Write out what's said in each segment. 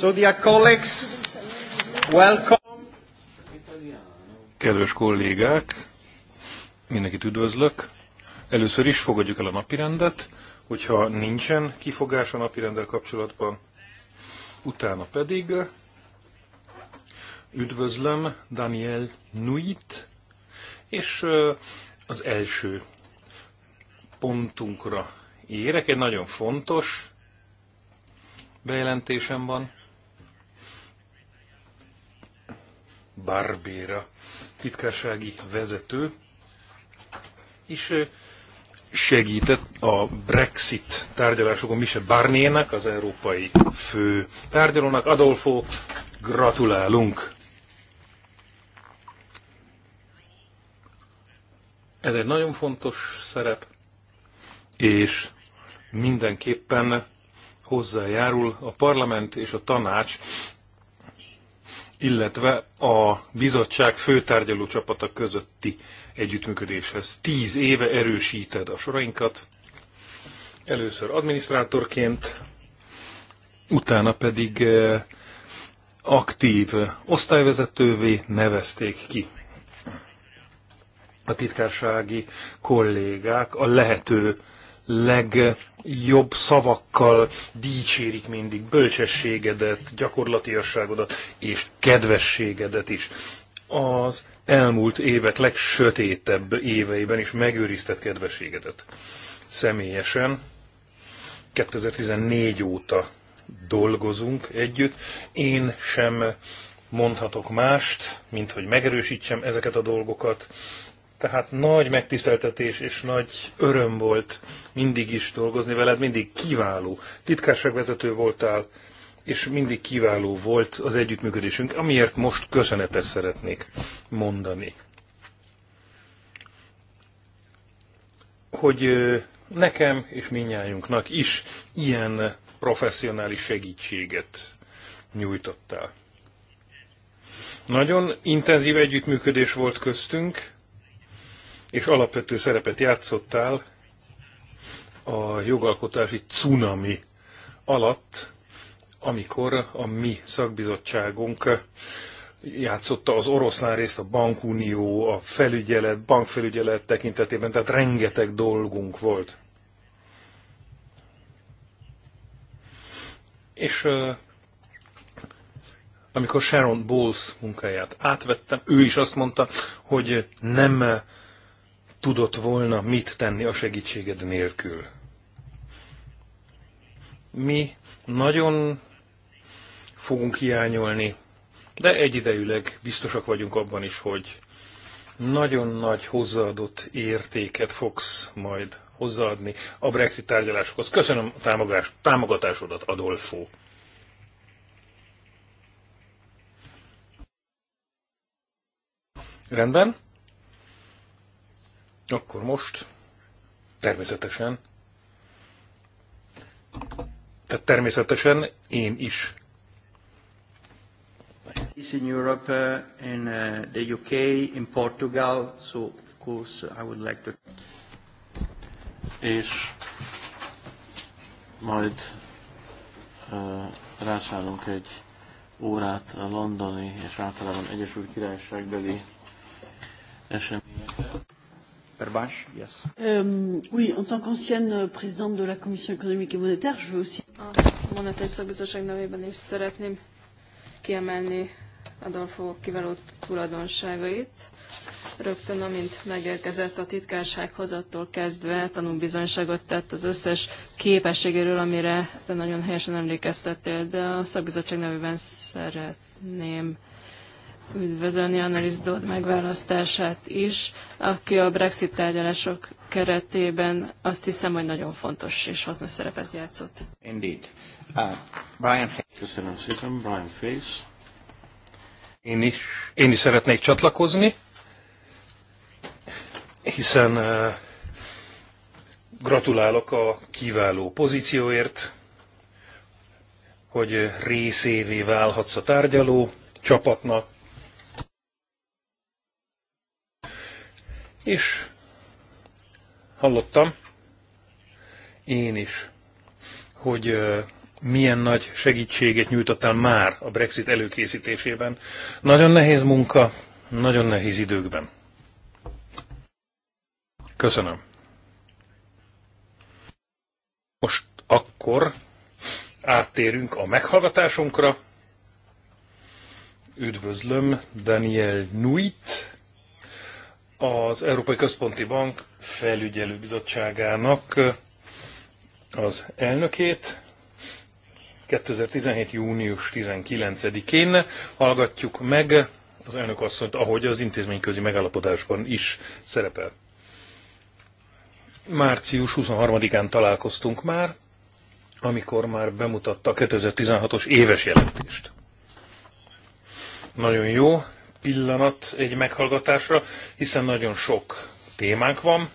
So, dear colleagues, welcome. Kedves kollégák, mindenkit üdvözlök. Először is fogadjuk el a napirendet, hogyha nincsen kifogás a napirendel kapcsolatban, utána pedig üdvözlöm Daniel Nuit, és az első pontunkra érek, egy nagyon fontos bejelentésem van. Barbéra titkársági vezető, és segített a Brexit tárgyalásokon Michel Barniernek, az európai fő tárgyalónak. Adolfo, gratulálunk! Ez egy nagyon fontos szerep, és mindenképpen hozzájárul a parlament és a tanács illetve a bizottság főtárgyaló csapata közötti együttműködéshez. Tíz éve erősíted a sorainkat, először adminisztrátorként, utána pedig eh, aktív osztályvezetővé nevezték ki. A titkársági kollégák a lehető legjobb szavakkal dicsérik mindig bölcsességedet, gyakorlatiasságodat és kedvességedet is. Az elmúlt évek legsötétebb éveiben is megőrizted kedvességedet. Személyesen 2014 óta dolgozunk együtt. Én sem mondhatok mást, mint hogy megerősítsem ezeket a dolgokat, tehát nagy megtiszteltetés és nagy öröm volt mindig is dolgozni veled, mindig kiváló. Titkárságvezető voltál, és mindig kiváló volt az együttműködésünk, amiért most köszönetet szeretnék mondani. Hogy nekem és minnyájunknak is ilyen professzionális segítséget nyújtottál. Nagyon intenzív együttműködés volt köztünk, és alapvető szerepet játszottál a jogalkotási cunami alatt, amikor a mi szakbizottságunk játszotta az oroszlán részt, a bankunió, a felügyelet, bankfelügyelet tekintetében, tehát rengeteg dolgunk volt. És amikor Sharon Bowles munkáját átvettem, ő is azt mondta, hogy nem tudott volna mit tenni a segítséged nélkül. Mi nagyon fogunk hiányolni, de egyidejűleg biztosak vagyunk abban is, hogy nagyon nagy hozzáadott értéket fogsz majd hozzáadni a Brexit tárgyalásokhoz. Köszönöm a támogás, támogatásodat, Adolfo. Rendben? Akkor most természetesen, tehát természetesen én is. In Europe, uh, in uh, the UK, in Portugal, so of course uh, I would like to. És majd uh, rászállunk egy órát a londoni és általában Egyesült Királyságbeli eseményekre. Pervanche, yes. Um, oui, en tant qu'ancienne présidente de la Commission économique et monétaire, je veux aussi... A monetáris szakbizottság nevében is szeretném kiemelni Adolfo kiváló tulajdonságait. Rögtön, amint megérkezett a titkársághoz, attól kezdve tanúbizonyságot tett az összes képességéről, amire te nagyon helyesen emlékeztettél, de a szakbizottság nevében szeretném üdvözölni Annelies Dodd megválasztását is, aki a Brexit tárgyalások keretében azt hiszem, hogy nagyon fontos és hasznos szerepet játszott. Indeed. Uh, Brian Köszönöm szépen, Brian Face. Én is, én is szeretnék csatlakozni, hiszen uh, gratulálok a kiváló pozícióért, hogy részévé válhatsz a tárgyaló csapatnak, És hallottam én is, hogy milyen nagy segítséget nyújtottál már a Brexit előkészítésében. Nagyon nehéz munka, nagyon nehéz időkben. Köszönöm. Most akkor áttérünk a meghallgatásunkra. Üdvözlöm Daniel Nuit, az Európai Központi Bank felügyelőbizottságának az elnökét. 2017. június 19-én hallgatjuk meg az elnök asszonyt, ahogy az intézményközi megállapodásban is szerepel. Március 23-án találkoztunk már, amikor már bemutatta a 2016-os éves jelentést. Nagyon jó, pillanat egy meghallgatásra, hiszen nagyon sok témánk van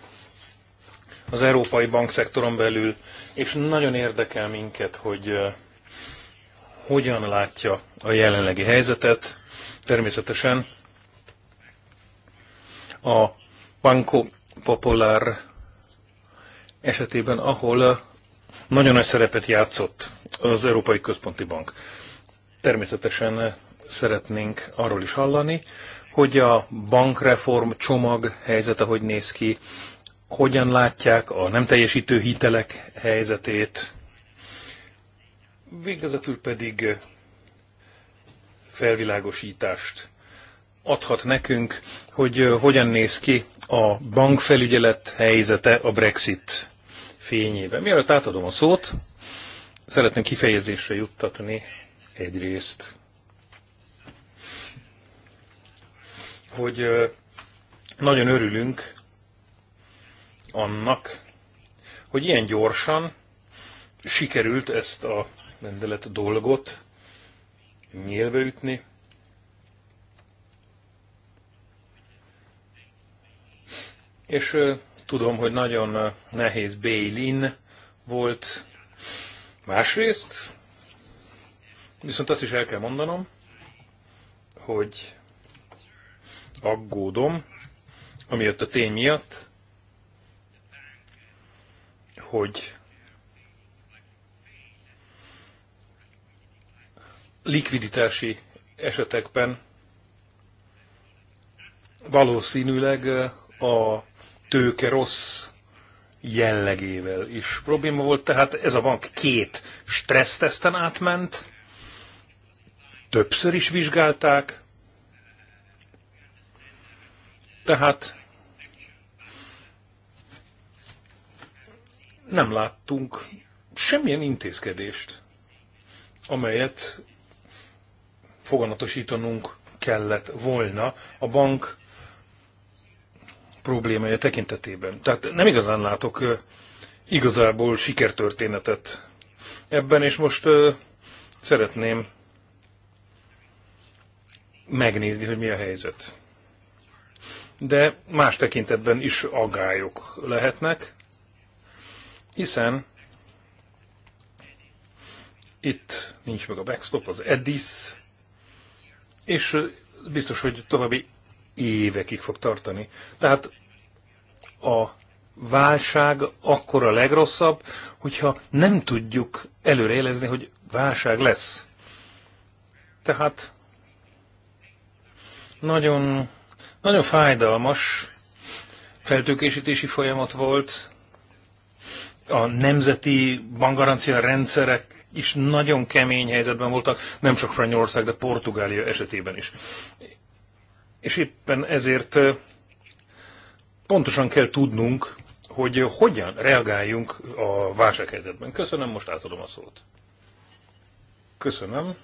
az európai bankszektoron belül, és nagyon érdekel minket, hogy hogyan látja a jelenlegi helyzetet. Természetesen a Banco Popular esetében, ahol nagyon nagy szerepet játszott az Európai Központi Bank. Természetesen szeretnénk arról is hallani, hogy a bankreform csomag helyzete hogy néz ki, hogyan látják a nem teljesítő hitelek helyzetét. Végezetül pedig felvilágosítást adhat nekünk, hogy hogyan néz ki a bankfelügyelet helyzete a Brexit fényében. Mielőtt átadom a szót, szeretném kifejezésre juttatni egyrészt hogy nagyon örülünk annak, hogy ilyen gyorsan sikerült ezt a rendelet dolgot nyílbe ütni. És tudom, hogy nagyon nehéz Bélin volt másrészt, viszont azt is el kell mondanom, hogy aggódom, amiatt a tény miatt, hogy likviditási esetekben valószínűleg a tőke rossz jellegével is probléma volt, tehát ez a bank két stressztesten átment, többször is vizsgálták, tehát nem láttunk semmilyen intézkedést, amelyet foganatosítanunk kellett volna a bank problémája tekintetében. Tehát nem igazán látok igazából sikertörténetet ebben, és most szeretném megnézni, hogy mi a helyzet de más tekintetben is agályok lehetnek, hiszen itt nincs meg a backstop, az EDIS, és biztos, hogy további évekig fog tartani. Tehát a válság akkor a legrosszabb, hogyha nem tudjuk előrejelezni, hogy válság lesz. Tehát nagyon nagyon fájdalmas feltőkésítési folyamat volt, a nemzeti bankgarancia rendszerek is nagyon kemény helyzetben voltak, nem csak Franyország, de Portugália esetében is. És éppen ezért pontosan kell tudnunk, hogy hogyan reagáljunk a válsághelyzetben. Köszönöm, most átadom a szót. Köszönöm.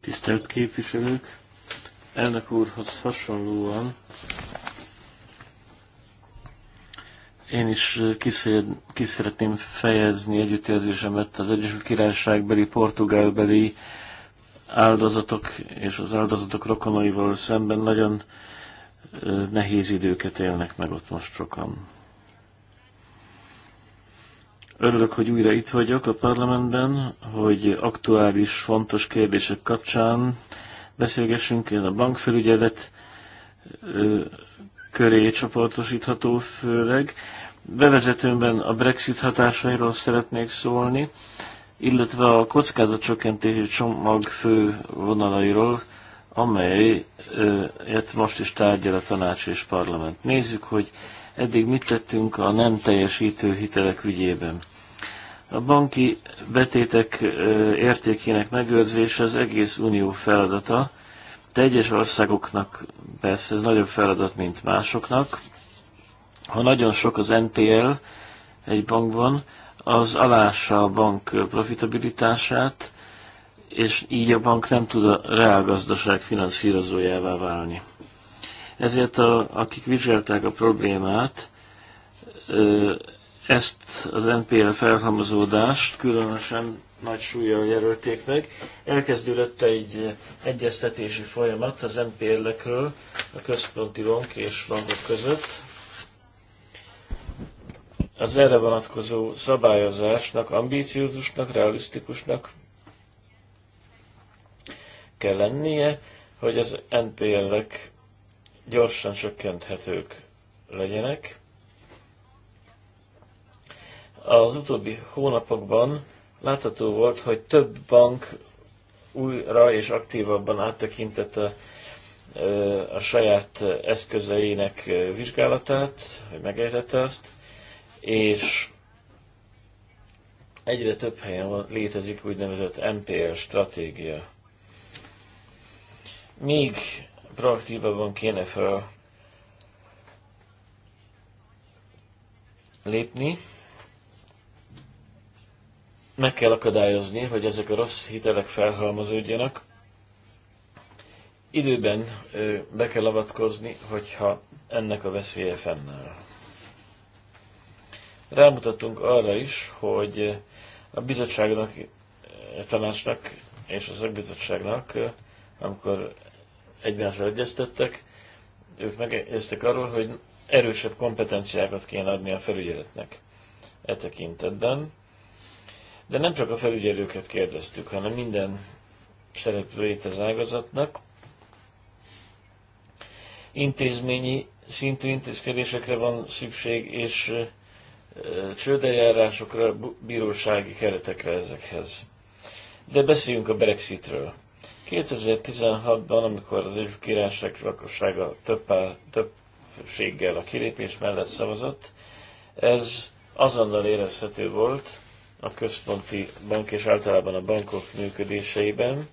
Tisztelt képviselők! elnök úrhoz hasonlóan én is kiszeretném fejezni együttérzésemet az Egyesült Királyság beli Portugál beli áldozatok és az áldozatok rokonaival szemben nagyon nehéz időket élnek meg ott most sokan. Örülök, hogy újra itt vagyok a parlamentben, hogy aktuális, fontos kérdések kapcsán beszélgessünk, én a bankfelügyelet köré csoportosítható főleg. Bevezetőmben a Brexit hatásairól szeretnék szólni, illetve a kockázatcsökkentési csomag fő vonalairól, amelyet most is tárgyal a tanács és parlament. Nézzük, hogy eddig mit tettünk a nem teljesítő hitelek ügyében. A banki betétek értékének megőrzése az egész unió feladata, de egyes országoknak persze ez nagyobb feladat, mint másoknak. Ha nagyon sok az NPL egy bankban, az alássa a bank profitabilitását, és így a bank nem tud a reálgazdaság finanszírozójává válni. Ezért a, akik vizsgálták a problémát, ezt az NPL felhamozódást különösen nagy súlyjal jelölték meg. Elkezdődött egy egyeztetési folyamat az NPL-ekről a központi bank és bankok között. Az erre vonatkozó szabályozásnak, ambíciózusnak, realisztikusnak kell lennie, hogy az NPL-ek gyorsan csökkenthetők legyenek az utóbbi hónapokban látható volt, hogy több bank újra és aktívabban áttekintette a saját eszközeinek vizsgálatát, hogy megértette azt, és egyre több helyen létezik úgynevezett NPL stratégia. Még proaktívabban kéne fel lépni, meg kell akadályozni, hogy ezek a rossz hitelek felhalmozódjanak. Időben be kell avatkozni, hogyha ennek a veszélye fennáll. Rámutattunk arra is, hogy a bizottságnak, a tanácsnak és az szakbizottságnak, amikor egymásra egyeztettek, ők megegyeztek arról, hogy erősebb kompetenciákat kéne adni a felügyeletnek e tekintetben de nem csak a felügyelőket kérdeztük, hanem minden szereplőjét az ágazatnak. Intézményi szintű intézkedésekre van szükség, és csődeljárásokra, bírósági keretekre ezekhez. De beszéljünk a Brexitről. 2016-ban, amikor az Egyesült Királyság lakossága több, többséggel a kilépés mellett szavazott, ez azonnal érezhető volt, a központi bank és általában a bankok működéseiben.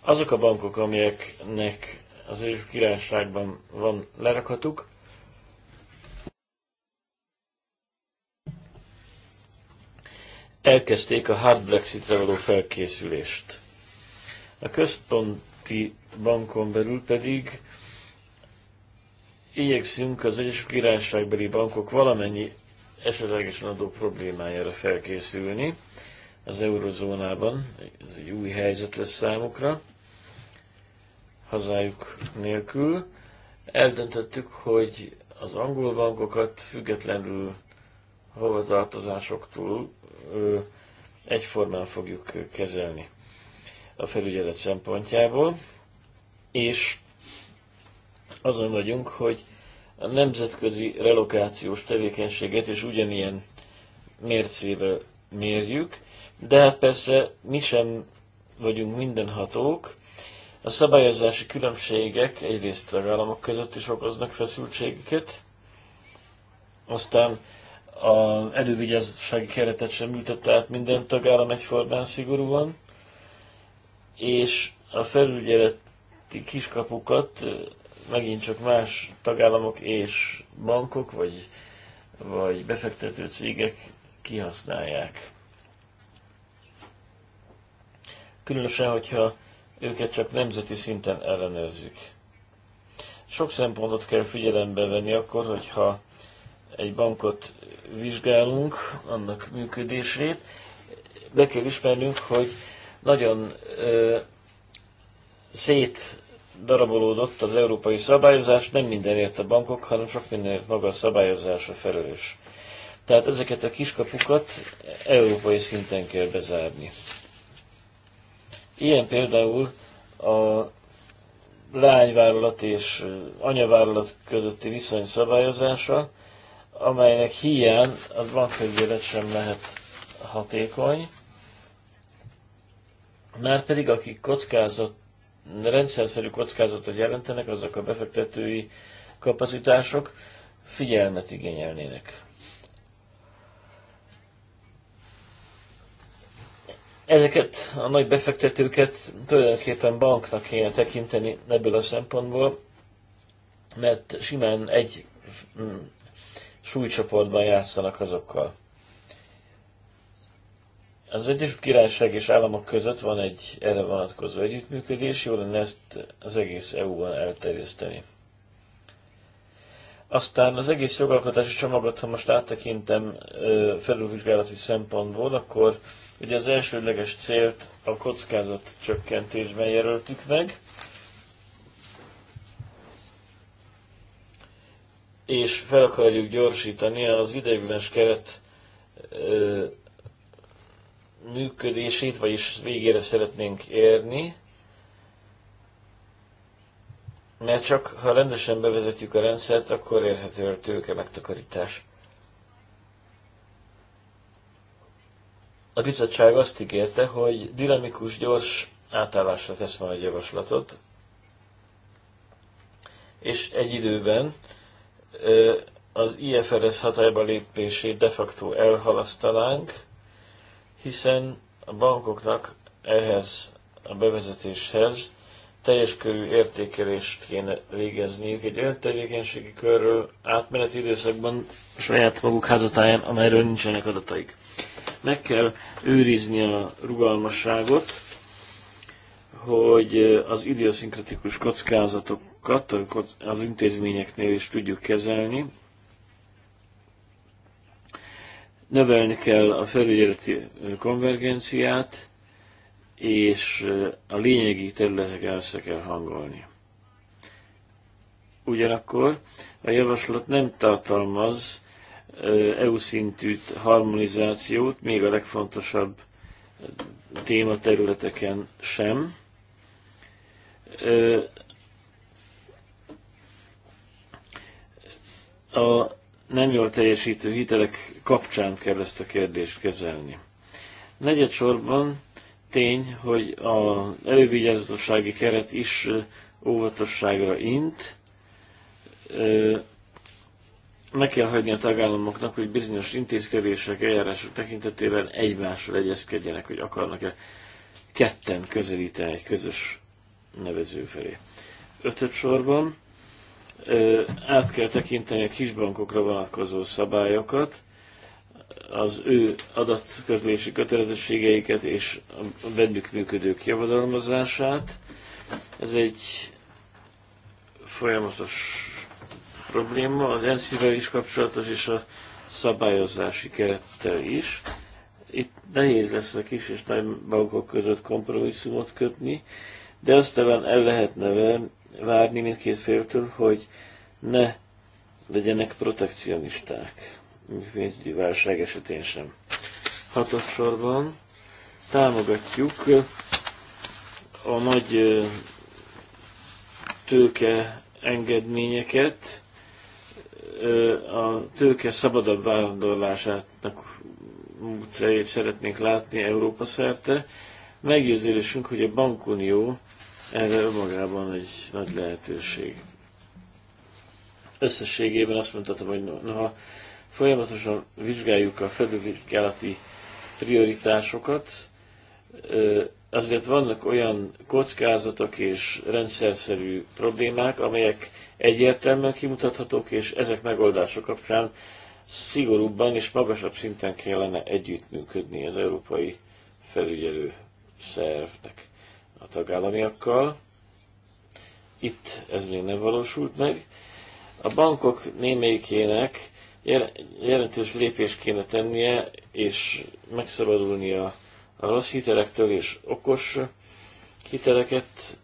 Azok a bankok, amelyeknek az ő királyságban van lerakhatuk, elkezdték a hard Brexitre való felkészülést. A központi bankon belül pedig igyekszünk az Egyesült Királyságbeli bankok valamennyi esetlegesen adó problémájára felkészülni az eurozónában. Ez egy új helyzet lesz számukra, hazájuk nélkül. Eldöntöttük, hogy az angol bankokat függetlenül hovatartozásoktól egyformán fogjuk kezelni a felügyelet szempontjából, és azon vagyunk, hogy a nemzetközi relokációs tevékenységet és ugyanilyen mércével mérjük, de hát persze mi sem vagyunk mindenhatók. A szabályozási különbségek egyrészt tagállamok között is okoznak feszültségeket, aztán az elővigyázsági keretet sem ültett át minden tagállam egyformán szigorúan, és a felügyeleti kiskapukat megint csak más tagállamok és bankok, vagy, vagy befektető cégek kihasználják. Különösen, hogyha őket csak nemzeti szinten ellenőrzik. Sok szempontot kell figyelembe venni akkor, hogyha egy bankot vizsgálunk, annak működését, be kell ismernünk, hogy nagyon ö, szét darabolódott az európai szabályozás, nem mindenért a bankok, hanem sok mindenért maga a szabályozása felelős. Tehát ezeket a kiskapukat európai szinten kell bezárni. Ilyen például a lányvállalat és anyavállalat közötti viszony szabályozása, amelynek hiány az bankfelügyelet sem lehet hatékony, már pedig akik kockázat rendszerszerű kockázatot jelentenek, azok a befektetői kapacitások figyelmet igényelnének. Ezeket a nagy befektetőket tulajdonképpen banknak kéne tekinteni ebből a szempontból, mert simán egy mm, súlycsoportban játszanak azokkal. Az Egyesült Királyság és államok között van egy erre vonatkozó együttműködés, jó lenne ezt az egész EU-ban elterjeszteni. Aztán az egész jogalkotási csomagot, ha most áttekintem felülvizsgálati szempontból, akkor ugye az elsődleges célt a kockázat csökkentésben jelöltük meg, és fel akarjuk gyorsítani az ideiglenes keret működését, vagyis végére szeretnénk érni, mert csak ha rendesen bevezetjük a rendszert, akkor érhető a tőke megtakarítás. A bizottság azt ígérte, hogy dinamikus, gyors átállásra tesz majd javaslatot, és egy időben az IFRS hatályba lépését de facto elhalasztanánk, hiszen a bankoknak ehhez a bevezetéshez teljes körű értékelést kéne végezniük egy olyan tevékenységi körről átmeneti időszakban saját maguk házatáján, amelyről nincsenek adataik. Meg kell őrizni a rugalmasságot, hogy az idioszinkratikus kockázatokat az intézményeknél is tudjuk kezelni, Növelni kell a felügyeleti konvergenciát, és a lényegi területeken össze kell hangolni. Ugyanakkor a javaslat nem tartalmaz EU szintű harmonizációt, még a legfontosabb tématerületeken sem. A nem jól teljesítő hitelek kapcsán kell ezt a kérdést kezelni. Negyedsorban tény, hogy az elővigyázatossági keret is óvatosságra int. Meg kell hagyni a tagállamoknak, hogy bizonyos intézkedések, eljárások tekintetében egymással egyezkedjenek, hogy akarnak-e ketten közelíteni egy közös nevező felé. Ötöd sorban át kell tekinteni a kisbankokra vonatkozó szabályokat, az ő adatközlési kötelezettségeiket és a bennük működők javadalmazását. Ez egy folyamatos probléma, az ensz is kapcsolatos, és a szabályozási kerettel is. Itt nehéz lesz a kis és nagy bankok között kompromisszumot kötni, de azt talán el lehetne várni mindkét féltől, hogy ne legyenek protekcionisták, pénzügyi válság esetén sem. Hatos támogatjuk a nagy tőke engedményeket, a tőke szabadabb vándorlásának módszerét szeretnénk látni Európa szerte. Meggyőződésünk, hogy a bankunió erre önmagában egy nagy lehetőség. Összességében azt mondhatom, hogy ha folyamatosan vizsgáljuk a felülvizsgálati prioritásokat, azért vannak olyan kockázatok és rendszerszerű problémák, amelyek egyértelműen kimutathatók, és ezek megoldása kapcsán szigorúbban és magasabb szinten kellene együttműködni az európai felügyelő szervnek a tagállamiakkal. Itt ez még nem valósult meg. A bankok némelyikének jel jelentős lépést kéne tennie, és megszabadulnia a rossz hitelektől, és okos hiteleket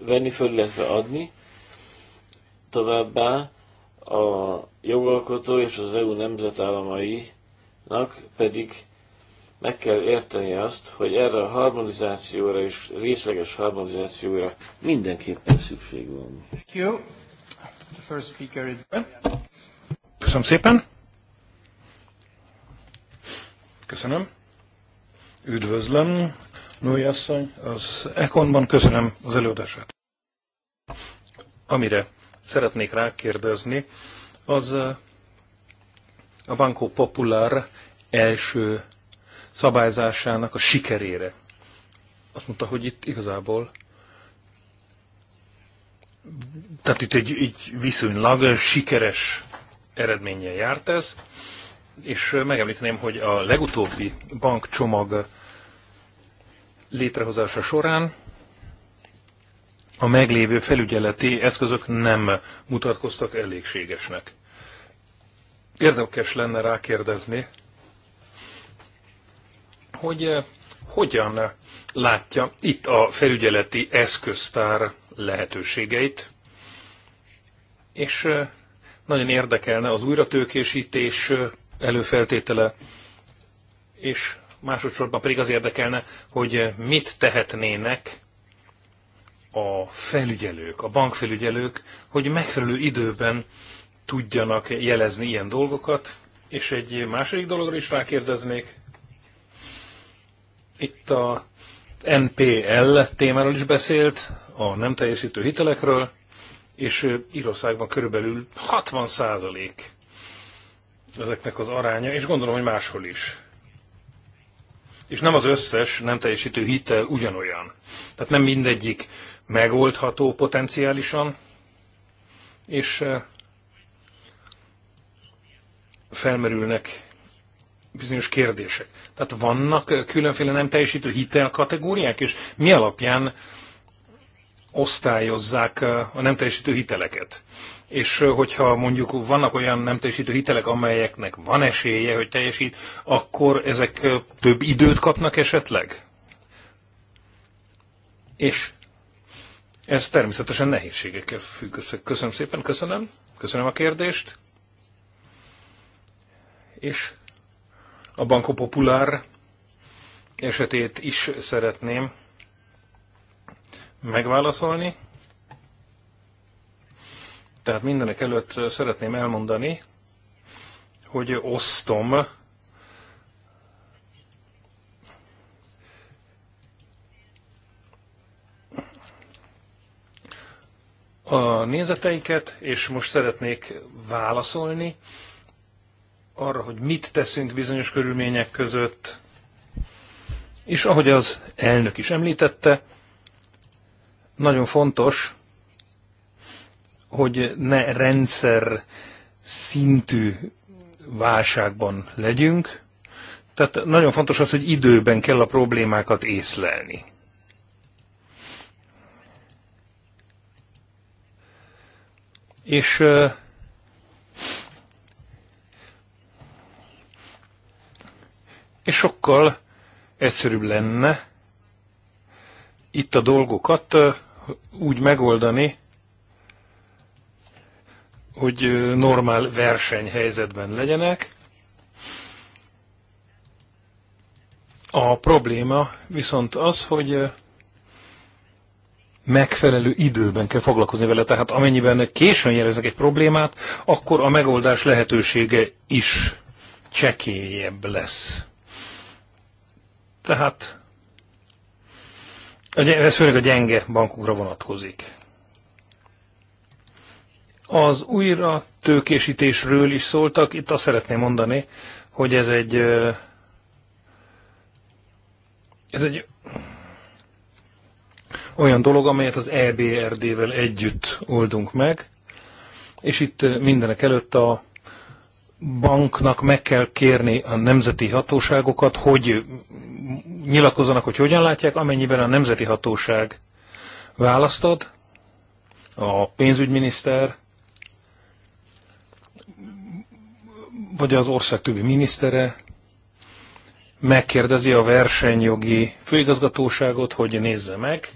venni föl, illetve adni. Továbbá a jogalkotó és az EU nemzetállamainak pedig meg kell érteni azt, hogy erre a harmonizációra és részleges harmonizációra mindenképpen szükség van. Köszönöm szépen. Köszönöm. Üdvözlöm, Női asszony, az Econban köszönöm az előadását. Amire szeretnék rákérdezni, az eh, a Banco Popular első szabályzásának a sikerére. Azt mondta, hogy itt igazából tehát itt egy, egy viszonylag sikeres eredménnyel járt ez, és megemlíteném, hogy a legutóbbi bankcsomag létrehozása során a meglévő felügyeleti eszközök nem mutatkoztak elégségesnek. Érdekes lenne rákérdezni, hogy eh, hogyan látja itt a felügyeleti eszköztár lehetőségeit, és eh, nagyon érdekelne az újratőkésítés eh, előfeltétele, és másodszorban pedig az érdekelne, hogy mit tehetnének a felügyelők, a bankfelügyelők, hogy megfelelő időben tudjanak jelezni ilyen dolgokat. És egy második dologra is rákérdeznék, itt a NPL témáról is beszélt, a nem teljesítő hitelekről, és Írországban körülbelül 60 százalék ezeknek az aránya, és gondolom, hogy máshol is. És nem az összes nem teljesítő hitel ugyanolyan. Tehát nem mindegyik megoldható potenciálisan, és felmerülnek bizonyos kérdések. Tehát vannak különféle nem teljesítő hitelkategóriák, és mi alapján osztályozzák a nem teljesítő hiteleket? És hogyha mondjuk vannak olyan nem teljesítő hitelek, amelyeknek van esélye, hogy teljesít, akkor ezek több időt kapnak esetleg? És ez természetesen nehézségekkel függ össze. Köszönöm szépen, köszönöm. Köszönöm a kérdést. És a Banco Popular esetét is szeretném megválaszolni. Tehát mindenek előtt szeretném elmondani, hogy osztom a nézeteiket, és most szeretnék válaszolni arra, hogy mit teszünk bizonyos körülmények között. És ahogy az elnök is említette, nagyon fontos, hogy ne rendszer szintű válságban legyünk. Tehát nagyon fontos az, hogy időben kell a problémákat észlelni. És és sokkal egyszerűbb lenne itt a dolgokat úgy megoldani, hogy normál versenyhelyzetben legyenek. A probléma viszont az, hogy megfelelő időben kell foglalkozni vele. Tehát amennyiben későn jeleznek egy problémát, akkor a megoldás lehetősége is csekélyebb lesz. Tehát ez főleg a gyenge bankokra vonatkozik. Az újra tőkésítésről is szóltak. Itt azt szeretném mondani, hogy ez egy ez egy olyan dolog, amelyet az EBRD-vel együtt oldunk meg, és itt mindenek előtt a banknak meg kell kérni a nemzeti hatóságokat, hogy nyilatkozzanak, hogy hogyan látják, amennyiben a nemzeti hatóság választad, a pénzügyminiszter, vagy az ország többi minisztere megkérdezi a versenyjogi főigazgatóságot, hogy nézze meg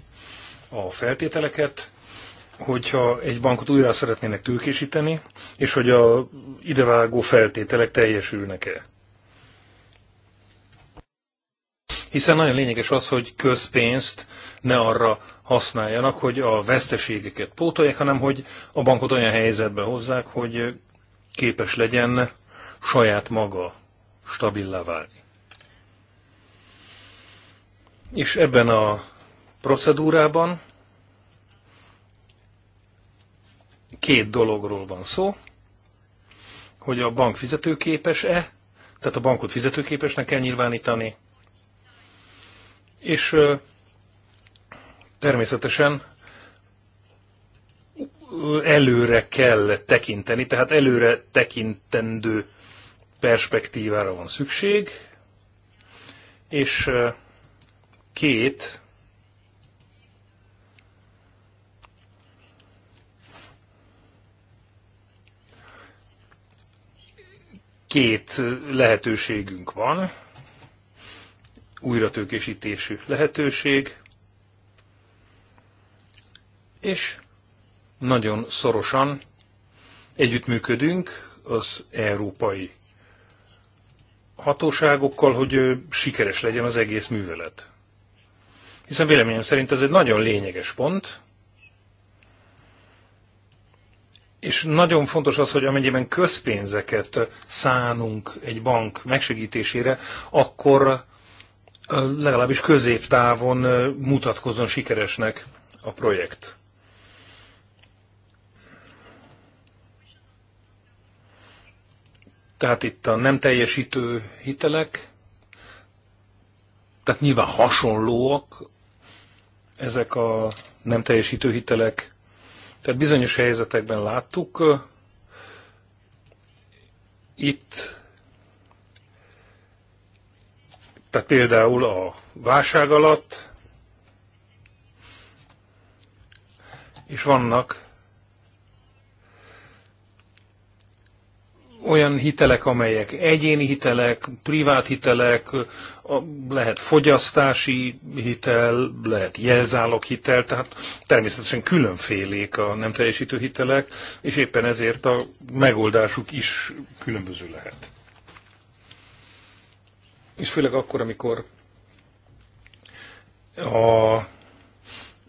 a feltételeket, hogyha egy bankot újra szeretnének tőkésíteni, és hogy a idevágó feltételek teljesülnek-e. Hiszen nagyon lényeges az, hogy közpénzt ne arra használjanak, hogy a veszteségeket pótolják, hanem hogy a bankot olyan helyzetbe hozzák, hogy képes legyen saját maga stabilá válni. És ebben a procedúrában két dologról van szó, hogy a bank fizetőképes-e, tehát a bankot fizetőképesnek kell nyilvánítani, és természetesen előre kell tekinteni, tehát előre tekintendő perspektívára van szükség, és két két lehetőségünk van. Újratőkésítésű lehetőség, és nagyon szorosan együttműködünk az európai hatóságokkal, hogy sikeres legyen az egész művelet. Hiszen véleményem szerint ez egy nagyon lényeges pont, És nagyon fontos az, hogy amennyiben közpénzeket szánunk egy bank megsegítésére, akkor legalábbis középtávon mutatkozzon sikeresnek a projekt. Tehát itt a nem teljesítő hitelek, tehát nyilván hasonlóak ezek a nem teljesítő hitelek, tehát bizonyos helyzetekben láttuk, itt, tehát például a válság alatt, és vannak olyan hitelek, amelyek egyéni hitelek, privát hitelek, lehet fogyasztási hitel, lehet jelzálog hitel, tehát természetesen különfélék a nem teljesítő hitelek, és éppen ezért a megoldásuk is különböző lehet. És főleg akkor, amikor a,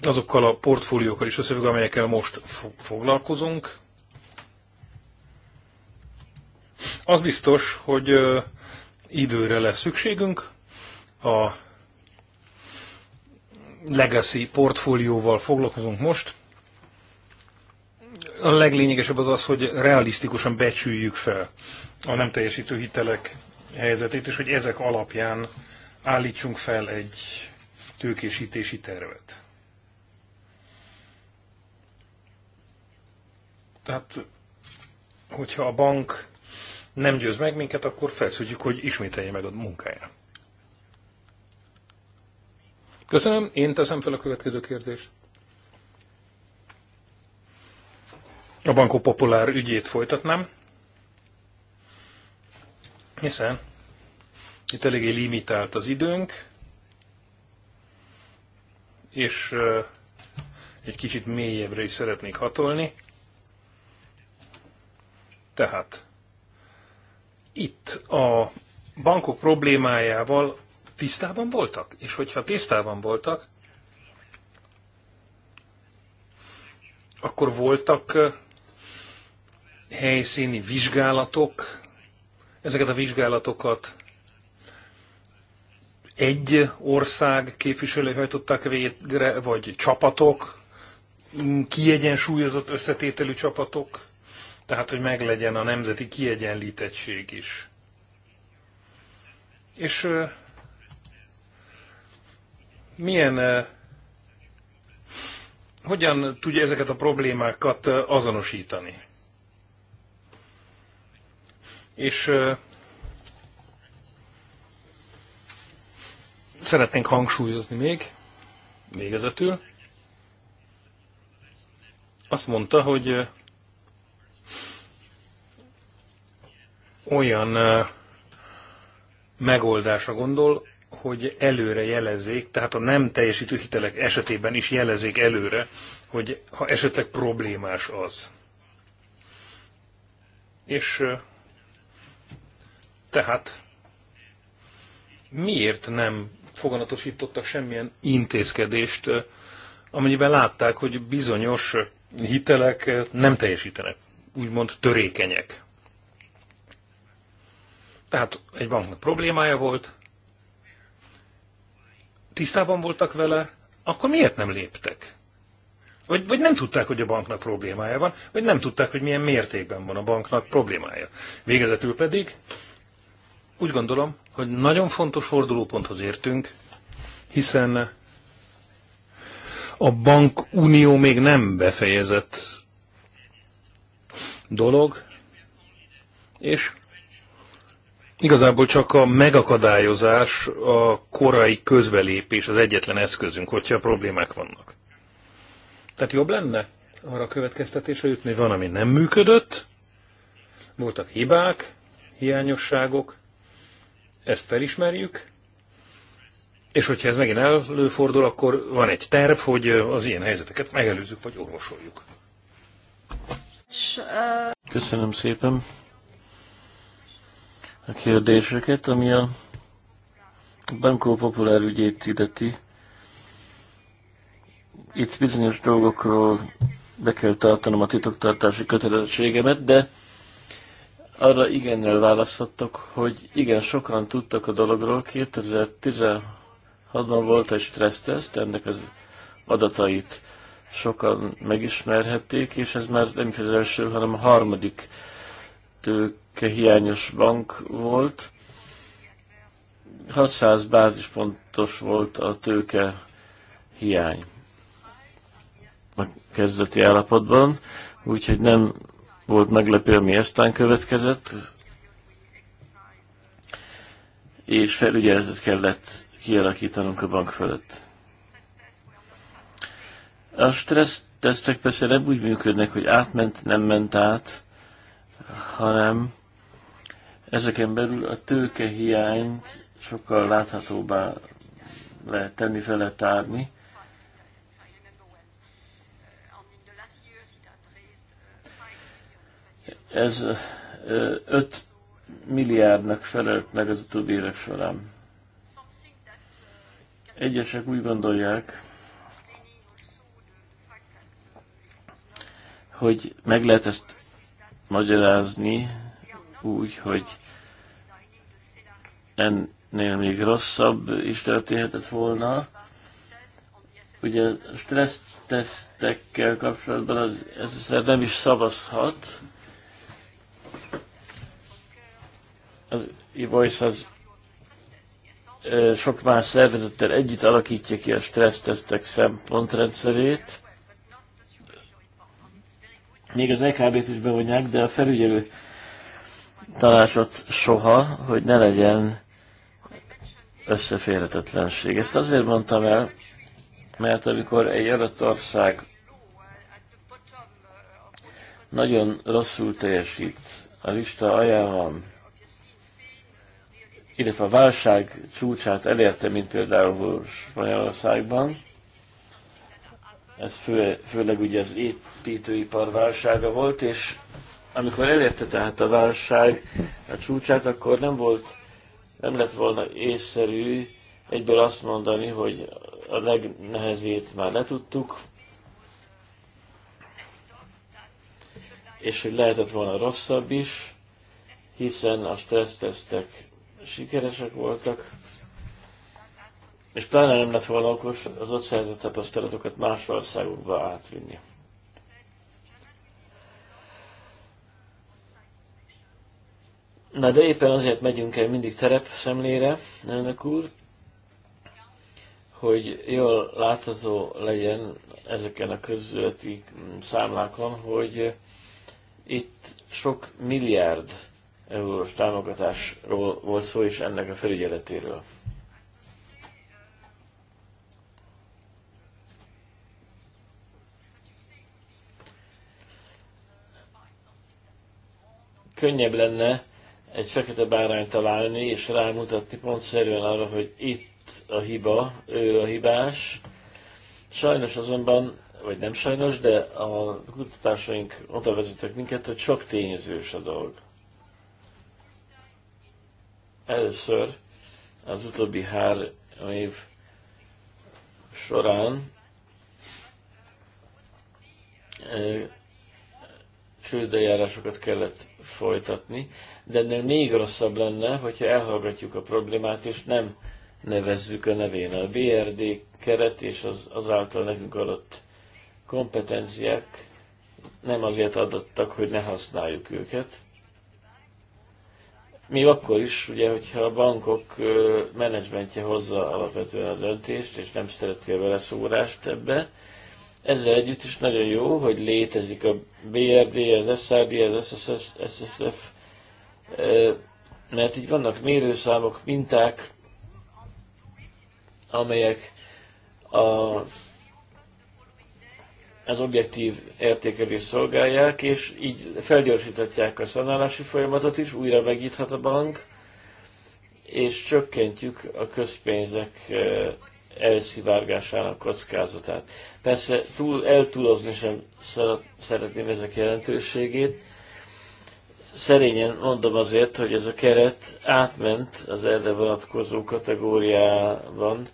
azokkal a portfóliókkal is összefügg, amelyekkel most foglalkozunk, az biztos, hogy időre lesz szükségünk, a legacy portfólióval foglalkozunk most. A leglényegesebb az az, hogy realisztikusan becsüljük fel a nem teljesítő hitelek helyzetét, és hogy ezek alapján állítsunk fel egy tőkésítési tervet. Tehát, hogyha a bank nem győz meg minket, akkor felszüljük, hogy ismételje meg a munkáját. Köszönöm, én teszem fel a következő kérdést. A Bankó Populár ügyét folytatnám, hiszen itt eléggé limitált az időnk, és egy kicsit mélyebbre is szeretnék hatolni. Tehát itt a bankok problémájával tisztában voltak? És hogyha tisztában voltak, akkor voltak helyszíni vizsgálatok, ezeket a vizsgálatokat egy ország képviselői hajtották végre, vagy csapatok, mm, kiegyensúlyozott összetételű csapatok, tehát hogy meglegyen a nemzeti kiegyenlítettség is. És milyen, eh, hogyan tudja ezeket a problémákat eh, azonosítani? És eh, szeretnénk hangsúlyozni még, végezetül. Azt mondta, hogy olyan megoldásra gondol, hogy előre jelezzék, tehát a nem teljesítő hitelek esetében is jelezzék előre, hogy ha esetleg problémás az. És tehát miért nem foganatosítottak semmilyen intézkedést, amennyiben látták, hogy bizonyos hitelek nem teljesítenek, úgymond törékenyek. Tehát egy banknak problémája volt, tisztában voltak vele, akkor miért nem léptek? Vagy, vagy nem tudták, hogy a banknak problémája van, vagy nem tudták, hogy milyen mértékben van a banknak problémája. Végezetül pedig úgy gondolom, hogy nagyon fontos fordulóponthoz értünk, hiszen a bankunió még nem befejezett dolog, és Igazából csak a megakadályozás, a korai közbelépés az egyetlen eszközünk, hogyha problémák vannak. Tehát jobb lenne arra a következtetésre jutni, hogy van, ami nem működött, voltak hibák, hiányosságok, ezt felismerjük, és hogyha ez megint előfordul, akkor van egy terv, hogy az ilyen helyzeteket megelőzzük, vagy orvosoljuk. Köszönöm szépen a kérdéseket, ami a Banco Populár ügyét illeti. Itt bizonyos dolgokról be kell tartanom a titoktartási kötelezettségemet, de arra igennel választottak, hogy igen, sokan tudtak a dologról. 2016-ban volt egy stresszteszt, ennek az adatait sokan megismerhették, és ez már nem is az első, hanem a harmadik tők hiányos bank volt. 600 bázispontos volt a tőke hiány a kezdeti állapotban, úgyhogy nem volt meglepő, ami eztán következett, és felügyeletet kellett kialakítanunk a bank fölött. A stressz tesztek persze nem úgy működnek, hogy átment, nem ment át, hanem Ezeken belül a hiányt sokkal láthatóbbá lehet tenni, fel lehet tárni. Ez 5 milliárdnak felelt meg az utóbbi évek során. Egyesek úgy gondolják, hogy meg lehet ezt magyarázni úgy, hogy ennél még rosszabb is történhetett volna. Ugye a stressz tesztekkel kapcsolatban az SSR nem is szavazhat. Az e az sok más szervezettel együtt alakítja ki a stressztesztek szempontrendszerét. Még az EKB-t is bevonják, de a felügyelő tanácsot soha, hogy ne legyen összeférhetetlenség. Ezt azért mondtam el, mert amikor egy adott ország nagyon rosszul teljesít, a lista aján van, illetve a válság csúcsát elérte, mint például Spanyolországban, ez fő, főleg ugye az építőipar válsága volt, és amikor elérte tehát a válság a csúcsát, akkor nem volt nem lett volna észszerű egyből azt mondani, hogy a legnehezét már letudtuk, és hogy lehetett volna rosszabb is, hiszen a stressztesztek sikeresek voltak, és pláne nem lett volna okos az ott szerzett tapasztalatokat más országokba átvinni. Na de éppen azért megyünk el mindig terep szemlére, elnök úr, hogy jól látható legyen ezeken a közületi mm, számlákon, hogy itt sok milliárd eurós támogatásról volt szó, és ennek a felügyeletéről. Könnyebb lenne egy fekete bárányt találni, és rámutatni pontszerűen arra, hogy itt a hiba, ő a hibás. Sajnos azonban, vagy nem sajnos, de a kutatásaink oda vezetek minket, hogy sok tényezős a dolog. Először az utóbbi három év során csődejárásokat kellett folytatni, de ennél még rosszabb lenne, hogyha elhallgatjuk a problémát, és nem nevezzük a nevén. A BRD keret és az, azáltal nekünk adott kompetenciák nem azért adottak, hogy ne használjuk őket. Mi akkor is, ugye, hogyha a bankok menedzsmentje hozza alapvetően a döntést, és nem szereti a beleszórást ebbe, ezzel együtt is nagyon jó, hogy létezik a BRD, az SRD, az SSS, SSF, mert így vannak mérőszámok, minták, amelyek a, az objektív értékelést szolgálják, és így felgyorsíthatják a szanálási folyamatot is, újra megnyithat a bank, és csökkentjük a közpénzek elszivárgásának kockázatát. Persze túl, eltúlozni sem szeretném ezek jelentőségét. Szerényen mondom azért, hogy ez a keret átment az erre vonatkozó kategóriában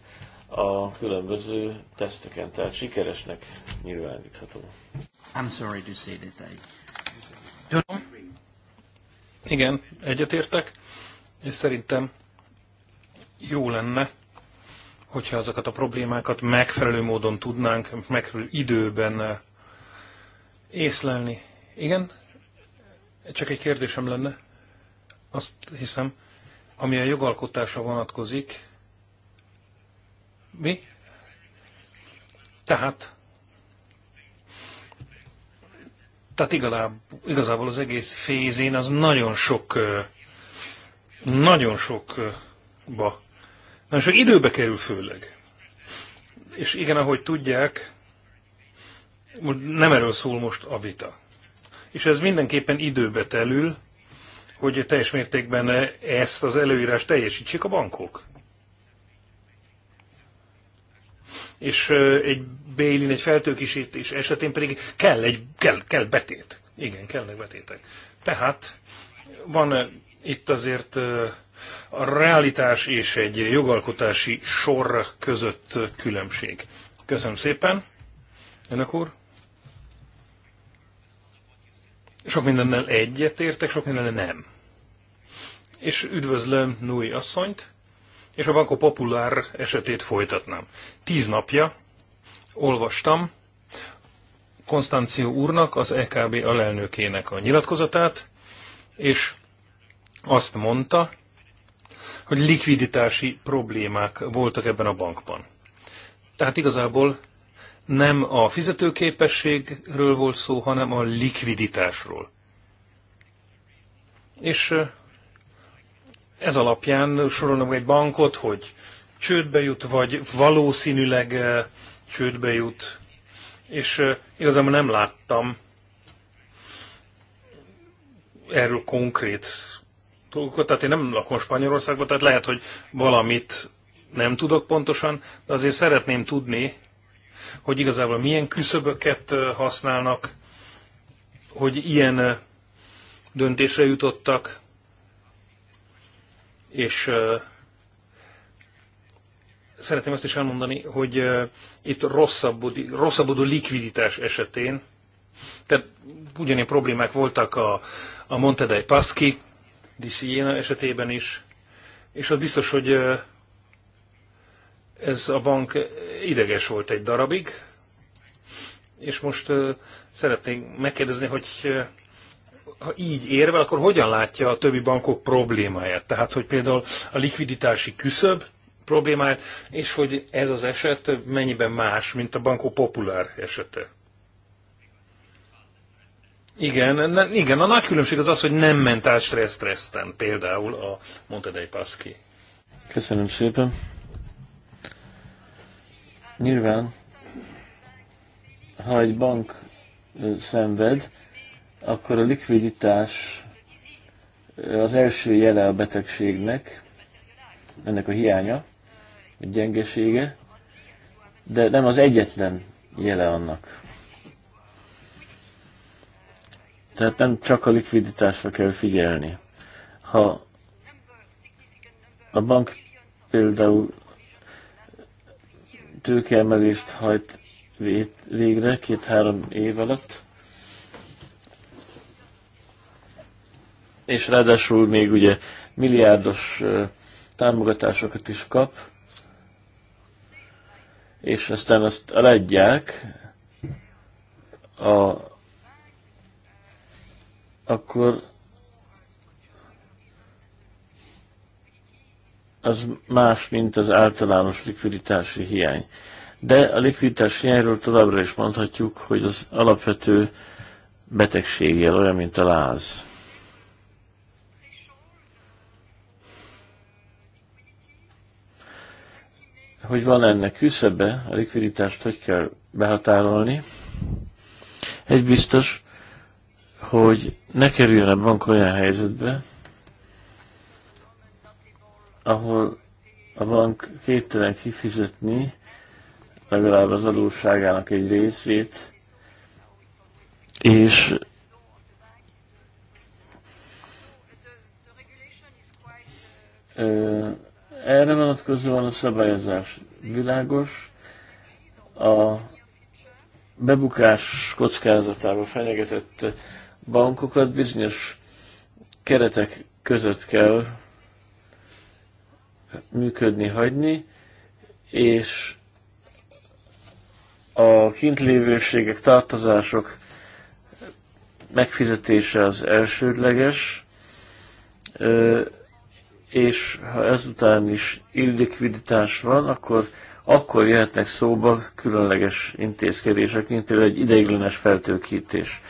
a különböző teszteken, tehát sikeresnek nyilvánítható. I'm sorry to say that I Igen, egyetértek, és szerintem jó lenne, hogyha azokat a problémákat megfelelő módon tudnánk, megfelelő időben eh, észlelni. Igen? Csak egy kérdésem lenne. Azt hiszem, ami a jogalkotásra vonatkozik. Mi? Tehát tehát igazából, igazából az egész fézén az nagyon sok eh, nagyon sokba nagyon sok időbe kerül főleg. És igen, ahogy tudják, most nem erről szól most a vita. És ez mindenképpen időbe telül, hogy teljes mértékben ezt az előírást teljesítsék a bankok. És egy bail egy feltőkisítés esetén pedig kell, egy, kell, kell betét. Igen, kellnek betétek. Tehát van itt azért a realitás és egy jogalkotási sor között különbség. Köszönöm szépen, Önök úr. Sok mindennel egyet értek, sok mindennel nem. És üdvözlöm Nui asszonyt, és a Banco Populár esetét folytatnám. Tíz napja olvastam Konstanció úrnak, az EKB alelnökének a nyilatkozatát, és azt mondta, hogy likviditási problémák voltak ebben a bankban. Tehát igazából nem a fizetőképességről volt szó, hanem a likviditásról. És ez alapján sorolnak egy bankot, hogy csődbe jut, vagy valószínűleg csődbe jut, és igazából nem láttam erről konkrét dolgokat, tehát én nem lakom Spanyolországban, tehát lehet, hogy valamit nem tudok pontosan, de azért szeretném tudni, hogy igazából milyen küszöböket használnak, hogy ilyen döntésre jutottak, és szeretném azt is elmondani, hogy itt rosszabbodó, rosszabbodó likviditás esetén, tehát ugyanilyen problémák voltak a, a Montedei Paszki Disziéna esetében is, és az biztos, hogy ez a bank ideges volt egy darabig, és most szeretnék megkérdezni, hogy ha így érve, akkor hogyan látja a többi bankok problémáját? Tehát, hogy például a likviditási küszöb problémáját, és hogy ez az eset mennyiben más, mint a bankok populár esete? Igen, igen, a nagy különbség az az, hogy nem ment át stressz például a Montedei Paszki. Köszönöm szépen. Nyilván, ha egy bank szenved, akkor a likviditás az első jele a betegségnek, ennek a hiánya, a gyengesége, de nem az egyetlen jele annak. Tehát nem csak a likviditásra kell figyelni. Ha a bank például tőkeemelést hajt végre két-három év alatt, és ráadásul még ugye milliárdos támogatásokat is kap, és aztán azt eladják a akkor az más, mint az általános likviditási hiány. De a likviditás hiányról továbbra is mondhatjuk, hogy az alapvető betegséggel olyan, mint a láz. Hogy van ennek küszöbe, a likviditást hogy kell behatárolni? Egy biztos, hogy ne kerüljön a bank olyan helyzetbe, ahol a bank képtelen kifizetni legalább az adósságának egy részét, és erre vonatkozóan a szabályozás világos, a bebukás kockázatával fenyegetett bankokat bizonyos keretek között kell működni, hagyni, és a lévőségek, tartozások megfizetése az elsődleges, és ha ezután is illikviditás van, akkor, akkor jöhetnek szóba különleges intézkedések, mint például egy ideiglenes feltőkítés.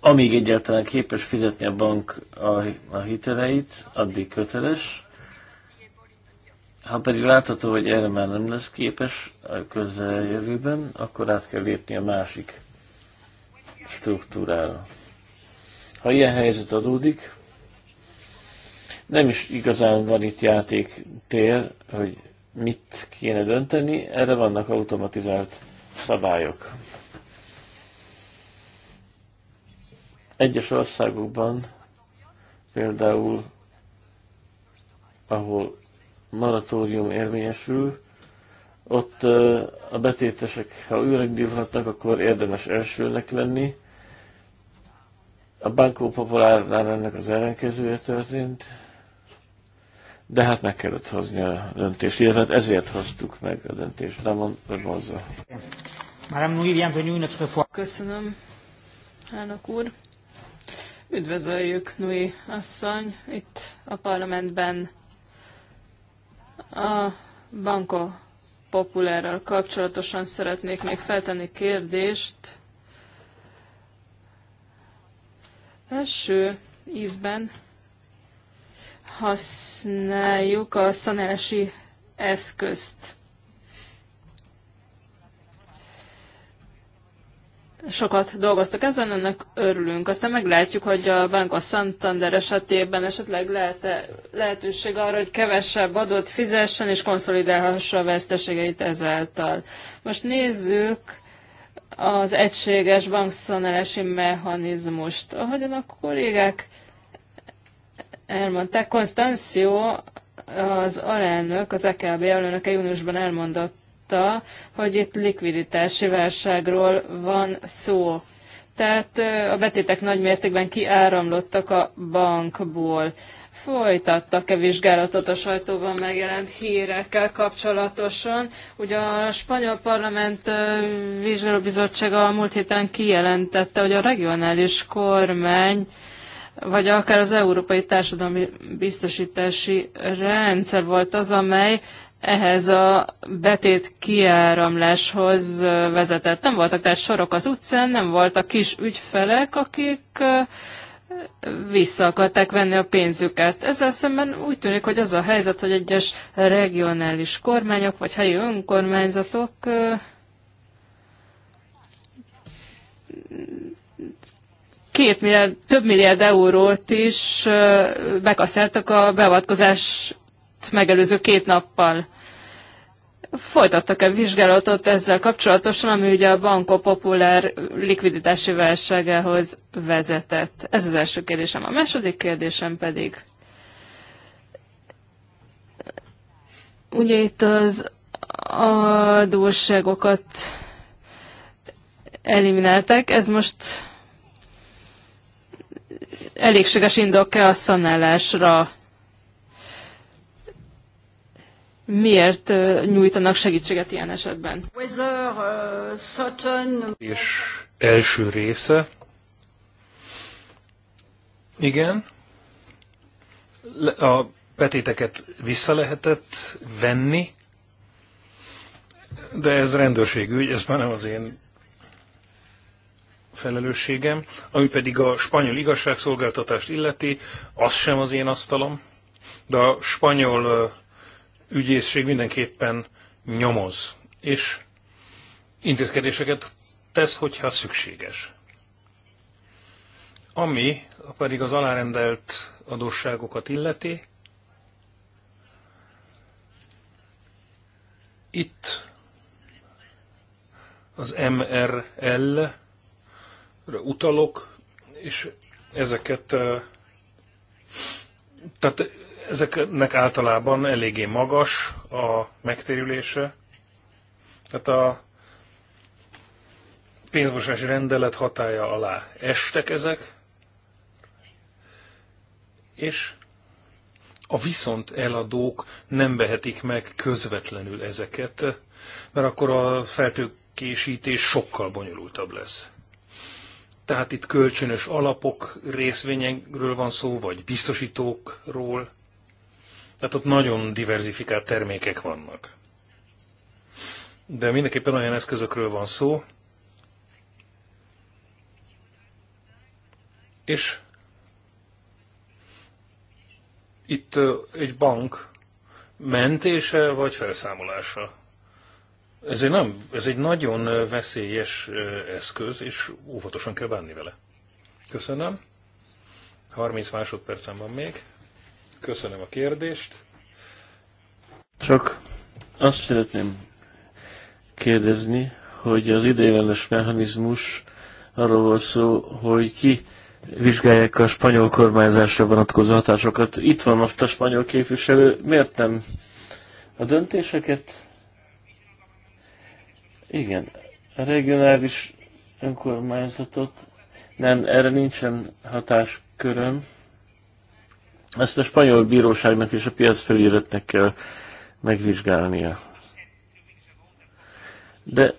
amíg egyáltalán képes fizetni a bank a, a hiteleit, addig köteles. Ha pedig látható, hogy erre már nem lesz képes a közeljövőben, akkor át kell lépni a másik struktúrára. Ha ilyen helyzet adódik, nem is igazán van itt játék tér, hogy mit kéne dönteni, erre vannak automatizált szabályok. Egyes országokban, például ahol maratórium érvényesül, ott a betétesek, ha őregdívhatnak, akkor érdemes elsőnek lenni. A Banco Populárnál ennek az ellenkezője történt, de hát meg kellett hozni a döntést, illetve hát ezért hoztuk meg a döntést. Ramon Rosa. Köszönöm, elnök úr. Üdvözöljük, Nui asszony, itt a parlamentben a Banco Populárral kapcsolatosan szeretnék még feltenni kérdést. Első ízben használjuk a szanálási eszközt. sokat dolgoztak ezen, ennek örülünk. Aztán meglátjuk, hogy a Banco Santander esetében esetleg lehet -e lehetőség arra, hogy kevesebb adót fizessen és konszolidálhassa a veszteségeit ezáltal. Most nézzük az egységes bankszonálási mechanizmust. Ahogyan a kollégák elmondták, Konstancio az alelnök, az EKB elnöke júniusban elmondott mutatta, hogy itt likviditási válságról van szó. Tehát a betétek nagy mértékben kiáramlottak a bankból. Folytattak-e vizsgálatot a sajtóban megjelent hírekkel kapcsolatosan? Ugye a spanyol parlament vizsgálóbizottsága a múlt héten kijelentette, hogy a regionális kormány vagy akár az európai társadalmi biztosítási rendszer volt az, amely ehhez a betét kiáramláshoz vezetett. Nem voltak tehát sorok az utcán, nem voltak kis ügyfelek, akik vissza akarták venni a pénzüket. Ezzel szemben úgy tűnik, hogy az a helyzet, hogy egyes regionális kormányok vagy helyi önkormányzatok két milliárd, több milliárd eurót is bekaszáltak a beavatkozás megelőző két nappal. Folytattak-e vizsgálatot ezzel kapcsolatosan, ami ugye a Banco Populár likviditási válságához vezetett? Ez az első kérdésem. A második kérdésem pedig. Ugye itt az adósságokat eliminálták, ez most elégséges indok-e a szanálásra? miért nyújtanak segítséget ilyen esetben. És első része. Igen. A betéteket vissza lehetett venni, de ez ügy, ez már nem az én felelősségem, ami pedig a spanyol igazságszolgáltatást illeti, az sem az én asztalom, de a spanyol ügyészség mindenképpen nyomoz, és intézkedéseket tesz, hogyha szükséges. Ami pedig az alárendelt adósságokat illeti, itt az MRL utalok, és ezeket tehát Ezeknek általában eléggé magas a megtérülése. Tehát a pénzmosási rendelet hatája alá estek ezek, és a viszont eladók nem vehetik meg közvetlenül ezeket, mert akkor a feltőkésítés sokkal bonyolultabb lesz. Tehát itt kölcsönös alapok részvényekről van szó, vagy biztosítókról, tehát ott nagyon diverzifikált termékek vannak. De mindenképpen olyan eszközökről van szó, és itt egy bank mentése vagy felszámolása. Ez egy, nem, ez egy nagyon veszélyes eszköz, és óvatosan kell bánni vele. Köszönöm. 30 másodpercem van még. Köszönöm a kérdést. Csak azt szeretném kérdezni, hogy az ideiglenes mechanizmus arról volt szó, hogy ki vizsgálják a spanyol kormányzásra vonatkozó hatásokat. Itt van most a spanyol képviselő, miért nem a döntéseket? Igen, a regionális önkormányzatot, nem, erre nincsen hatásköröm. Ezt a spanyol bíróságnak és a piac felületnek kell megvizsgálnia. De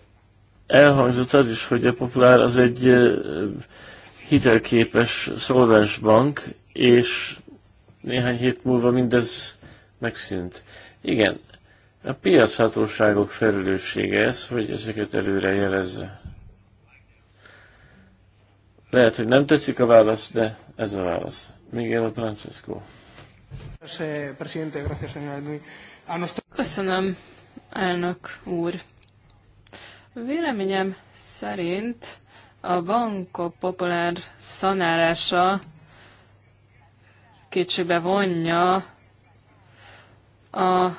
elhangzott az is, hogy a Populár az egy hitelképes, szolvens bank, és néhány hét múlva mindez megszűnt. Igen, a hatóságok felelőssége ez, hogy ezeket előre jelezze. Lehet, hogy nem tetszik a válasz, de ez a válasz. Miguel Francisco. Eh, Köszönöm, elnök úr. Véleményem szerint a Banco Popular szanálása kétségbe vonja a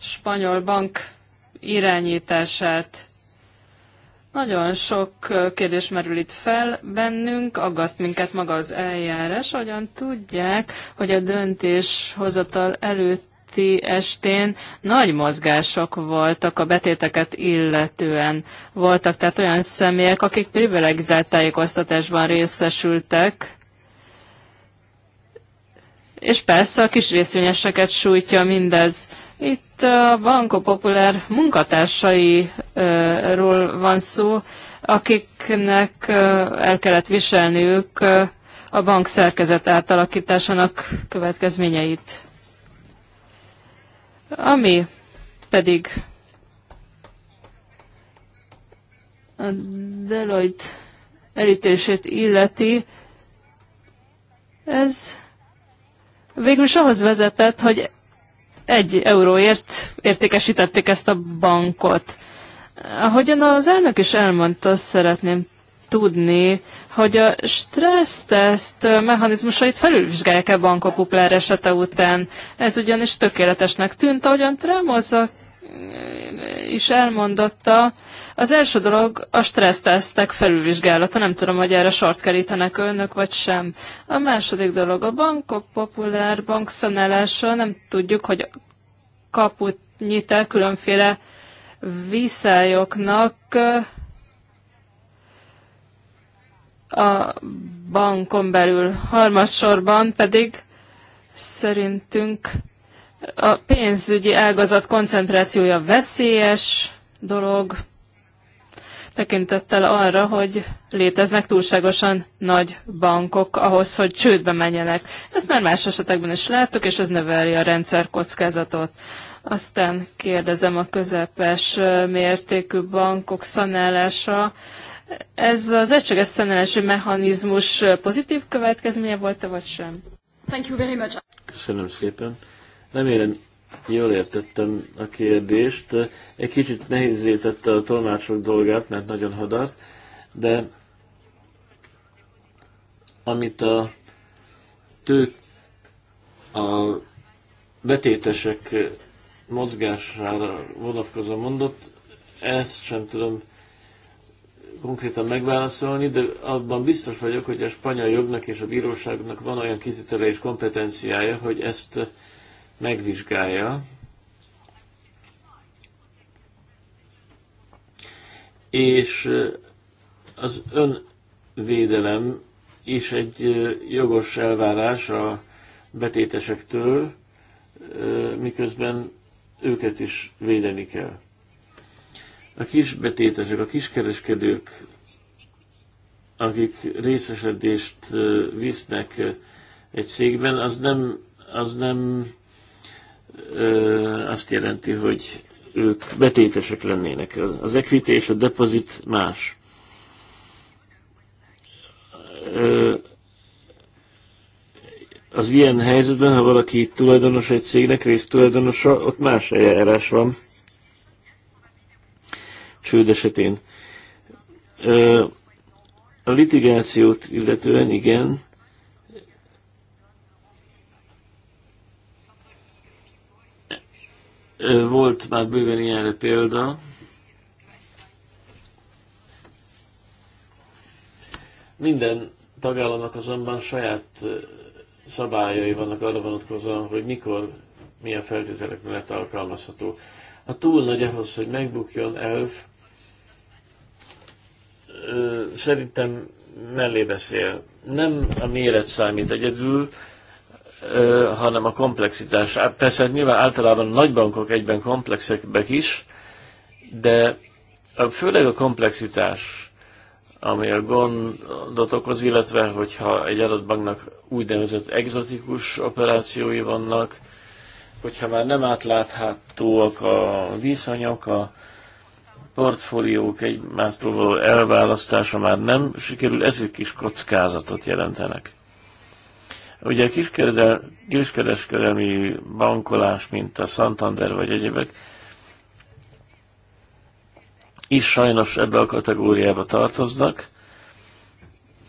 spanyol bank irányítását. Nagyon sok kérdés merül itt fel bennünk, aggaszt minket maga az eljárás. Hogyan tudják, hogy a döntéshozatal előtt estén nagy mozgások voltak a betéteket illetően. Voltak tehát olyan személyek, akik privilegizált tájékoztatásban részesültek, és persze a kis részvényeseket sújtja mindez. Itt a Banco Populár munkatársairól van szó, akiknek el kellett viselniük a bank szerkezet átalakításának következményeit. Ami pedig a Deloitte elítését illeti, ez végül is ahhoz vezetett, hogy egy euróért értékesítették ezt a bankot. Ahogyan az elnök is elmondta, azt szeretném tudni, hogy a stresszteszt mechanizmusait felülvizsgálják-e bankok Pupler esete után. Ez ugyanis tökéletesnek tűnt, ahogyan Tremoza is elmondotta. Az első dolog a stressztesztek felülvizsgálata. Nem tudom, hogy erre sort kerítenek önök, vagy sem. A második dolog a bankok populár bankszanálása. Nem tudjuk, hogy kaput nyit el különféle viszályoknak a bankon belül. Harmadsorban pedig szerintünk a pénzügyi ágazat koncentrációja veszélyes dolog, tekintettel arra, hogy léteznek túlságosan nagy bankok ahhoz, hogy csődbe menjenek. Ezt már más esetekben is láttuk, és ez növeli a rendszer kockázatot. Aztán kérdezem a közepes mértékű bankok szanálása. Ez az egységes szanálási mechanizmus pozitív következménye volt-e, vagy sem? Thank you very much. Köszönöm szépen. Remélem, jól értettem a kérdést. Egy kicsit nehézé tette a tolmácsok dolgát, mert nagyon hadart, de amit a tők, a betétesek mozgására vonatkozóan mondott, ezt sem tudom konkrétan megválaszolni, de abban biztos vagyok, hogy a spanyol jognak és a bíróságnak van olyan kitétele és kompetenciája, hogy ezt megvizsgálja, és az önvédelem is egy jogos elvárás a betétesektől, miközben őket is védeni kell. A kis betétesek, a kiskereskedők, akik részesedést visznek egy székben, az nem, az nem azt jelenti, hogy ők betétesek lennének. Az equity és a deposit más. Az ilyen helyzetben, ha valaki tulajdonos egy cégnek, résztulajdonosa, ott más eljárás van. Csőd esetén. A litigációt illetően igen, Volt már bőven ilyenre példa. Minden tagállamnak azonban saját szabályai vannak arra vonatkozóan, hogy mikor, milyen feltételek mellett alkalmazható. Ha túl nagy ahhoz, hogy megbukjon elf, szerintem mellé beszél. Nem a méret számít egyedül, hanem a komplexitás. Hát persze hát nyilván általában a nagybankok egyben komplexekbek is, de főleg a komplexitás, ami a gondot okoz, illetve hogyha egy adott banknak úgynevezett egzotikus operációi vannak, hogyha már nem átláthatóak a viszonyok, a portfóliók egymástól való elválasztása már nem sikerül, ezek is kockázatot jelentenek. Ugye a kiskereskedelmi bankolás, mint a Santander vagy egyébek, is sajnos ebbe a kategóriába tartoznak,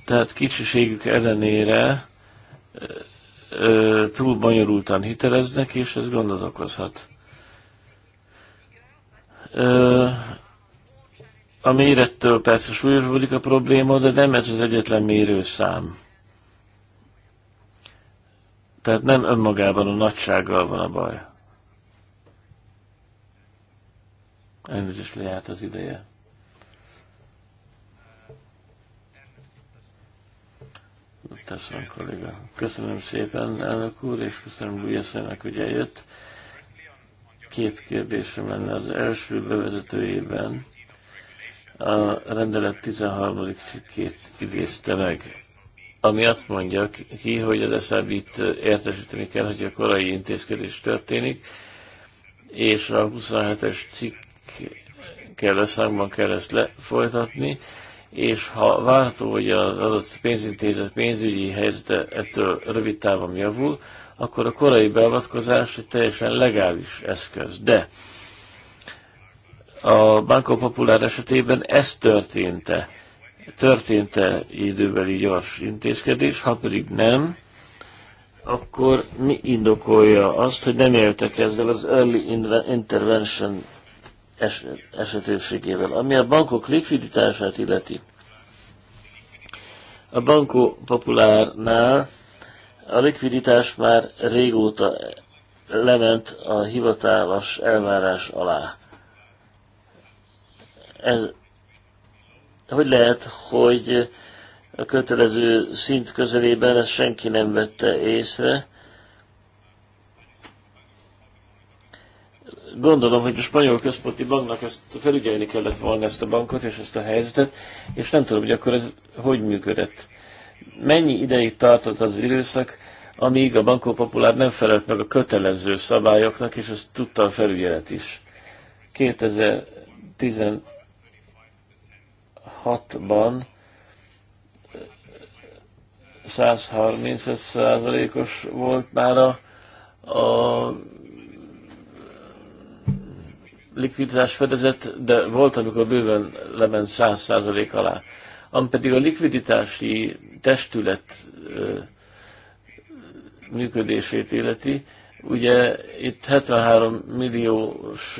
tehát kicsiségük ellenére ö, túl bonyolultan hiteleznek, és ez gondot okozhat. Ö, a mérettől persze súlyosbodik a probléma, de nem ez az egyetlen mérőszám. Tehát nem önmagában a nagysággal van a baj. Elnézést lejárt az ideje. Köszönöm, kolléga. Köszönöm szépen, elnök úr, és köszönöm Lujeszének, hogy eljött. Két kérdésem lenne. Az első bevezetőjében a rendelet 13. cikkét idézte meg ami azt mondja ki, hogy az SZB-t értesíteni kell, hogy a korai intézkedés történik, és a 27-es cikk kell összhangban kell ezt lefolytatni, és ha várható, hogy az adott pénzintézet pénzügyi helyzete ettől rövid távon javul, akkor a korai beavatkozás egy teljesen legális eszköz. De a Banco Popular esetében ez történte történt-e időbeli gyors intézkedés, ha pedig nem, akkor mi indokolja azt, hogy nem éltek ezzel az early intervention es esetőségével, ami a bankok likviditását illeti. A bankó Populárnál a likviditás már régóta lement a hivatalos elvárás alá. Ez hogy lehet, hogy a kötelező szint közelében ezt senki nem vette észre. Gondolom, hogy a spanyol központi banknak ezt felügyelni kellett volna ezt a bankot és ezt a helyzetet, és nem tudom, hogy akkor ez hogy működött. Mennyi ideig tartott az időszak, amíg a bankó populár nem felelt meg a kötelező szabályoknak, és ezt tudta a felügyelet is. 2010 2006-ban 135 százalékos volt már a, a likviditás fedezet, de volt, amikor bőven lement 100 százalék alá. Ami pedig a likviditási testület működését illeti, ugye itt 73 milliós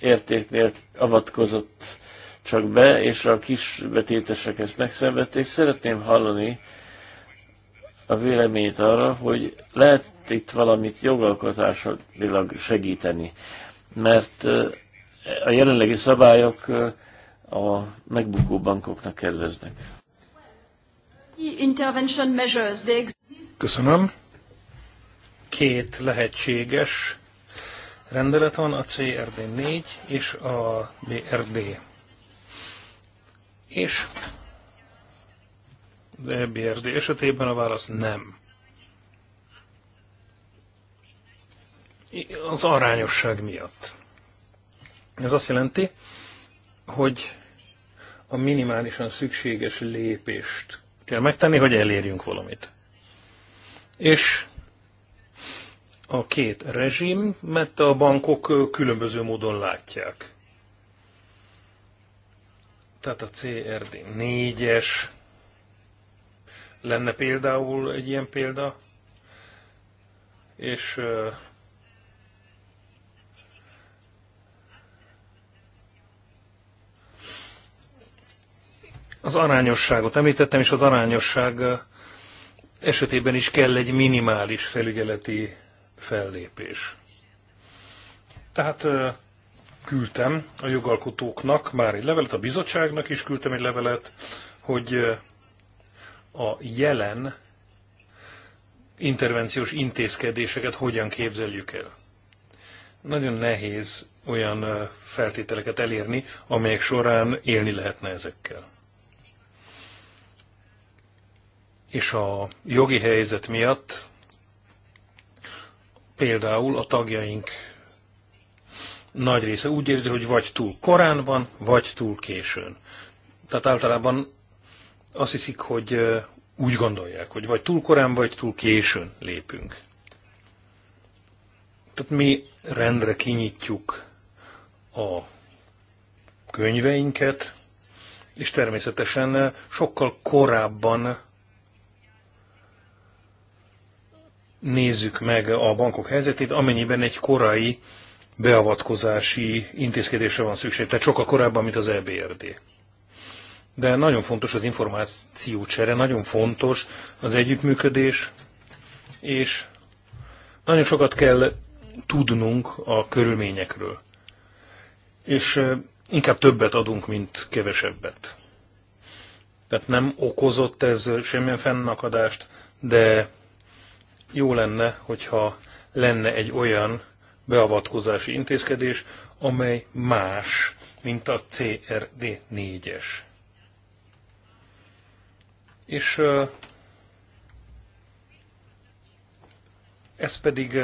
értéknél avatkozott csak be, és a kis betétesek ezt megszenvedték. Szeretném hallani a véleményt arra, hogy lehet itt valamit jogalkotásilag segíteni, mert a jelenlegi szabályok a megbukó bankoknak kedveznek. Köszönöm. Két lehetséges rendelet van, a CRD 4 és a BRD és az EBRD esetében a válasz nem. Az arányosság miatt. Ez azt jelenti, hogy a minimálisan szükséges lépést kell megtenni, hogy elérjünk valamit. És a két rezsim, mert a bankok különböző módon látják. Tehát a CRD 4-es lenne például egy ilyen példa, és az arányosságot említettem, és az arányosság esetében is kell egy minimális felügyeleti fellépés. Tehát küldtem a jogalkotóknak már egy levelet, a bizottságnak is küldtem egy levelet, hogy eh, a jelen intervenciós intézkedéseket hogyan képzeljük el. Nagyon nehéz olyan eh, feltételeket elérni, amelyek során élni lehetne ezekkel. És a jogi helyzet miatt például a tagjaink nagy része úgy érzi, hogy vagy túl korán van, vagy túl későn. Tehát általában azt hiszik, hogy úgy gondolják, hogy vagy túl korán, vagy túl későn lépünk. Tehát mi rendre kinyitjuk a könyveinket, és természetesen sokkal korábban nézzük meg a bankok helyzetét, amennyiben egy korai beavatkozási intézkedésre van szükség, tehát sokkal korábban, mint az EBRD. De nagyon fontos az információcsere, nagyon fontos az együttműködés, és nagyon sokat kell tudnunk a körülményekről. És inkább többet adunk, mint kevesebbet. Tehát nem okozott ez semmilyen fennakadást, de jó lenne, hogyha lenne egy olyan beavatkozási intézkedés, amely más, mint a CRD 4-es. És ez pedig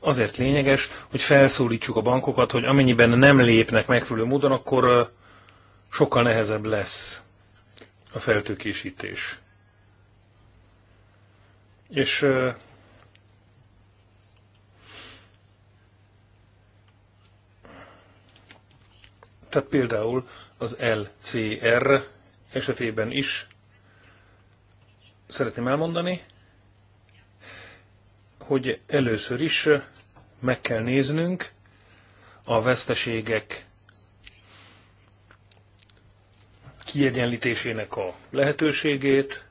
azért lényeges, hogy felszólítsuk a bankokat, hogy amennyiben nem lépnek megfelelő módon, akkor sokkal nehezebb lesz a feltőkésítés. És Tehát például az LCR esetében is szeretném elmondani, hogy először is meg kell néznünk a veszteségek kiegyenlítésének a lehetőségét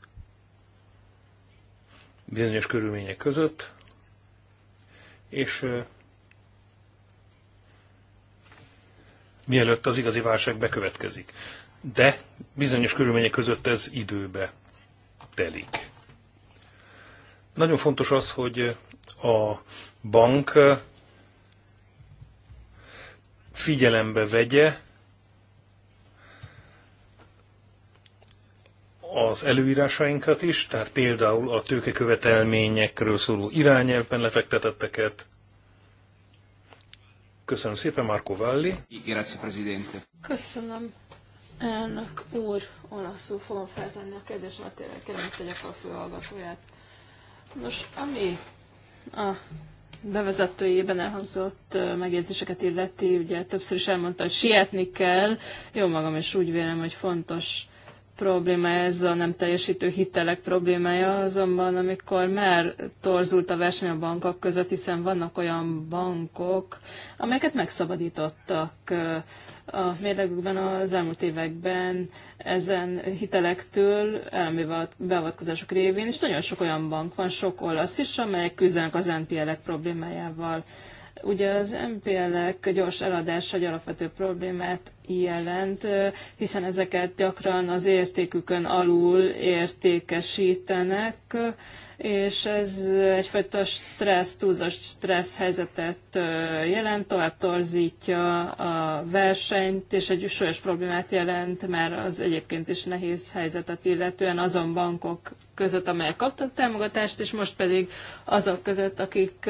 bizonyos körülmények között, és mielőtt az igazi válság bekövetkezik. De bizonyos körülmények között ez időbe telik. Nagyon fontos az, hogy a bank figyelembe vegye az előírásainkat is, tehát például a tőkekövetelményekről szóló irányelvben lefektetetteket, Köszönöm szépen, Marco Valli. Grazie, Presidente. Köszönöm, elnök úr. Olaszul fogom feltenni a mert tényleg kérem, hogy tegyek a főhallgatóját. Nos, ami a bevezetőjében elhangzott megjegyzéseket illeti, ugye többször is elmondta, hogy sietni kell. Jó magam is úgy vélem, hogy fontos problémája, ez a nem teljesítő hitelek problémája, azonban amikor már torzult a verseny a bankok között, hiszen vannak olyan bankok, amelyeket megszabadítottak a mérlegükben az elmúlt években ezen hitelektől állami beavatkozások révén, és nagyon sok olyan bank van, sok olasz is, amelyek küzdenek az NPL-ek problémájával. Ugye az MPL-ek gyors eladás egy alapvető problémát jelent, hiszen ezeket gyakran az értékükön alul értékesítenek, és ez egyfajta stressz, túlzott stressz helyzetet jelent, tovább torzítja a versenyt, és egy súlyos problémát jelent, mert az egyébként is nehéz helyzetet illetően azon bankok között, amelyek kaptak támogatást, és most pedig azok között, akik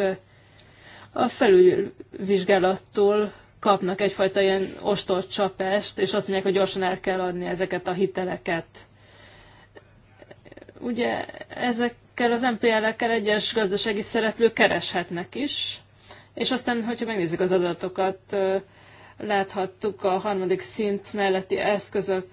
a felülvizsgálattól kapnak egyfajta ilyen ostort csapást, és azt mondják, hogy gyorsan el kell adni ezeket a hiteleket. Ugye ezekkel az MPL-ekkel egyes gazdasági szereplők kereshetnek is, és aztán, hogyha megnézzük az adatokat, Láthattuk a harmadik szint melletti eszközök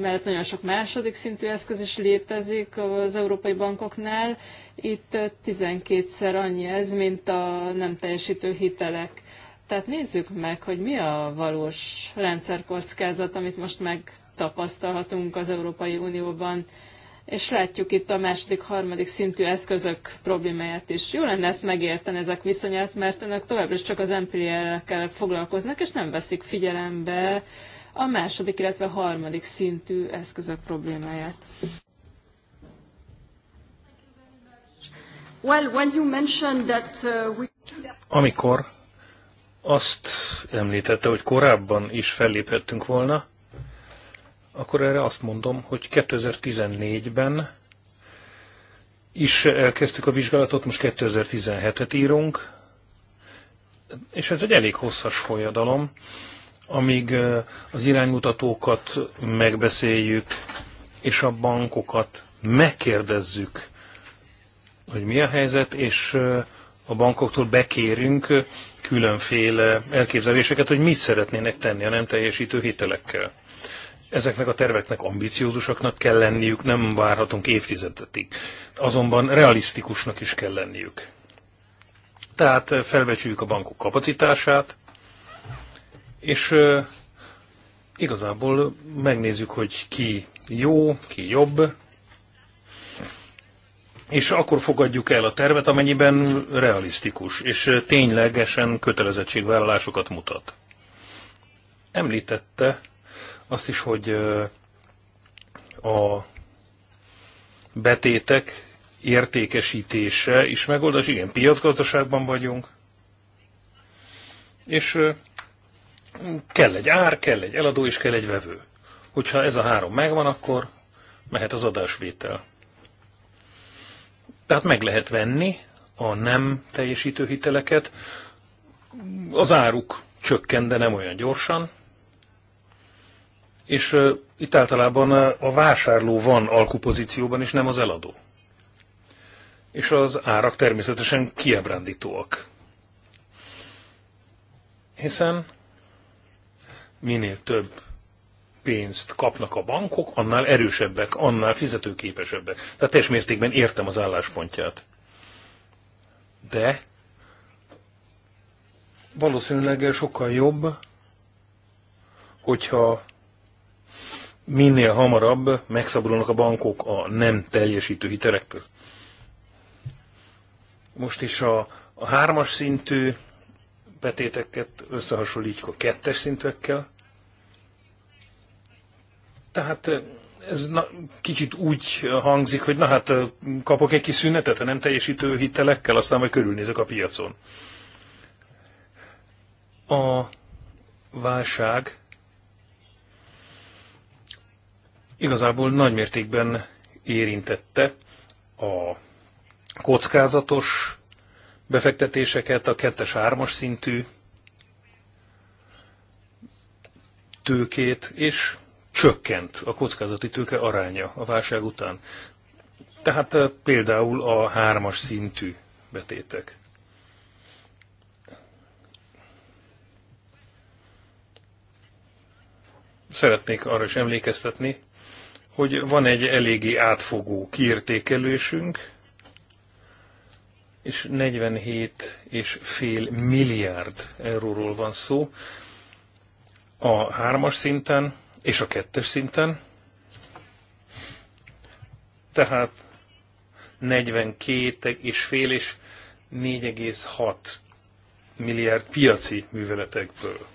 mellett nagyon sok második szintű eszköz is létezik az európai bankoknál. Itt 12-szer annyi ez, mint a nem teljesítő hitelek. Tehát nézzük meg, hogy mi a valós rendszerkockázat, amit most megtapasztalhatunk az Európai Unióban és látjuk itt a második, harmadik szintű eszközök problémáját is. Jó lenne ezt megérteni ezek viszonyát, mert önök továbbra is csak az MPL-ekkel foglalkoznak, és nem veszik figyelembe a második, illetve harmadik szintű eszközök problémáját. Well, when you mentioned that uh, we... Amikor azt említette, hogy korábban is felléphettünk volna, akkor erre azt mondom, hogy 2014-ben is elkezdtük a vizsgálatot, most 2017-et írunk, és ez egy elég hosszas folyadalom, amíg az iránymutatókat megbeszéljük, és a bankokat megkérdezzük, hogy mi a helyzet, és a bankoktól bekérünk különféle elképzeléseket, hogy mit szeretnének tenni a nem teljesítő hitelekkel ezeknek a terveknek ambiciózusaknak kell lenniük, nem várhatunk évtizedetig. Azonban realisztikusnak is kell lenniük. Tehát eh, felbecsüljük a bankok kapacitását, és eh, igazából megnézzük, hogy ki jó, ki jobb, és akkor fogadjuk el a tervet, amennyiben realisztikus, és eh, ténylegesen kötelezettségvállalásokat mutat. Említette azt is, hogy a betétek értékesítése is megoldás. Igen, piacgazdaságban vagyunk, és kell egy ár, kell egy eladó, és kell egy vevő. Hogyha ez a három megvan, akkor mehet az adásvétel. Tehát meg lehet venni a nem teljesítő hiteleket, az áruk csökken, de nem olyan gyorsan, és itt általában a vásárló van alkupozícióban, és nem az eladó. És az árak természetesen kiebrándítóak. Hiszen minél több pénzt kapnak a bankok, annál erősebbek, annál fizetőképesebbek. Tehát teljes mértékben értem az álláspontját. De valószínűleg sokkal jobb, hogyha minél hamarabb megszabadulnak a bankok a nem teljesítő hitelektől. Most is a, a hármas szintű betéteket összehasonlítjuk a kettes szintűekkel. Tehát ez na, kicsit úgy hangzik, hogy na hát kapok egy kis szünetet a nem teljesítő hitelekkel, aztán majd körülnézek a piacon. A válság igazából nagymértékben érintette a kockázatos befektetéseket, a kettes ármas szintű tőkét, és csökkent a kockázati tőke aránya a válság után. Tehát eh, például a hármas szintű betétek. Szeretnék arra is emlékeztetni, hogy van egy eléggé átfogó kiértékelésünk, és 47 és fél milliárd euróról van szó a hármas szinten és a kettes szinten. Tehát 42 és fél és 4,6 milliárd piaci műveletekből.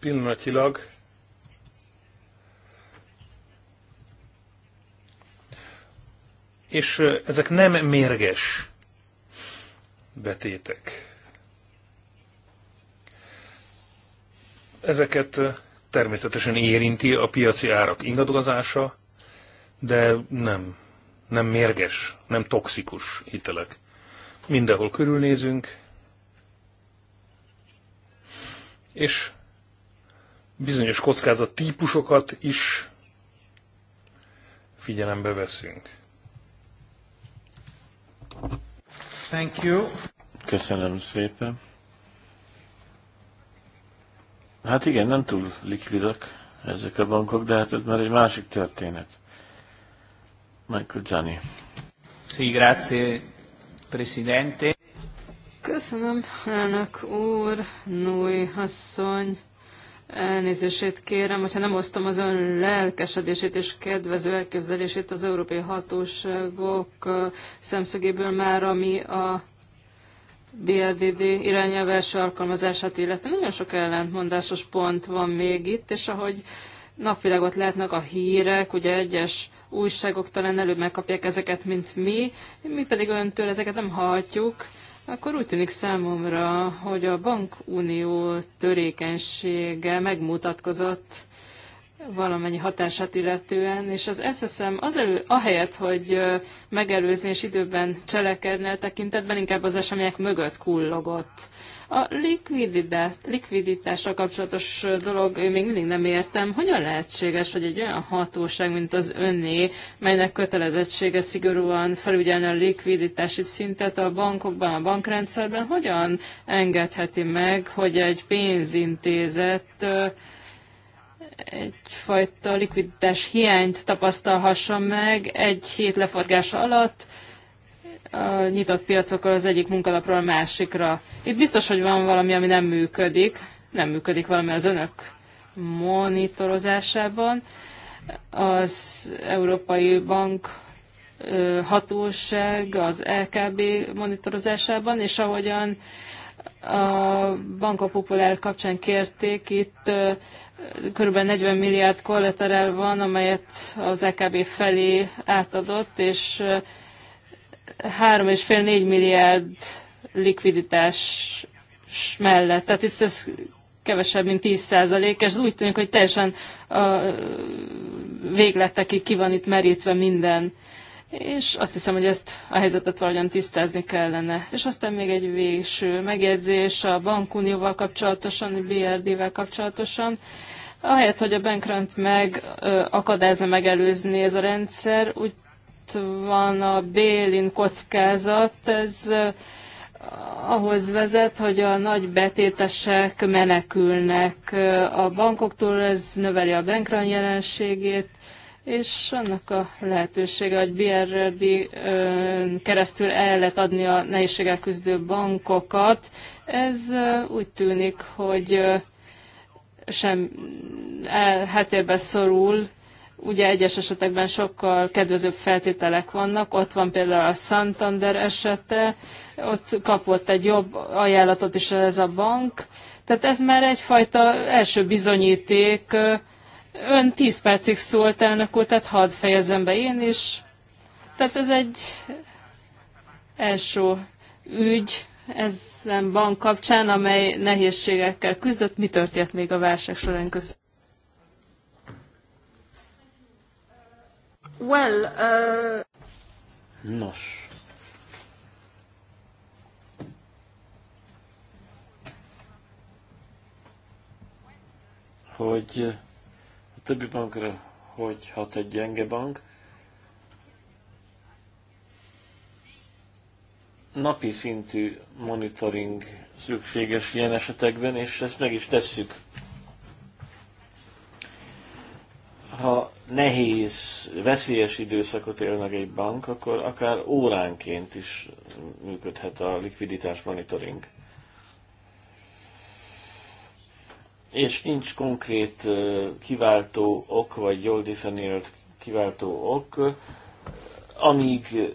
Pillanatilag és ezek nem mérges betétek. Ezeket természetesen érinti a piaci árak ingadozása, de nem, nem mérges, nem toxikus hitelek. Mindenhol körülnézünk, és bizonyos kockázat típusokat is figyelembe veszünk. Thank you. Köszönöm szépen. Hát igen, nem túl likvidak ezek a bankok, de hát ez már egy másik történet. Michael Gianni. Sí, grazie, Presidente. Köszönöm, elnök úr, Nui asszony. Elnézését kérem, hogyha nem osztom az ön lelkesedését és kedvező elképzelését az európai hatóságok szemszögéből már, ami a BRDD irányelv első alkalmazását illetve. Nagyon sok ellentmondásos pont van még itt, és ahogy napvilágot látnak a hírek, ugye egyes újságok talán előbb megkapják ezeket, mint mi, mi pedig öntől ezeket nem hallhatjuk, akkor úgy tűnik számomra, hogy a bankunió törékenysége megmutatkozott valamennyi hatását illetően, és az SSM az elő, ahelyett, hogy megelőzni és időben cselekedne a tekintetben, inkább az események mögött kullogott. A likviditás, likviditással kapcsolatos dolog, én még mindig nem értem, hogyan lehetséges, hogy egy olyan hatóság, mint az önné, melynek kötelezettsége szigorúan felügyelni a likviditási szintet a bankokban, a bankrendszerben, hogyan engedheti meg, hogy egy pénzintézet egyfajta likviditás hiányt tapasztalhassa meg egy hét leforgása alatt, a nyitott piacokról az egyik munkanapról a másikra. Itt biztos, hogy van valami, ami nem működik, nem működik valami az önök monitorozásában. Az Európai Bank hatóság az LKB monitorozásában, és ahogyan a Banka Populár kapcsán kérték, itt kb. 40 milliárd kollaterál van, amelyet az LKB felé átadott, és és fél 4 milliárd likviditás mellett. Tehát itt ez kevesebb, mint 10 százalék, és úgy tűnik, hogy teljesen a végletekig ki van itt merítve minden. És azt hiszem, hogy ezt a helyzetet valahogyan tisztázni kellene. És aztán még egy végső megjegyzés a bankunióval kapcsolatosan, a BRD-vel kapcsolatosan. Ahelyett, hogy a bankrant meg akadályozna megelőzni ez a rendszer, úgy ott van a Bélin kockázat, ez ahhoz vezet, hogy a nagy betétesek menekülnek a bankoktól, ez növeli a bankran jelenségét, és annak a lehetősége, hogy BRRD keresztül el lehet adni a nehézséggel küzdő bankokat, ez úgy tűnik, hogy sem háttérbe szorul, Ugye egyes esetekben sokkal kedvezőbb feltételek vannak, ott van például a Santander esete, ott kapott egy jobb ajánlatot is ez a bank, tehát ez már egyfajta első bizonyíték. Ön 10 percig szólt elnök úr, tehát hadd fejezem be én is. Tehát ez egy első ügy ezen bank kapcsán, amely nehézségekkel küzdött. Mi történt még a válság során? Köszönöm. Well, uh... Nos. Hogy a többi bankra hogy hat egy gyenge bank, napi szintű monitoring szükséges ilyen esetekben, és ezt meg is tesszük. ha nehéz, veszélyes időszakot él meg egy bank, akkor akár óránként is működhet a likviditás monitoring. És nincs konkrét kiváltó ok, vagy jól definiált kiváltó ok, amíg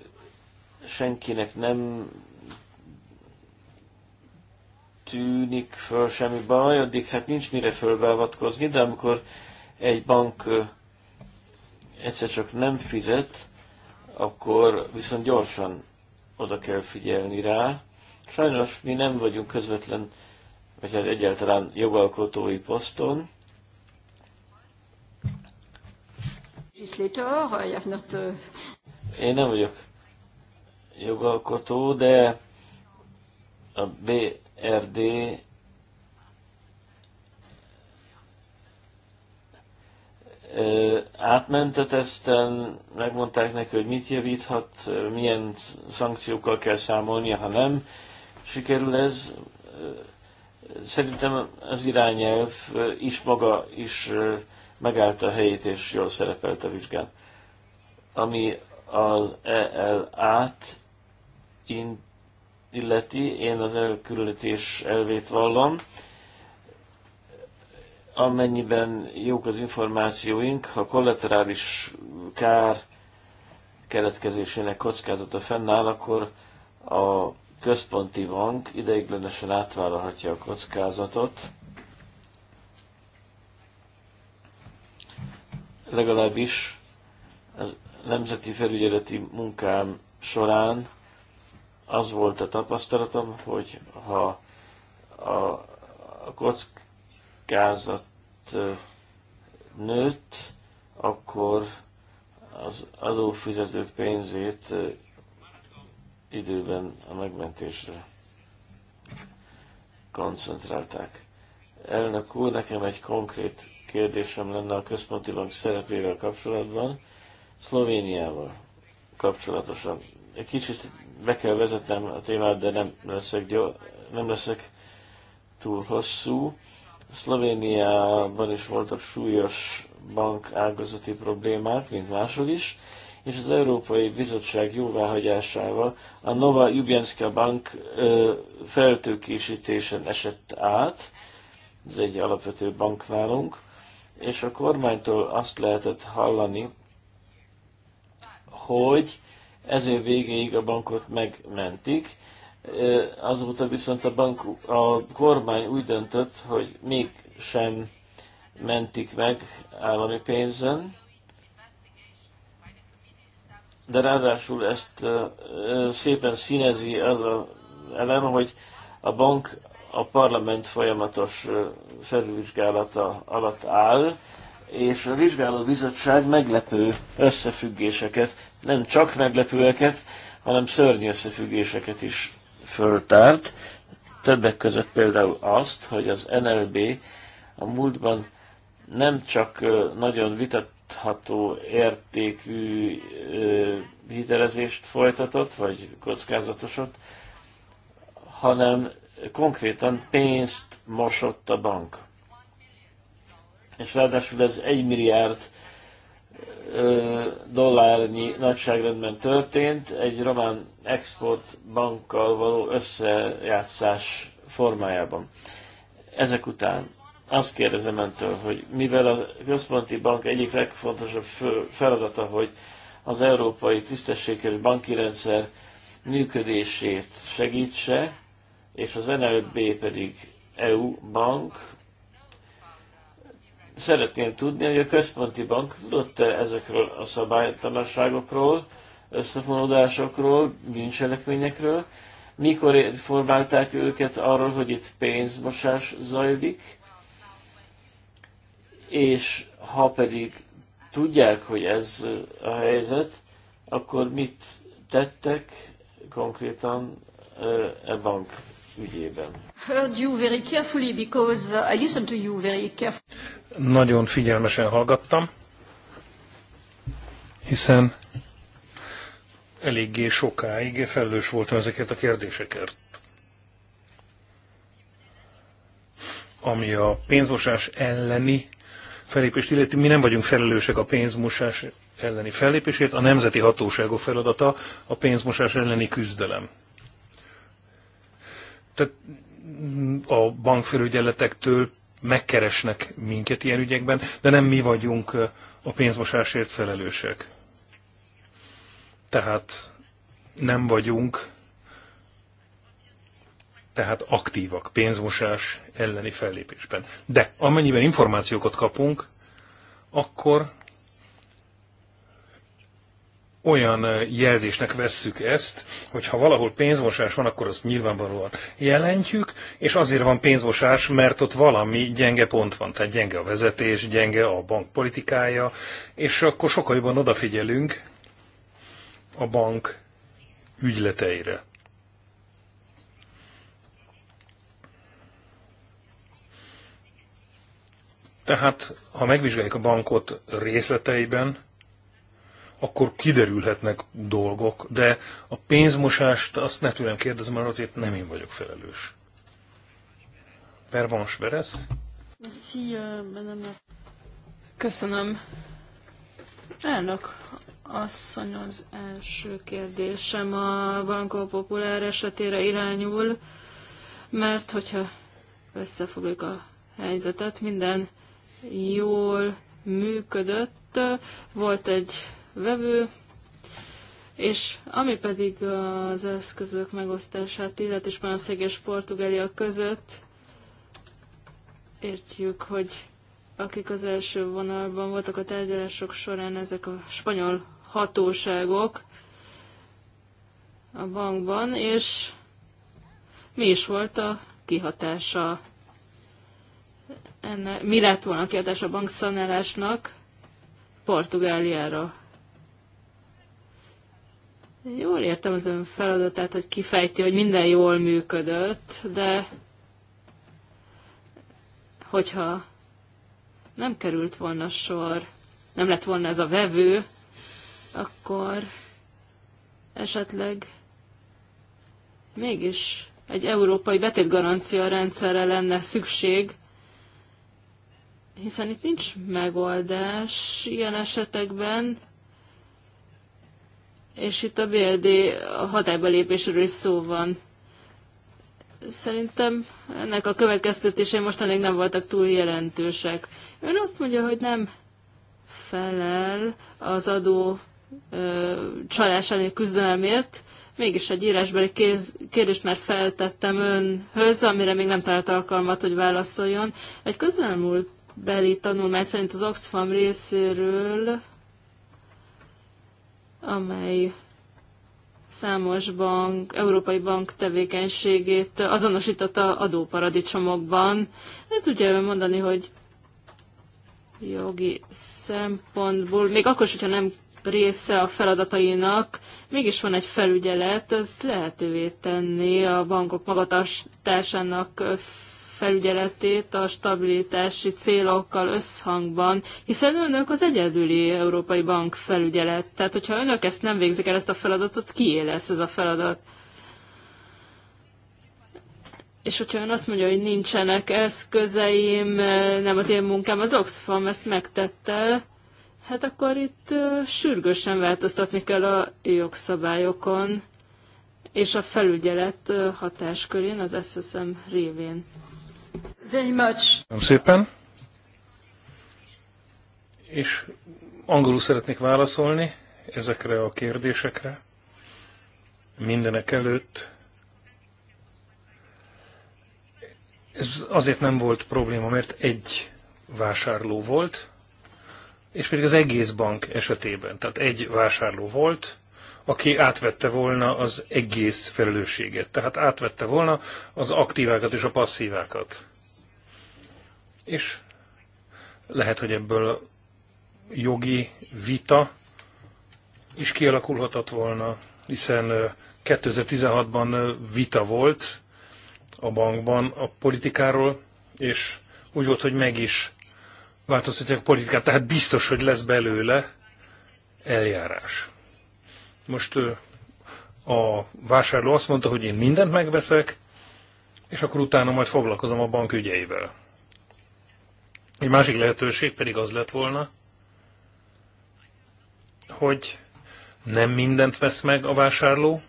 senkinek nem tűnik föl semmi baj, addig hát nincs mire fölbeavatkozni, de amikor egy bank egyszer csak nem fizet, akkor viszont gyorsan oda kell figyelni rá. Sajnos mi nem vagyunk közvetlen, vagy hát egyáltalán jogalkotói poszton. Euh, Én nem vagyok jogalkotó, de a BRD átment a teszten, megmondták neki, hogy mit javíthat, milyen szankciókkal kell számolnia, ha nem sikerül ez. Szerintem az irányelv is maga is megállt a helyét, és jól szerepelt a vizsgán. Ami az ELA-t illeti, én az elkülönítés elvét vallom, amennyiben jók az információink, ha kollaterális kár keletkezésének kockázata fennáll, akkor a központi bank ideiglenesen átvállalhatja a kockázatot, legalábbis a nemzeti felügyeleti munkám során az volt a tapasztalatom, hogy ha a, a kock, kockázat nőtt, akkor az adófizetők pénzét időben a megmentésre koncentrálták. Elnök úr, nekem egy konkrét kérdésem lenne a központi bank szerepével kapcsolatban, Szlovéniával kapcsolatosan. Egy kicsit be kell vezetnem a témát, de nem leszek, gyó, nem leszek túl hosszú. Szlovéniában is voltak súlyos bank ágazati problémák, mint máshol is, és az Európai Bizottság jóváhagyásával a Nova Jubjanska Bank ö, feltőkésítésen esett át, ez egy alapvető bank nálunk, és a kormánytól azt lehetett hallani, hogy ezért végéig a bankot megmentik, Azóta viszont a, bank, a kormány úgy döntött, hogy mégsem mentik meg állami pénzen, de ráadásul ezt szépen színezi az a elem, hogy a bank a parlament folyamatos felülvizsgálata alatt áll, és a vizsgáló bizottság meglepő összefüggéseket, nem csak meglepőeket, hanem szörnyű összefüggéseket is föltárt, többek között például azt, hogy az NLB a múltban nem csak nagyon vitatható értékű hitelezést folytatott, vagy kockázatosat, hanem konkrétan pénzt mosott a bank. És ráadásul ez egy milliárd dollárnyi nagyságrendben történt, egy román exportbankkal való összejátszás formájában. Ezek után azt kérdezem öntől, hogy mivel a központi bank egyik legfontosabb feladata, hogy az európai tisztességes banki rendszer működését segítse, és az NLB pedig EU bank, Szeretném tudni, hogy a központi bank tudott-e ezekről a szabálytalanságokról, összefonódásokról, bűncselekményekről, mikor informálták őket arról, hogy itt pénzmosás zajlik, és ha pedig tudják, hogy ez a helyzet, akkor mit tettek konkrétan e bank ügyében. Heard you very carefully because uh, I listened to you very carefully. Nagyon figyelmesen hallgattam, hiszen eléggé sokáig felelős voltam ezeket a kérdéseket. Ami a pénzmosás elleni fellépést illeti, mi nem vagyunk felelősek a pénzmosás elleni fellépésért, a nemzeti hatóságok feladata a pénzmosás elleni küzdelem tehát mm, a bankfelügyeletektől megkeresnek minket ilyen ügyekben, de nem mi vagyunk a pénzmosásért felelősek. Tehát nem vagyunk tehát aktívak pénzmosás elleni fellépésben. De amennyiben információkat kapunk, akkor olyan jelzésnek vesszük ezt, hogy ha valahol pénzmosás van, akkor azt nyilvánvalóan jelentjük, és azért van pénzmosás, mert ott valami gyenge pont van, tehát gyenge a vezetés, gyenge a bank politikája, és akkor sokkal jobban odafigyelünk a bank ügyleteire. Tehát, ha megvizsgáljuk a bankot részleteiben, akkor kiderülhetnek dolgok, de a pénzmosást azt ne tőlem kérdez, mert azért nem én vagyok felelős. Pervans Beresz. Euh, Köszönöm. Elnök asszony, az első kérdésem a Banco Populár esetére irányul, mert hogyha összefogjuk a helyzetet, minden jól működött. Volt egy vevő, és ami pedig az eszközök megosztását illet, és a és Portugália között értjük, hogy akik az első vonalban voltak a tárgyalások során, ezek a spanyol hatóságok a bankban, és mi is volt a kihatása enne, mi lett volna a kihatása a bankszanálásnak Portugáliára? Jól értem az ön feladatát, hogy kifejti, hogy minden jól működött, de hogyha nem került volna sor, nem lett volna ez a vevő, akkor esetleg mégis egy európai betétgarancia rendszerre lenne szükség, hiszen itt nincs megoldás ilyen esetekben, és itt a BLD hatályba lépésről is szó van. Szerintem ennek a következtetései mostanáig nem voltak túl jelentősek. Ön azt mondja, hogy nem felel az adó ö, csalás elleni küzdelemért, mégis egy írásbeli kéz, kérdést már feltettem önhöz, amire még nem talált alkalmat, hogy válaszoljon. Egy közelmúlt beli tanulmány szerint az Oxfam részéről amely számos bank, európai bank tevékenységét azonosította adóparadicsomokban. Hát ugye mondani, hogy jogi szempontból, még akkor is, hogyha nem része a feladatainak, mégis van egy felügyelet, ez lehetővé tenni a bankok magatartásának felügyeletét a stabilitási célokkal összhangban, hiszen önök az egyedüli Európai Bank felügyelet. Tehát, hogyha önök ezt nem végzik el, ezt a feladatot, kié lesz ez a feladat? És hogyha ön azt mondja, hogy nincsenek eszközeim, nem az én munkám, az Oxfam ezt megtette, hát akkor itt sürgősen változtatni kell a jogszabályokon és a felügyelet hatáskörén, az SSM révén. Very much. Köszönöm szépen. És angolul szeretnék válaszolni ezekre a kérdésekre. Mindenek előtt ez azért nem volt probléma, mert egy vásárló volt, és pedig az egész bank esetében, tehát egy vásárló volt, aki átvette volna az egész felelősséget. Tehát átvette volna az aktívákat és a passzívákat. És lehet, hogy ebből jogi vita is kialakulhatott volna, hiszen 2016-ban vita volt a bankban a politikáról, és úgy volt, hogy meg is változtatják a politikát, tehát biztos, hogy lesz belőle eljárás. Most a vásárló azt mondta, hogy én mindent megveszek, és akkor utána majd foglalkozom a bank ügyeivel. Egy másik lehetőség pedig az lett volna, hogy nem mindent vesz meg a vásárló,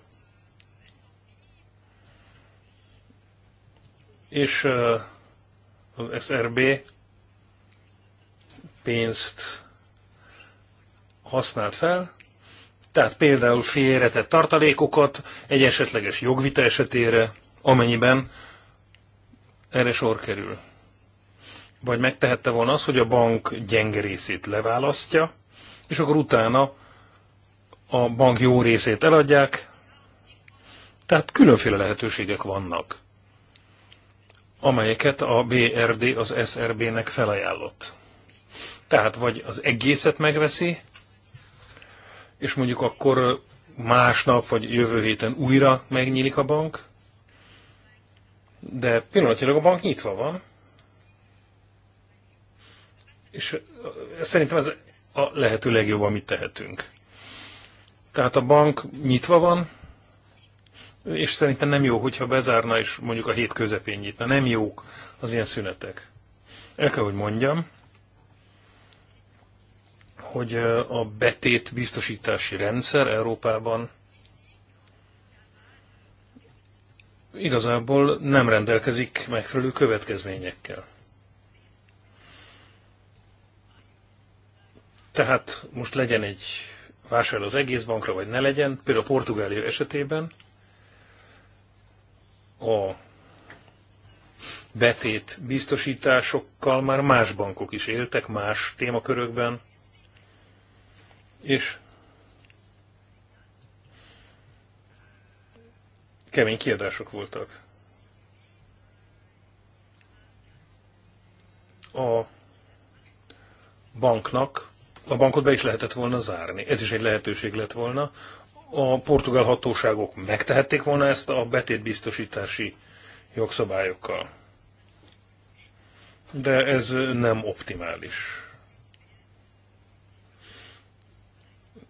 és az SRB pénzt használt fel, tehát például félretett tartalékokat egy esetleges jogvita esetére, amennyiben erre sor kerül. Vagy megtehette volna az, hogy a bank gyenge részét leválasztja, és akkor utána a bank jó részét eladják. Tehát különféle lehetőségek vannak, amelyeket a BRD az SRB-nek felajánlott. Tehát vagy az egészet megveszi, és mondjuk akkor másnap vagy jövő héten újra megnyílik a bank, de pillanatilag a bank nyitva van. És szerintem ez a lehető legjobb, amit tehetünk. Tehát a bank nyitva van, és szerintem nem jó, hogyha bezárna, és mondjuk a hét közepén nyitna. Nem jók az ilyen szünetek. El kell, hogy mondjam, hogy a betét biztosítási rendszer Európában igazából nem rendelkezik megfelelő következményekkel. Tehát most legyen egy vásár az egész bankra, vagy ne legyen. Például Portugália esetében a betét biztosításokkal már más bankok is éltek, más témakörökben és kemény kiadások voltak. A banknak, a bankot be is lehetett volna zárni. Ez is egy lehetőség lett volna. A portugál hatóságok megtehették volna ezt a betétbiztosítási jogszabályokkal. De ez nem optimális.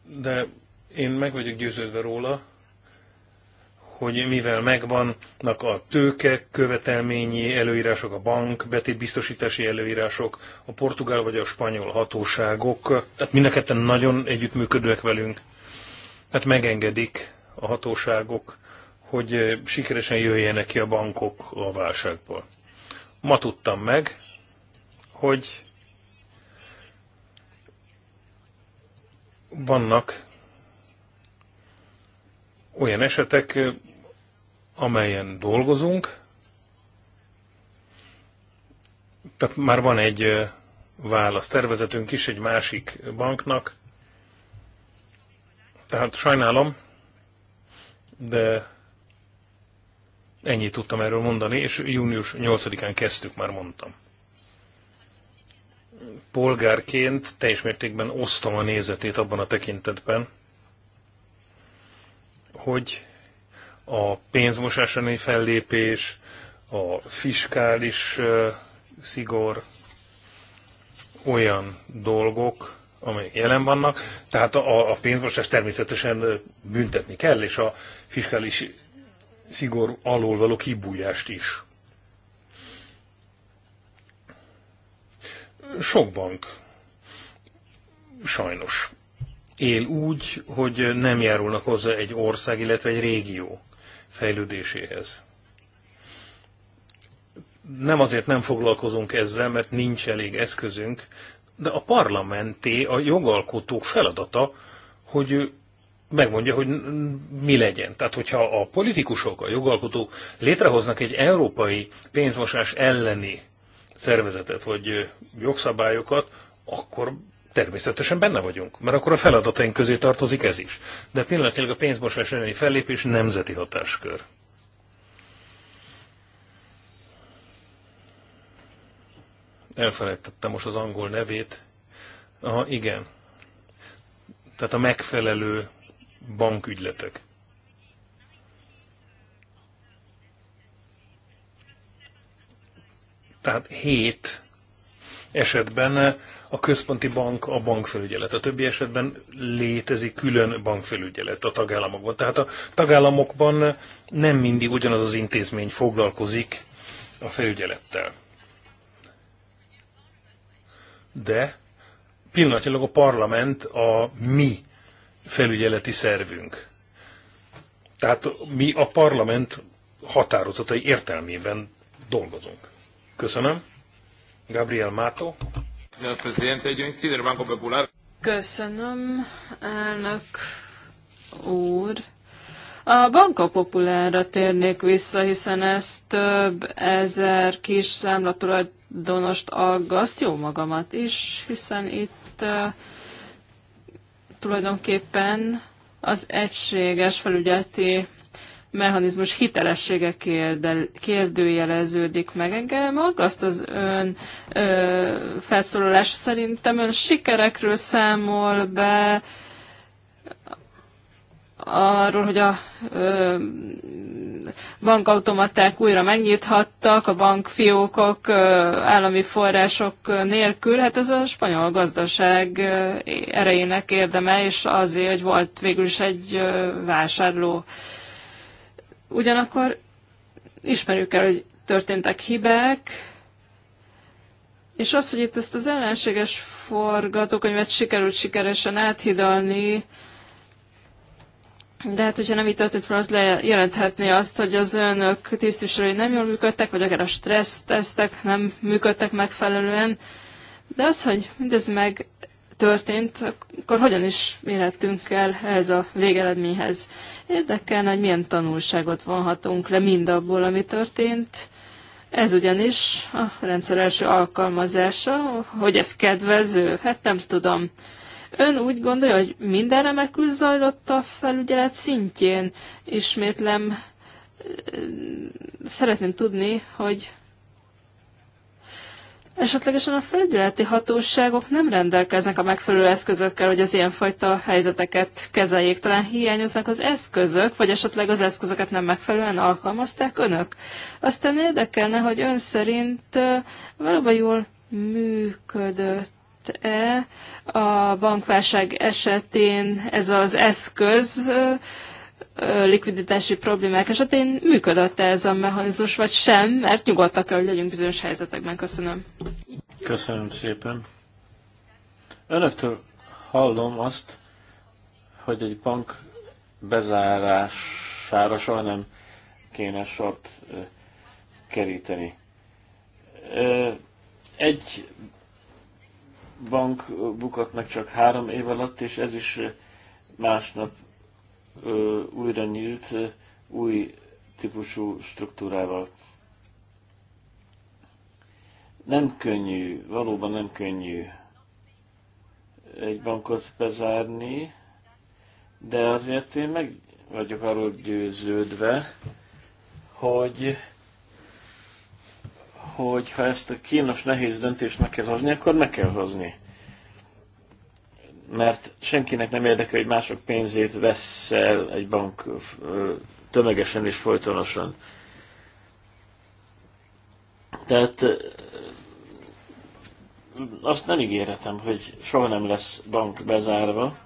de én meg vagyok győződve róla, hogy mivel megvannak a tőke, követelményi előírások, a bank, betétbiztosítási előírások, a portugál vagy a spanyol hatóságok, tehát mind a ketten nagyon együttműködőek velünk, hát megengedik a hatóságok, hogy sikeresen jöjjenek ki a bankok a válságból. Ma tudtam meg, hogy vannak olyan esetek, amelyen dolgozunk, tehát már van egy tervezetünk is egy másik banknak, tehát sajnálom, de ennyit tudtam erről mondani, és június 8-án kezdtük, már mondtam polgárként teljes mértékben osztom a nézetét abban a tekintetben, hogy a pénzmosásani fellépés, a fiskális szigor olyan dolgok, amelyek jelen vannak, tehát a, a pénzmosás természetesen büntetni kell, és a fiskális szigor alól való kibújást is. Sok bank sajnos él úgy, hogy nem járulnak hozzá egy ország, illetve egy régió fejlődéséhez. Nem azért nem foglalkozunk ezzel, mert nincs elég eszközünk, de a parlamenté, a jogalkotók feladata, hogy megmondja, hogy mi legyen. Tehát, hogyha a politikusok, a jogalkotók létrehoznak egy európai pénzmosás elleni szervezetet, vagy jogszabályokat, akkor természetesen benne vagyunk, mert akkor a feladataink közé tartozik ez is. De pillanatilag a pénzmosás elleni fellépés nemzeti hatáskör. Elfelejtettem most az angol nevét. Aha, igen. Tehát a megfelelő bankügyletek. Tehát hét esetben a központi bank a bankfelügyelet, a többi esetben létezik külön bankfelügyelet a tagállamokban. Tehát a tagállamokban nem mindig ugyanaz az intézmény foglalkozik a felügyelettel. De pillanatilag a parlament a mi felügyeleti szervünk. Tehát mi a parlament határozatai értelmében dolgozunk. Köszönöm. Gabriel Mato. Köszönöm, elnök úr. A Banka Populára térnék vissza, hiszen ez több ezer kis számlatulajdonost aggaszt, jó magamat is, hiszen itt uh, tulajdonképpen az egységes felügyeleti mechanizmus hitelessége kérdel, kérdőjeleződik meg. Engem Azt az ön ö, felszólalás szerintem ön sikerekről számol be, arról, hogy a ö, bankautomaták újra megnyithattak, a bankfiókok ö, állami források nélkül, hát ez a spanyol gazdaság erejének érdeme, és azért, hogy volt végül is egy ö, vásárló. Ö, Ugyanakkor ismerjük el, hogy történtek hibák, és az, hogy itt ezt az ellenséges forgatókönyvet sikerült sikeresen áthidalni, de hát, hogyha nem így történt fel, az lejelenthetné azt, hogy az önök tisztviselői nem jól működtek, vagy akár a stressztesztek nem működtek megfelelően. De az, hogy mindez meg történt, akkor hogyan is mérhetünk el ez a végeredményhez. Érdekelne, hogy milyen tanulságot vonhatunk le mindabból, ami történt. Ez ugyanis a rendszer első alkalmazása, hogy ez kedvező, hát nem tudom. Ön úgy gondolja, hogy minden remekül zajlott a felügyelet szintjén. Ismétlem, szeretném tudni, hogy Esetlegesen a felügyeleti hatóságok nem rendelkeznek a megfelelő eszközökkel, hogy az ilyenfajta helyzeteket kezeljék. Talán hiányoznak az eszközök, vagy esetleg az eszközöket nem megfelelően alkalmazták önök. Aztán érdekelne, hogy ön szerint valóban jól működött-e a bankválság esetén ez az eszköz, likviditási problémák esetén működött -e ez a mechanizmus, vagy sem, mert nyugodtak kell, hogy legyünk bizonyos helyzetekben. Köszönöm. Köszönöm szépen. Önöktől hallom azt, hogy egy bank bezárására soha nem kéne sort keríteni. Egy bank bukott meg csak három év alatt, és ez is másnap újra nyílt új típusú struktúrával. Nem könnyű, valóban nem könnyű egy bankot bezárni, de azért én meg vagyok arról győződve, hogy hogy ha ezt a kínos, nehéz döntést meg kell hozni, akkor meg kell hozni mert senkinek nem érdekel, hogy mások pénzét vesz el egy bank tömegesen és folytonosan. Tehát azt nem ígérhetem, hogy soha nem lesz bank bezárva.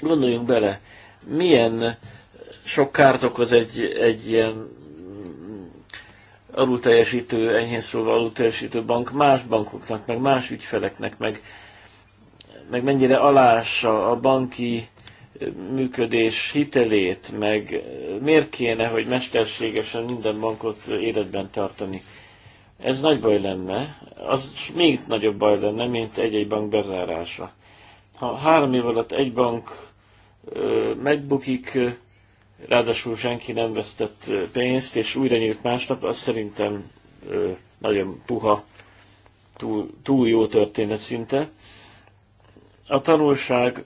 Gondoljunk bele, milyen sok kárt okoz egy, egy ilyen alulteljesítő, enyhén szóval alulteljesítő bank más bankoknak, meg más ügyfeleknek, meg meg mennyire alássa a banki működés hitelét, meg miért kéne, hogy mesterségesen minden bankot életben tartani. Ez nagy baj lenne, az még nagyobb baj lenne, mint egy-egy bank bezárása. Ha három év alatt egy bank megbukik, ráadásul senki nem vesztett pénzt, és újra nyílt másnap, az szerintem nagyon puha, túl, túl jó történet szinte. A tanulság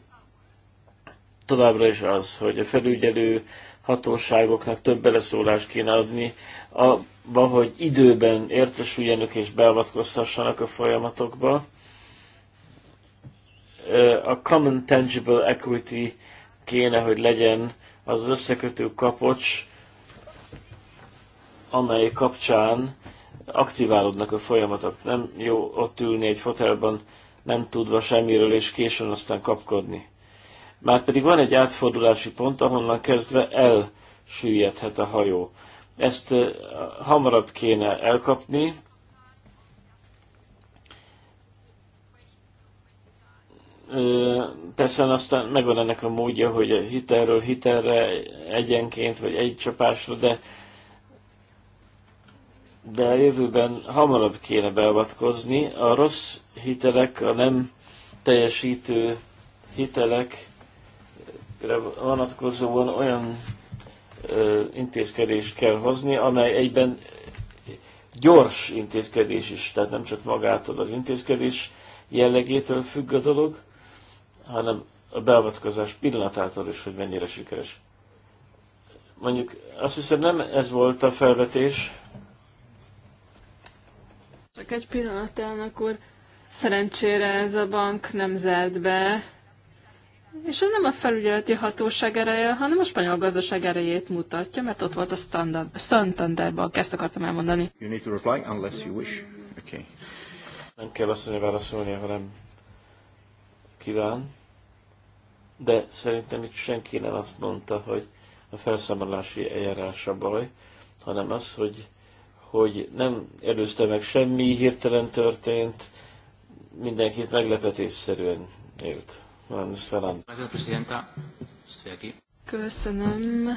továbbra is az, hogy a felügyelő hatóságoknak több beleszólást kéne adni abba, hogy időben értesüljenek és beavatkozhassanak a folyamatokba. A Common Tangible Equity kéne, hogy legyen az összekötő kapocs, amely kapcsán aktiválódnak a folyamatok. Nem jó ott ülni egy fotelban nem tudva semmiről és későn aztán kapkodni. Már pedig van egy átfordulási pont, ahonnan kezdve elsüllyedhet a hajó. Ezt hamarabb kéne elkapni, persze aztán megvan ennek a módja, hogy hitelről hitelre, egyenként, vagy egy csapásra, de de a jövőben hamarabb kéne beavatkozni. A rossz hitelek, a nem teljesítő hitelekre vonatkozóan olyan ö, intézkedést kell hozni, amely egyben gyors intézkedés is, tehát nem csak magától az intézkedés jellegétől függ a dolog, hanem a beavatkozás pillanatától is, hogy mennyire sikeres. Mondjuk azt hiszem nem ez volt a felvetés, csak egy pillanat, elnök úr. Szerencsére ez a bank nem zárt be, és ez nem a felügyeleti hatóság ereje, hanem a spanyol gazdaság erejét mutatja, mert ott volt a standard, Santander bank, ezt akartam elmondani. You need to reply unless you wish. Okay. Nem kell azt mondani, válaszolni, hanem kíván. De szerintem itt senki nem azt mondta, hogy a felszámolási eljárás a baj, hanem az, hogy hogy nem előzte meg semmi, hirtelen történt, mindenkit meglepetésszerűen élt. Köszönöm.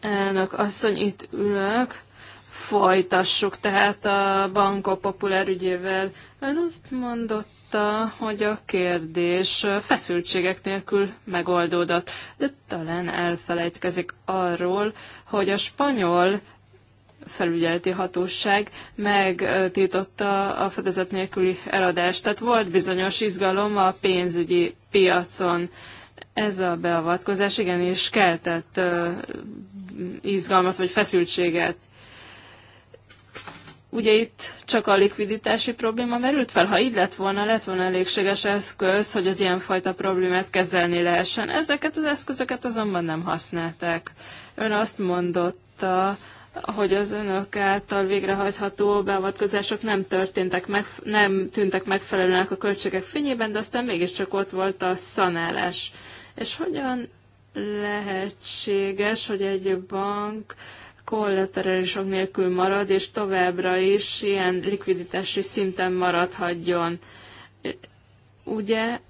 Elnök asszony, itt ülök. Folytassuk tehát a bankok populár ügyével. Ön azt mondotta, hogy a kérdés feszültségek nélkül megoldódott, de talán elfelejtkezik arról, hogy a spanyol felügyeleti hatóság megtiltotta a fedezet nélküli eladást. Tehát volt bizonyos izgalom a pénzügyi piacon. Ez a beavatkozás igenis keltett izgalmat vagy feszültséget. Ugye itt csak a likviditási probléma merült fel, ha így lett volna, lett volna elégséges eszköz, hogy az ilyenfajta problémát kezelni lehessen. Ezeket az eszközöket azonban nem használták. Ön azt mondotta, hogy az önök által végrehajtható beavatkozások nem történtek meg, nem tűntek megfelelőnek a költségek fényében, de aztán mégiscsak ott volt a szanálás. És hogyan lehetséges, hogy egy bank kollaterálisok nélkül marad, és továbbra is ilyen likviditási szinten maradhatjon? Ugye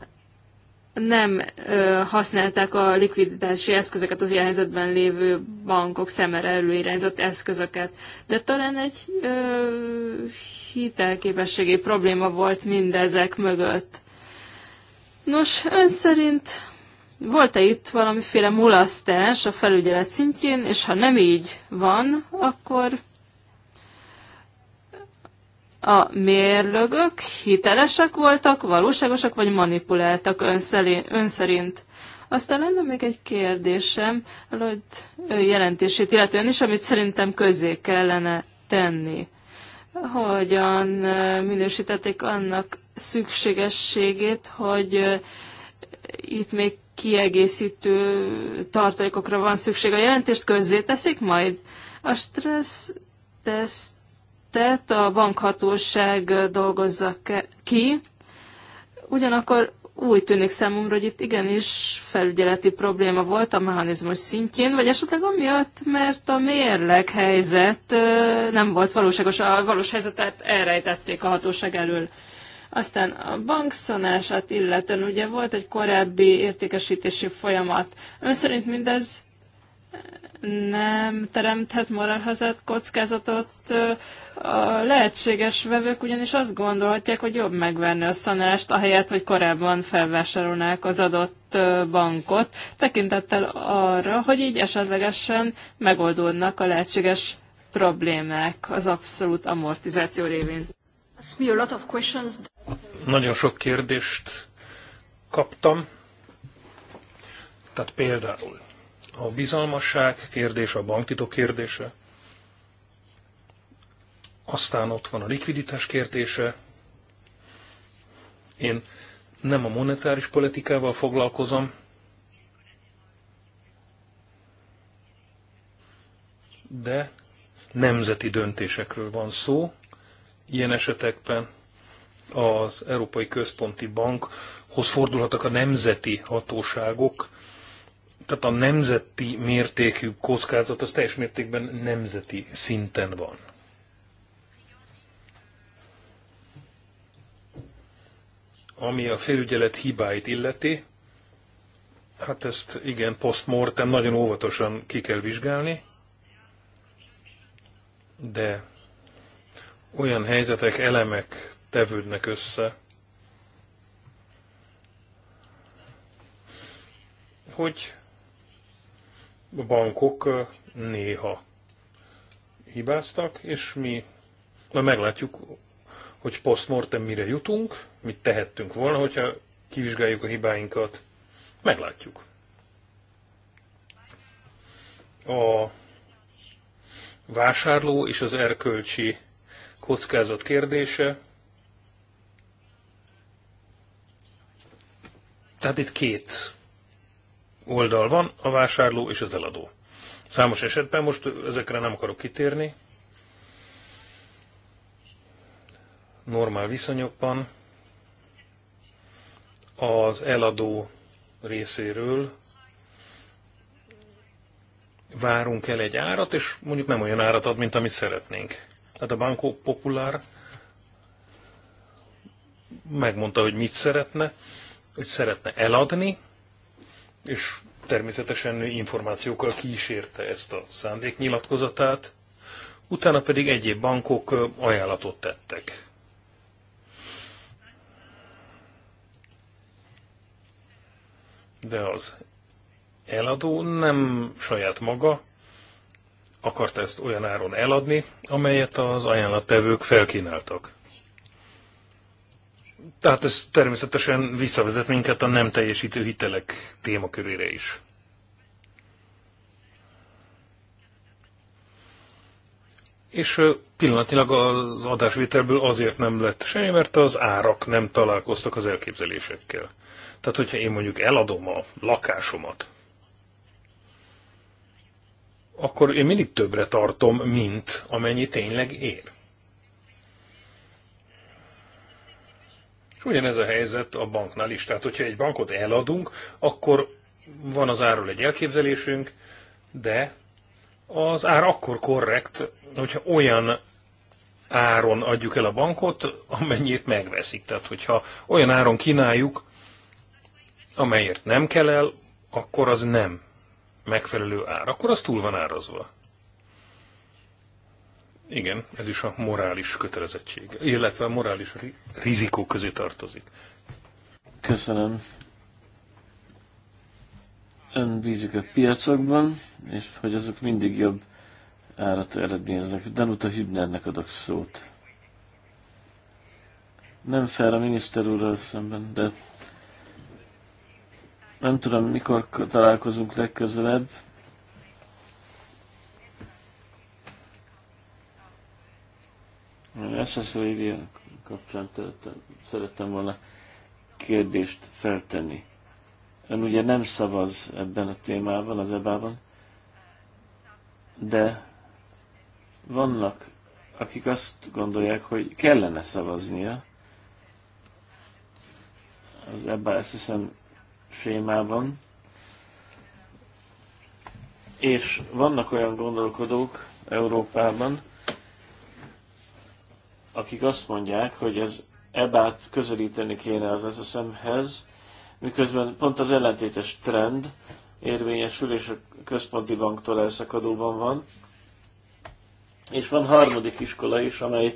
nem ö, használták a likviditási eszközöket az ilyen helyzetben lévő bankok szemére előirányzott eszközöket. De talán egy ö, hitelképességi probléma volt mindezek mögött. Nos, ön szerint volt-e itt valamiféle mulasztás a felügyelet szintjén, és ha nem így van, akkor a mérlögök hitelesek voltak, valóságosak, vagy manipuláltak ön szerint? Aztán lenne még egy kérdésem, hogy jelentését illetően is, amit szerintem közé kellene tenni. Hogyan minősítették annak szükségességét, hogy itt még kiegészítő tartalékokra van szükség. A jelentést teszik majd? A stressz teszt tett, a bankhatóság dolgozza ki, ugyanakkor úgy tűnik számomra, hogy itt igenis felügyeleti probléma volt a mechanizmus szintjén, vagy esetleg amiatt, mert a mérleg helyzet nem volt valóságos, a valós helyzetet elrejtették a hatóság elől. Aztán a bankszonását illetően ugye volt egy korábbi értékesítési folyamat. Ön szerint mindez nem teremthet moralhazat kockázatot a lehetséges vevők, ugyanis azt gondolhatják, hogy jobb megvenni a szanást, ahelyett, hogy korábban felvásárolnák az adott bankot, tekintettel arra, hogy így esetlegesen megoldódnak a lehetséges problémák az abszolút amortizáció révén. Nagyon sok kérdést kaptam. Tehát például a bizalmasság kérdése, a banktitok kérdése, aztán ott van a likviditás kérdése. Én nem a monetáris politikával foglalkozom, de nemzeti döntésekről van szó. Ilyen esetekben az Európai Központi Bankhoz fordulhatnak a nemzeti hatóságok tehát a nemzeti mértékű kockázat az teljes mértékben nemzeti szinten van. Ami a felügyelet hibáit illeti, hát ezt igen, postmortem nagyon óvatosan ki kell vizsgálni, de olyan helyzetek, elemek tevődnek össze, hogy a bankok néha hibáztak, és mi majd meglátjuk, hogy postmortem mire jutunk, mit tehettünk volna, hogyha kivizsgáljuk a hibáinkat, meglátjuk. A vásárló és az erkölcsi kockázat kérdése. Tehát itt két oldal van, a vásárló és az eladó. Számos esetben most ezekre nem akarok kitérni. Normál viszonyokban az eladó részéről várunk el egy árat, és mondjuk nem olyan árat ad, mint amit szeretnénk. Tehát a Banco Popular megmondta, hogy mit szeretne, hogy szeretne eladni, és természetesen információkkal kísérte ezt a szándéknyilatkozatát, utána pedig egyéb bankok ajánlatot tettek. De az eladó nem saját maga akart ezt olyan áron eladni, amelyet az ajánlattevők felkínáltak. Tehát ez természetesen visszavezet minket a nem teljesítő hitelek témakörére is. És pillanatilag az adásvételből azért nem lett semmi, mert az árak nem találkoztak az elképzelésekkel. Tehát, hogyha én mondjuk eladom a lakásomat, akkor én mindig többre tartom, mint amennyi tényleg ér. Ugyanez a helyzet a banknál is. Tehát, hogyha egy bankot eladunk, akkor van az árról egy elképzelésünk, de az ár akkor korrekt, hogyha olyan áron adjuk el a bankot, amennyit megveszik. Tehát, hogyha olyan áron kínáljuk, amelyért nem kell el, akkor az nem megfelelő ár. Akkor az túl van árazva. Igen, ez is a morális kötelezettség, illetve a morális rizikó közé tartozik. Köszönöm. Ön bízik a piacokban, és hogy azok mindig jobb árat eredményeznek. Danuta Hübnernek adok szót. Nem fel a miniszter úrral szemben, de nem tudom, mikor találkozunk legközelebb. Assassin Lady kapcsán szerettem volna kérdést feltenni. Ön ugye nem szavaz ebben a témában, az ebában, de vannak, akik azt gondolják, hogy kellene szavaznia az ebben hiszem sémában, és vannak olyan gondolkodók Európában, akik azt mondják, hogy az EBÁT közelíteni kéne az SSM-hez, miközben pont az ellentétes trend érvényesül, és a központi banktól elszakadóban van. És van harmadik iskola is, amely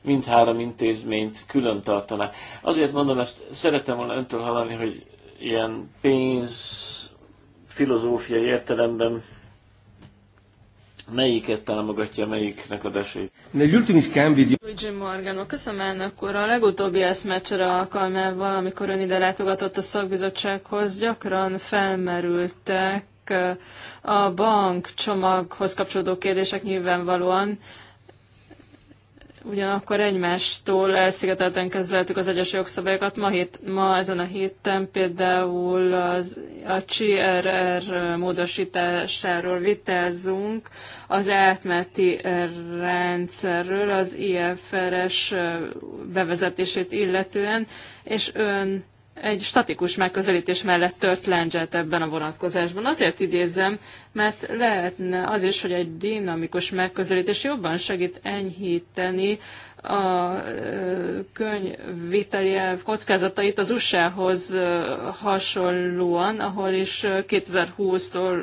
mindhárom intézményt külön tartaná. Azért mondom ezt, szeretem volna öntől hallani, hogy ilyen pénz filozófiai értelemben Melyiket támogatja, melyiknek a desét? Luigi Morgano, köszönöm elnök úr. A legutóbbi eszmecsere alkalmával, amikor ön ide látogatott a szakbizottsághoz, gyakran felmerültek a bank csomaghoz kapcsolódó kérdések nyilvánvalóan, Ugyanakkor egymástól elszigetelten kezeltük az egyes jogszabályokat. Ma, hét, ma ezen a héten például az, a CRR módosításáról vitázunk, az átmeti rendszerről, az IFRS bevezetését illetően, és ön egy statikus megközelítés mellett tört lendzset ebben a vonatkozásban. Azért idézem, mert lehetne az is, hogy egy dinamikus megközelítés jobban segít enyhíteni a könyvviteli kockázatait az USA-hoz hasonlóan, ahol is 2020-tól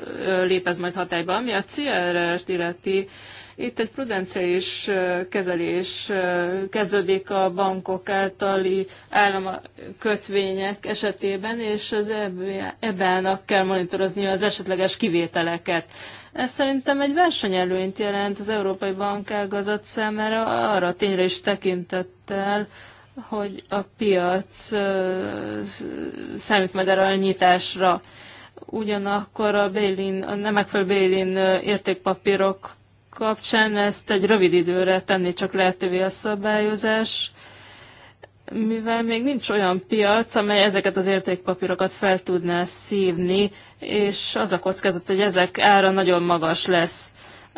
lép majd hatályba, ami a CRR-t illeti. Itt egy prudenciális kezelés kezdődik a bankok általi államkötvények esetében, és az ebben kell monitorozni az esetleges kivételeket. Ez szerintem egy versenyelőnyt jelent az európai bankágazat számára arra a tényre is tekintettel, hogy a piac számít majd erre a nyitásra. Ugyanakkor a, Bélin, a nem megfelelő Bélin értékpapírok kapcsán ezt egy rövid időre tenni csak lehetővé a szabályozás mivel még nincs olyan piac, amely ezeket az értékpapírokat fel tudná szívni, és az a kockázat, hogy ezek ára nagyon magas lesz.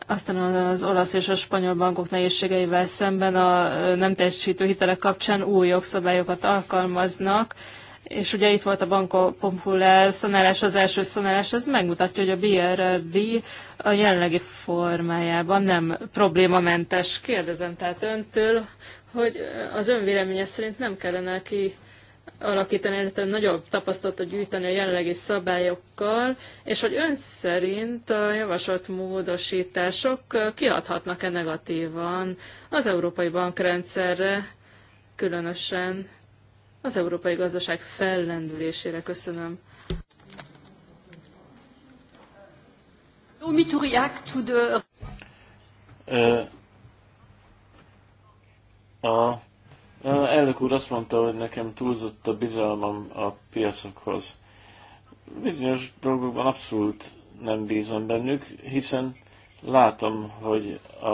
Aztán az olasz és a spanyol bankok nehézségeivel szemben a nem teljesítő hitelek kapcsán új jogszabályokat alkalmaznak, és ugye itt volt a Banco Popular szanálás, az első szanálás, ez megmutatja, hogy a BRRD a jelenlegi formájában nem problémamentes. Kérdezem tehát öntől, hogy az önvéleménye szerint nem kellene ki alakítani, illetve nagyobb tapasztalatot gyűjteni a jelenlegi szabályokkal, és hogy ön szerint a javasolt módosítások kihathatnak-e negatívan az európai bankrendszerre, különösen az európai gazdaság fellendülésére. Köszönöm. Ö, a elnök úr azt mondta, hogy nekem túlzott a bizalmam a piacokhoz. Bizonyos dolgokban abszolút nem bízom bennük, hiszen látom, hogy a,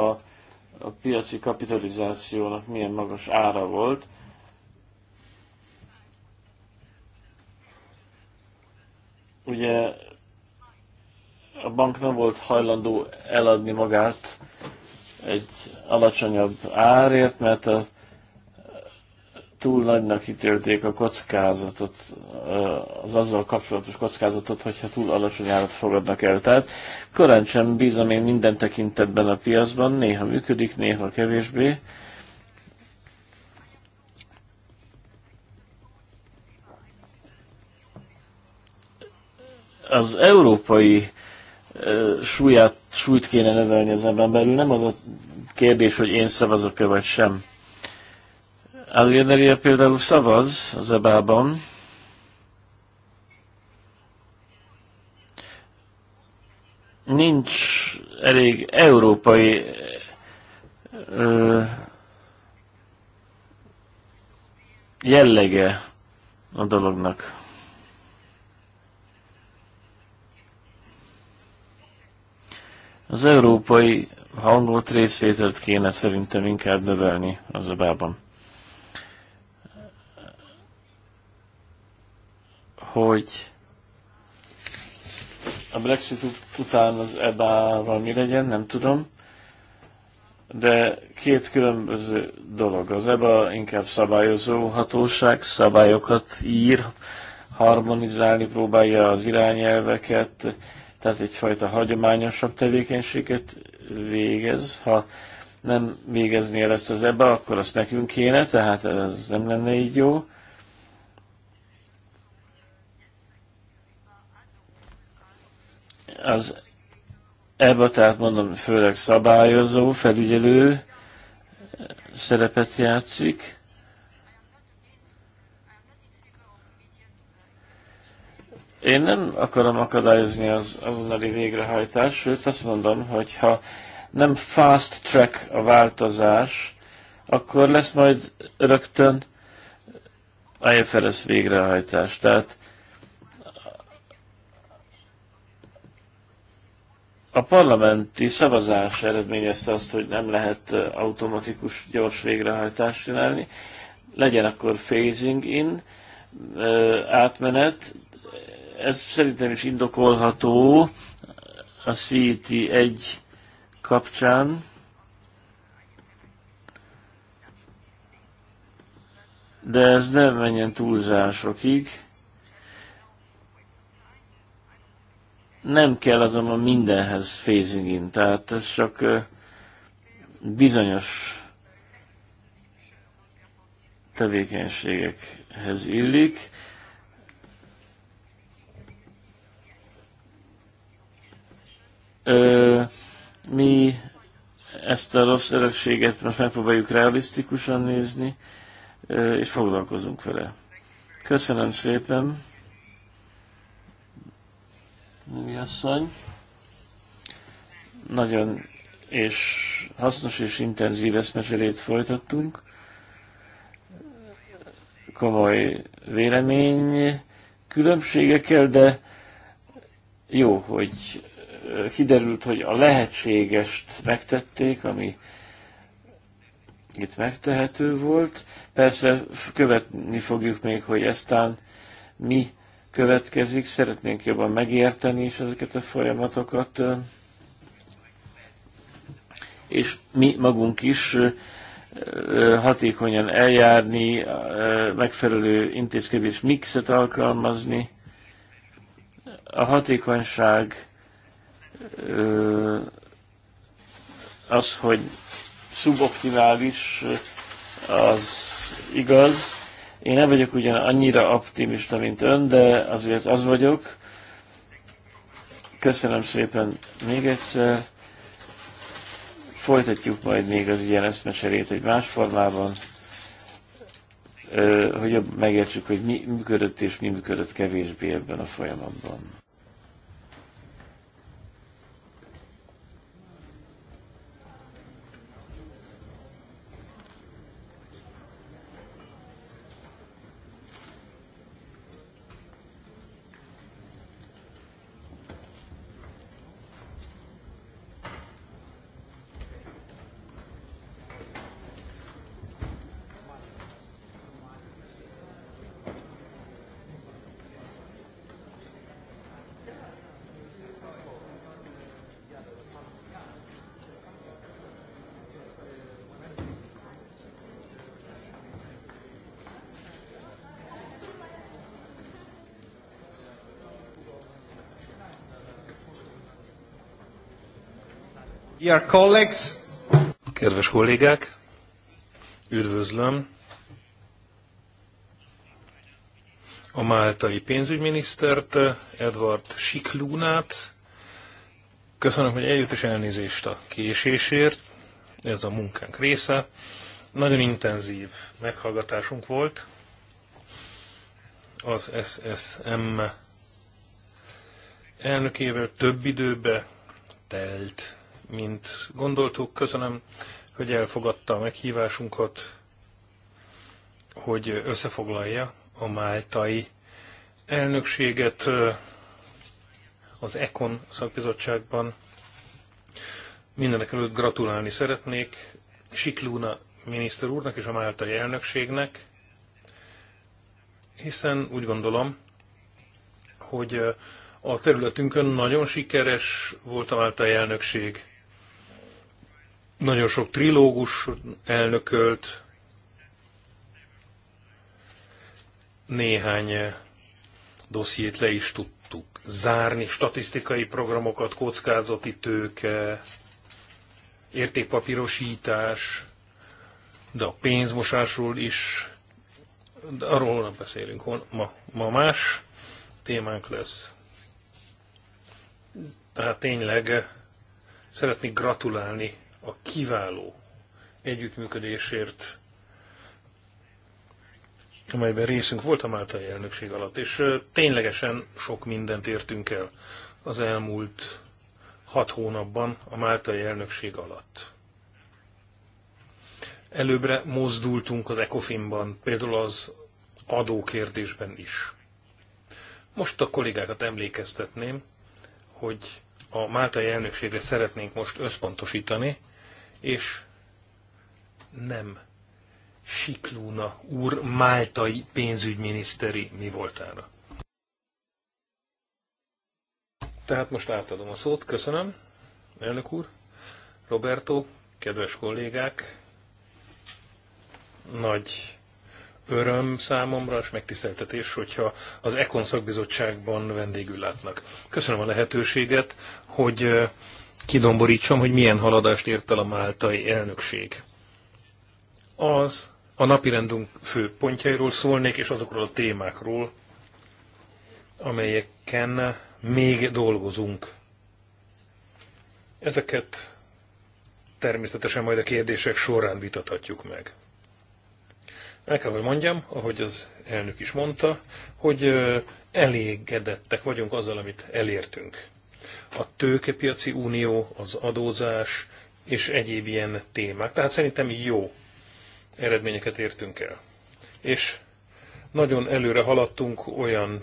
a piaci kapitalizációnak milyen magas ára volt. Ugye a bank nem volt hajlandó eladni magát egy alacsonyabb árért, mert a, túl nagynak ítélték a kockázatot, az azzal kapcsolatos kockázatot, hogyha túl alacsony árat fogadnak el. Tehát korán sem bízom én minden tekintetben a piacban, néha működik, néha kevésbé. Az európai súlyát, súlyt kéne növelni az ebben belül. Nem az a kérdés, hogy én szavazok-e vagy sem. Alieneria például szavaz az ebában, nincs elég európai ö, jellege a dolognak. Az európai hangot, részvételt kéne szerintem inkább növelni az abában. Hogy a Brexit után az EBA-val mi legyen, nem tudom, de két különböző dolog. Az EBA inkább szabályozó hatóság, szabályokat ír, harmonizálni próbálja az irányelveket, tehát egyfajta hagyományosabb tevékenységet végez. Ha nem végeznél ezt az ebbe, akkor azt nekünk kéne, tehát ez nem lenne így jó. Az ebbe, tehát mondom, főleg szabályozó, felügyelő szerepet játszik Én nem akarom akadályozni az azonnali végrehajtást, sőt azt mondom, hogy ha nem fast track a változás, akkor lesz majd rögtön IFRS végrehajtás. Tehát a parlamenti szavazás eredményezte azt, hogy nem lehet automatikus gyors végrehajtást csinálni. Legyen akkor phasing in, átmenet, ez szerintem is indokolható a CT1 kapcsán. De ez nem menjen túlzásokig. Nem kell azonban mindenhez phasing in, tehát ez csak bizonyos tevékenységekhez illik. Ö, mi ezt a rossz örökséget most megpróbáljuk realisztikusan nézni, ö, és foglalkozunk vele. Köszönöm szépen, Mi asszony. Nagyon és hasznos és intenzív eszmeselét folytattunk. Komoly vélemény különbségekkel, de jó, hogy kiderült, hogy a lehetségest megtették, ami itt megtehető volt. Persze követni fogjuk még, hogy eztán mi következik, szeretnénk jobban megérteni is ezeket a folyamatokat, és mi magunk is hatékonyan eljárni, megfelelő intézkedés mixet alkalmazni. A hatékonyság az, hogy szuboptimális, az igaz. Én nem vagyok ugyan annyira optimista, mint ön, de azért az vagyok. Köszönöm szépen még egyszer. Folytatjuk majd még az ilyen eszmeserét egy más formában, hogy megértsük, hogy mi működött és mi működött kevésbé ebben a folyamatban. Dear colleagues. Kedves kollégák, üdvözlöm a máltai pénzügyminisztert, Edward Siklúnát. Köszönöm, hogy eljött és elnézést a késésért. Ez a munkánk része. Nagyon intenzív meghallgatásunk volt az SSM elnökével több időbe telt mint gondoltuk. Köszönöm, hogy elfogadta a meghívásunkat, hogy összefoglalja a máltai elnökséget eh, az ECON szakbizottságban. Mindenek előtt gratulálni szeretnék Siklúna miniszter úrnak és a máltai elnökségnek, hiszen úgy gondolom, hogy eh, a területünkön nagyon sikeres volt a máltai elnökség. Nagyon sok trilógus elnökölt, néhány eh, dossziét le is tudtuk zárni, statisztikai programokat, kockázati tőke, értékpapírosítás, de a pénzmosásról is, de arról nem beszélünk, hol, ma, ma más témánk lesz. Tehát tényleg eh, szeretnék gratulálni a kiváló együttműködésért, amelyben részünk volt a Máltai elnökség alatt, és ténylegesen sok mindent értünk el az elmúlt hat hónapban a Máltai elnökség alatt. Előbbre mozdultunk az ECOFIN-ban, például az adókérdésben is. Most a kollégákat emlékeztetném, hogy a Máltai elnökségre szeretnénk most összpontosítani, és nem Siklúna úr máltai pénzügyminiszteri mi voltára. Tehát most átadom a szót, köszönöm, elnök úr, Roberto, kedves kollégák, nagy öröm számomra, és megtiszteltetés, hogyha az Ekon szakbizottságban vendégül látnak. Köszönöm a lehetőséget, hogy kidomborítsam, hogy milyen haladást ért el a máltai elnökség. Az a napirendünk fő pontjairól szólnék, és azokról a témákról, amelyeken még dolgozunk. Ezeket természetesen majd a kérdések során vitathatjuk meg. El kell, hogy mondjam, ahogy az elnök is mondta, hogy elégedettek vagyunk azzal, amit elértünk a tőkepiaci unió, az adózás és egyéb ilyen témák. Tehát szerintem jó eredményeket értünk el. És nagyon előre haladtunk olyan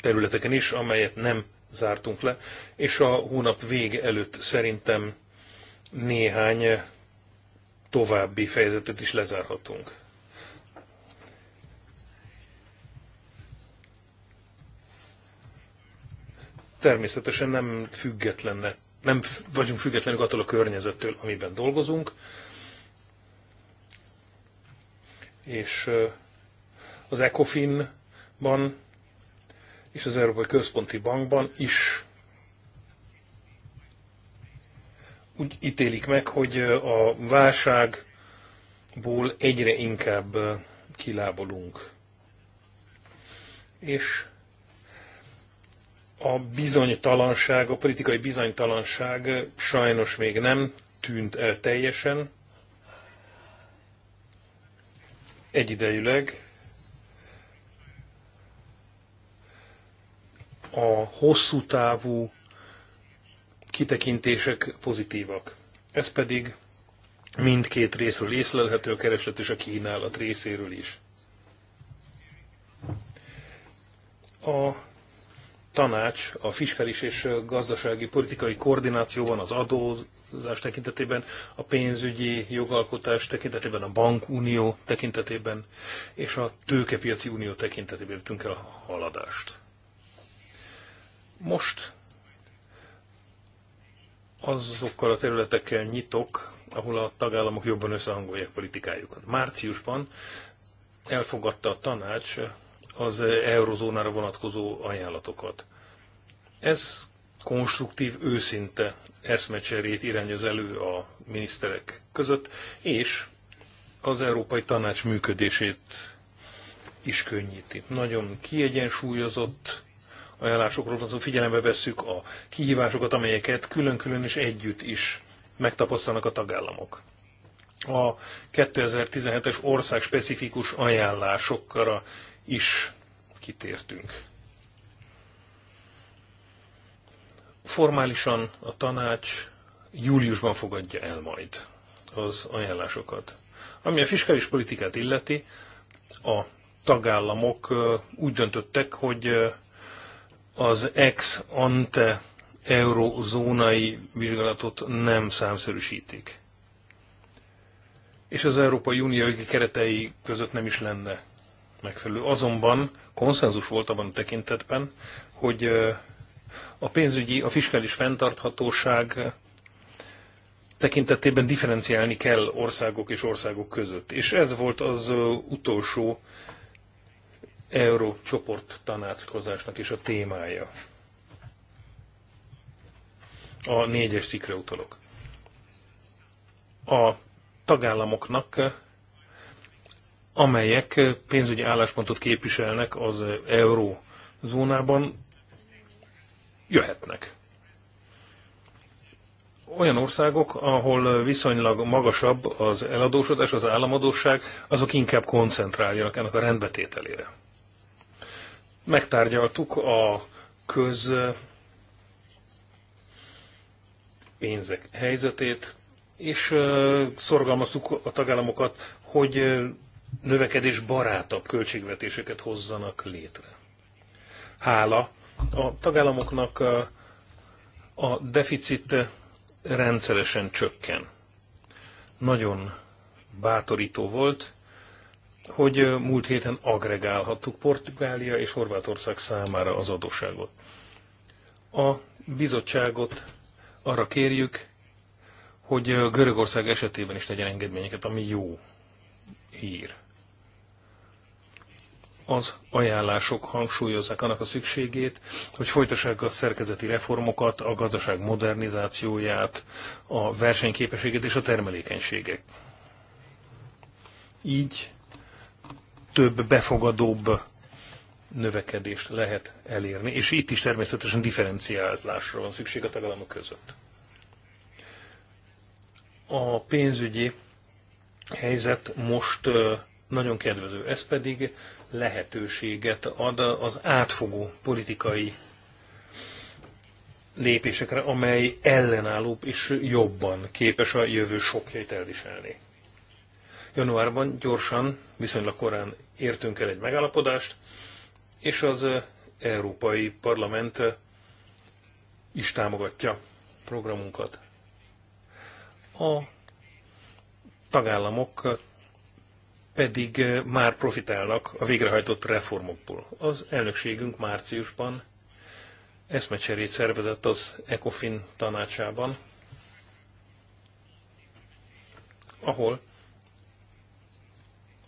területeken is, amelyet nem zártunk le, és a hónap vége előtt szerintem néhány további fejezetet is lezárhatunk. természetesen nem függetlenne, nem vagyunk függetlenek attól a környezettől, amiben dolgozunk, és az ECOFIN-ban és az Európai Központi Bankban is úgy ítélik meg, hogy a válságból egyre inkább kilábolunk. És a bizonytalanság, a politikai bizonytalanság sajnos még nem tűnt el teljesen. Egyidejűleg a hosszú távú kitekintések pozitívak. Ez pedig mindkét részről észlelhető, a kereslet és a kínálat részéről is. A tanács a fiskális és gazdasági politikai koordinációban, az adózás tekintetében, a pénzügyi jogalkotás tekintetében, a bankunió tekintetében és a tőkepiaci unió tekintetében jutunk el a haladást. Most azokkal a területekkel nyitok, ahol a tagállamok jobban összehangolják politikájukat. Márciusban elfogadta a tanács az eurozónára vonatkozó ajánlatokat. Ez konstruktív, őszinte eszmecserét irányoz elő a miniszterek között, és az Európai Tanács működését is könnyíti. Nagyon kiegyensúlyozott ajánlásokról van szó, figyelembe vesszük a kihívásokat, amelyeket külön-külön és együtt is megtapasztalnak a tagállamok. A 2017-es országspecifikus ajánlásokra is kitértünk. Formálisan a tanács júliusban fogadja el majd az ajánlásokat. Ami a fiskális politikát illeti, a tagállamok úgy döntöttek, hogy az ex ante eurozónai vizsgálatot nem számszerűsítik. És az Európai Unió keretei között nem is lenne megfelelő. Azonban konszenzus volt abban a tekintetben, hogy a pénzügyi, a fiskális fenntarthatóság tekintetében differenciálni kell országok és országok között. És ez volt az utolsó eurócsoport tanácskozásnak is a témája. A négyes cikre utalok. A tagállamoknak amelyek pénzügyi álláspontot képviselnek az eurózónában, jöhetnek. Olyan országok, ahol viszonylag magasabb az eladósodás, az államadóság, azok inkább koncentráljanak ennek a rendbetételére. Megtárgyaltuk a köz pénzek helyzetét, és szorgalmaztuk a tagállamokat, hogy növekedés barátabb költségvetéseket hozzanak létre. Hála a tagállamoknak a deficit rendszeresen csökken. Nagyon bátorító volt, hogy múlt héten agregálhattuk Portugália és Horvátország számára az adóságot. A bizottságot arra kérjük, hogy Görögország esetében is tegyen engedményeket, ami jó hír az ajánlások hangsúlyozzák annak a szükségét, hogy folytassák a szerkezeti reformokat, a gazdaság modernizációját, a versenyképességet és a termelékenységet. Így több, befogadóbb növekedést lehet elérni, és itt is természetesen differenciálásra van szükség a tagállamok között. A pénzügyi helyzet most nagyon kedvező. Ez pedig lehetőséget ad az átfogó politikai lépésekre, amely ellenállóbb és jobban képes a jövő sokjait elviselni. Januárban gyorsan, viszonylag korán értünk el egy megállapodást, és az Európai Parlament is támogatja programunkat. A tagállamok pedig már profitálnak a végrehajtott reformokból. Az elnökségünk márciusban eszmecserét szervezett az ECOFIN tanácsában, ahol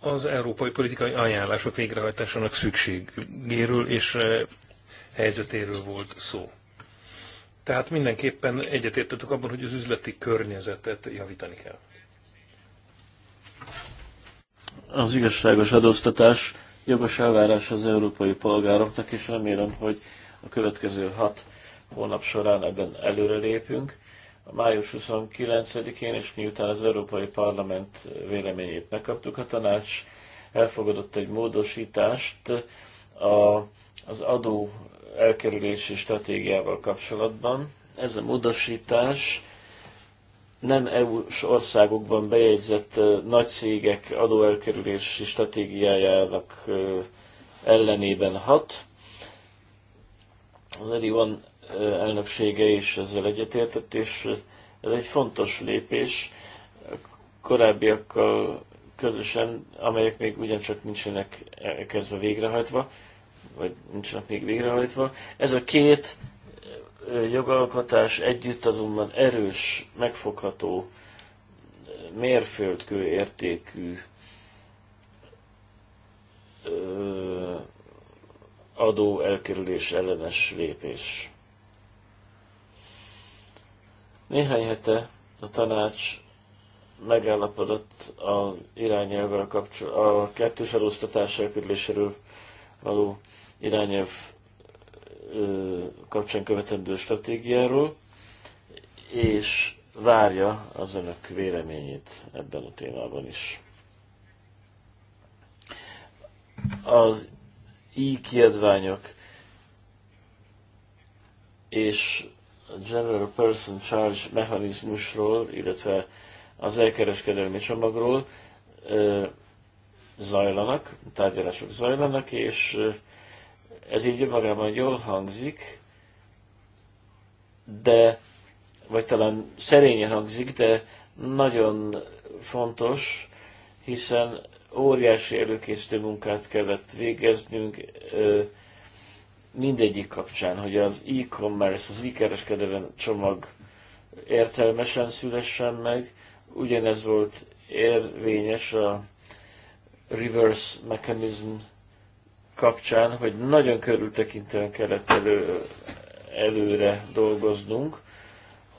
az európai politikai ajánlások végrehajtásának szükségéről és helyzetéről volt szó. Tehát mindenképpen egyetértettük abban, hogy az üzleti környezetet javítani kell az igazságos adóztatás jogos elvárás az európai polgároknak, és remélem, hogy a következő hat hónap során ebben előrelépünk. A május 29-én, és miután az Európai Parlament véleményét megkaptuk, a tanács elfogadott egy módosítást a, az adó elkerülési stratégiával kapcsolatban. Ez a módosítás nem EU-s országokban bejegyzett nagy cégek adóelkerülési stratégiájának ellenében hat. Az van elnöksége is ezzel egyetértett, és ez egy fontos lépés korábbiakkal közösen, amelyek még ugyancsak nincsenek e, kezdve végrehajtva, vagy nincsenek még végrehajtva. Ez a két jogalkotás együtt azonban erős, megfogható, mérföldkő értékű adó elkerülés ellenes lépés. Néhány hete a tanács megállapodott az irányelvvel kapcsolatban, a kettős adóztatás elkerüléséről való irányelv kapcsán követendő stratégiáról, és várja az önök véleményét ebben a témában is. Az i kiadványok és a General Person Charge mechanizmusról, illetve az elkereskedelmi csomagról zajlanak, tárgyalások zajlanak, és ez így önmagában jól hangzik, de, vagy talán szerényen hangzik, de nagyon fontos, hiszen óriási előkészítő munkát kellett végeznünk mindegyik kapcsán, hogy az e-commerce, az e-kereskedelem csomag értelmesen szülessen meg. Ugyanez volt érvényes a reverse mechanism kapcsán, hogy nagyon körültekintően kellett elő, előre dolgoznunk,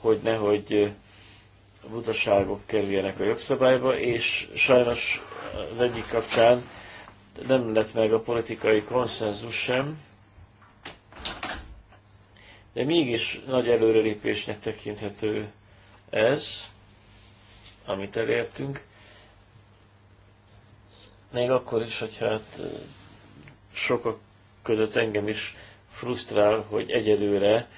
hogy nehogy butaságok kerüljenek a jogszabályba, és sajnos az egyik kapcsán nem lett meg a politikai konszenzus sem, de mégis nagy előrelépésnek tekinthető ez, amit elértünk, még akkor is, hogy hát sokak között engem is frusztrál, hogy egyelőre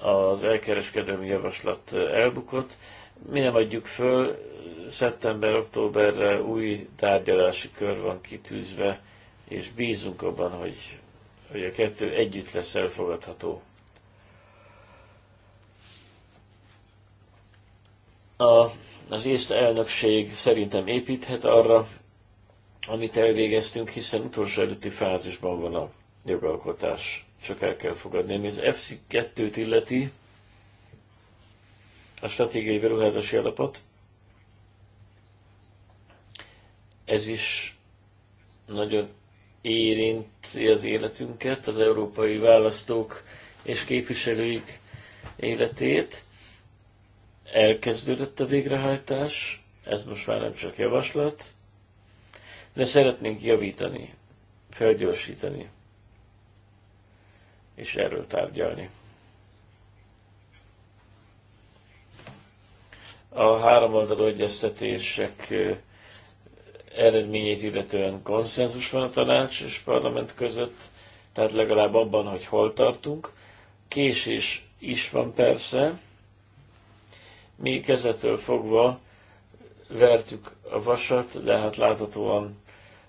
az elkereskedelmi javaslat elbukott. Mi nem adjuk föl, szeptember-októberre új tárgyalási kör van kitűzve, és bízunk abban, hogy, hogy a kettő együtt lesz elfogadható. A, az észt elnökség szerintem építhet arra, amit elvégeztünk, hiszen utolsó előtti fázisban van a jogalkotás, csak el kell fogadni. Ami az FC2-t illeti, a stratégiai beruházási alapot, ez is nagyon érinti az életünket, az európai választók és képviselőik életét. Elkezdődött a végrehajtás, ez most már nem csak javaslat, de szeretnénk javítani, felgyorsítani, és erről tárgyalni. A háromoldalú egyeztetések eredményét illetően konszenzus van a tanács és parlament között, tehát legalább abban, hogy hol tartunk. Késés is van persze, mi kezdetől fogva vertük a vasat, de hát láthatóan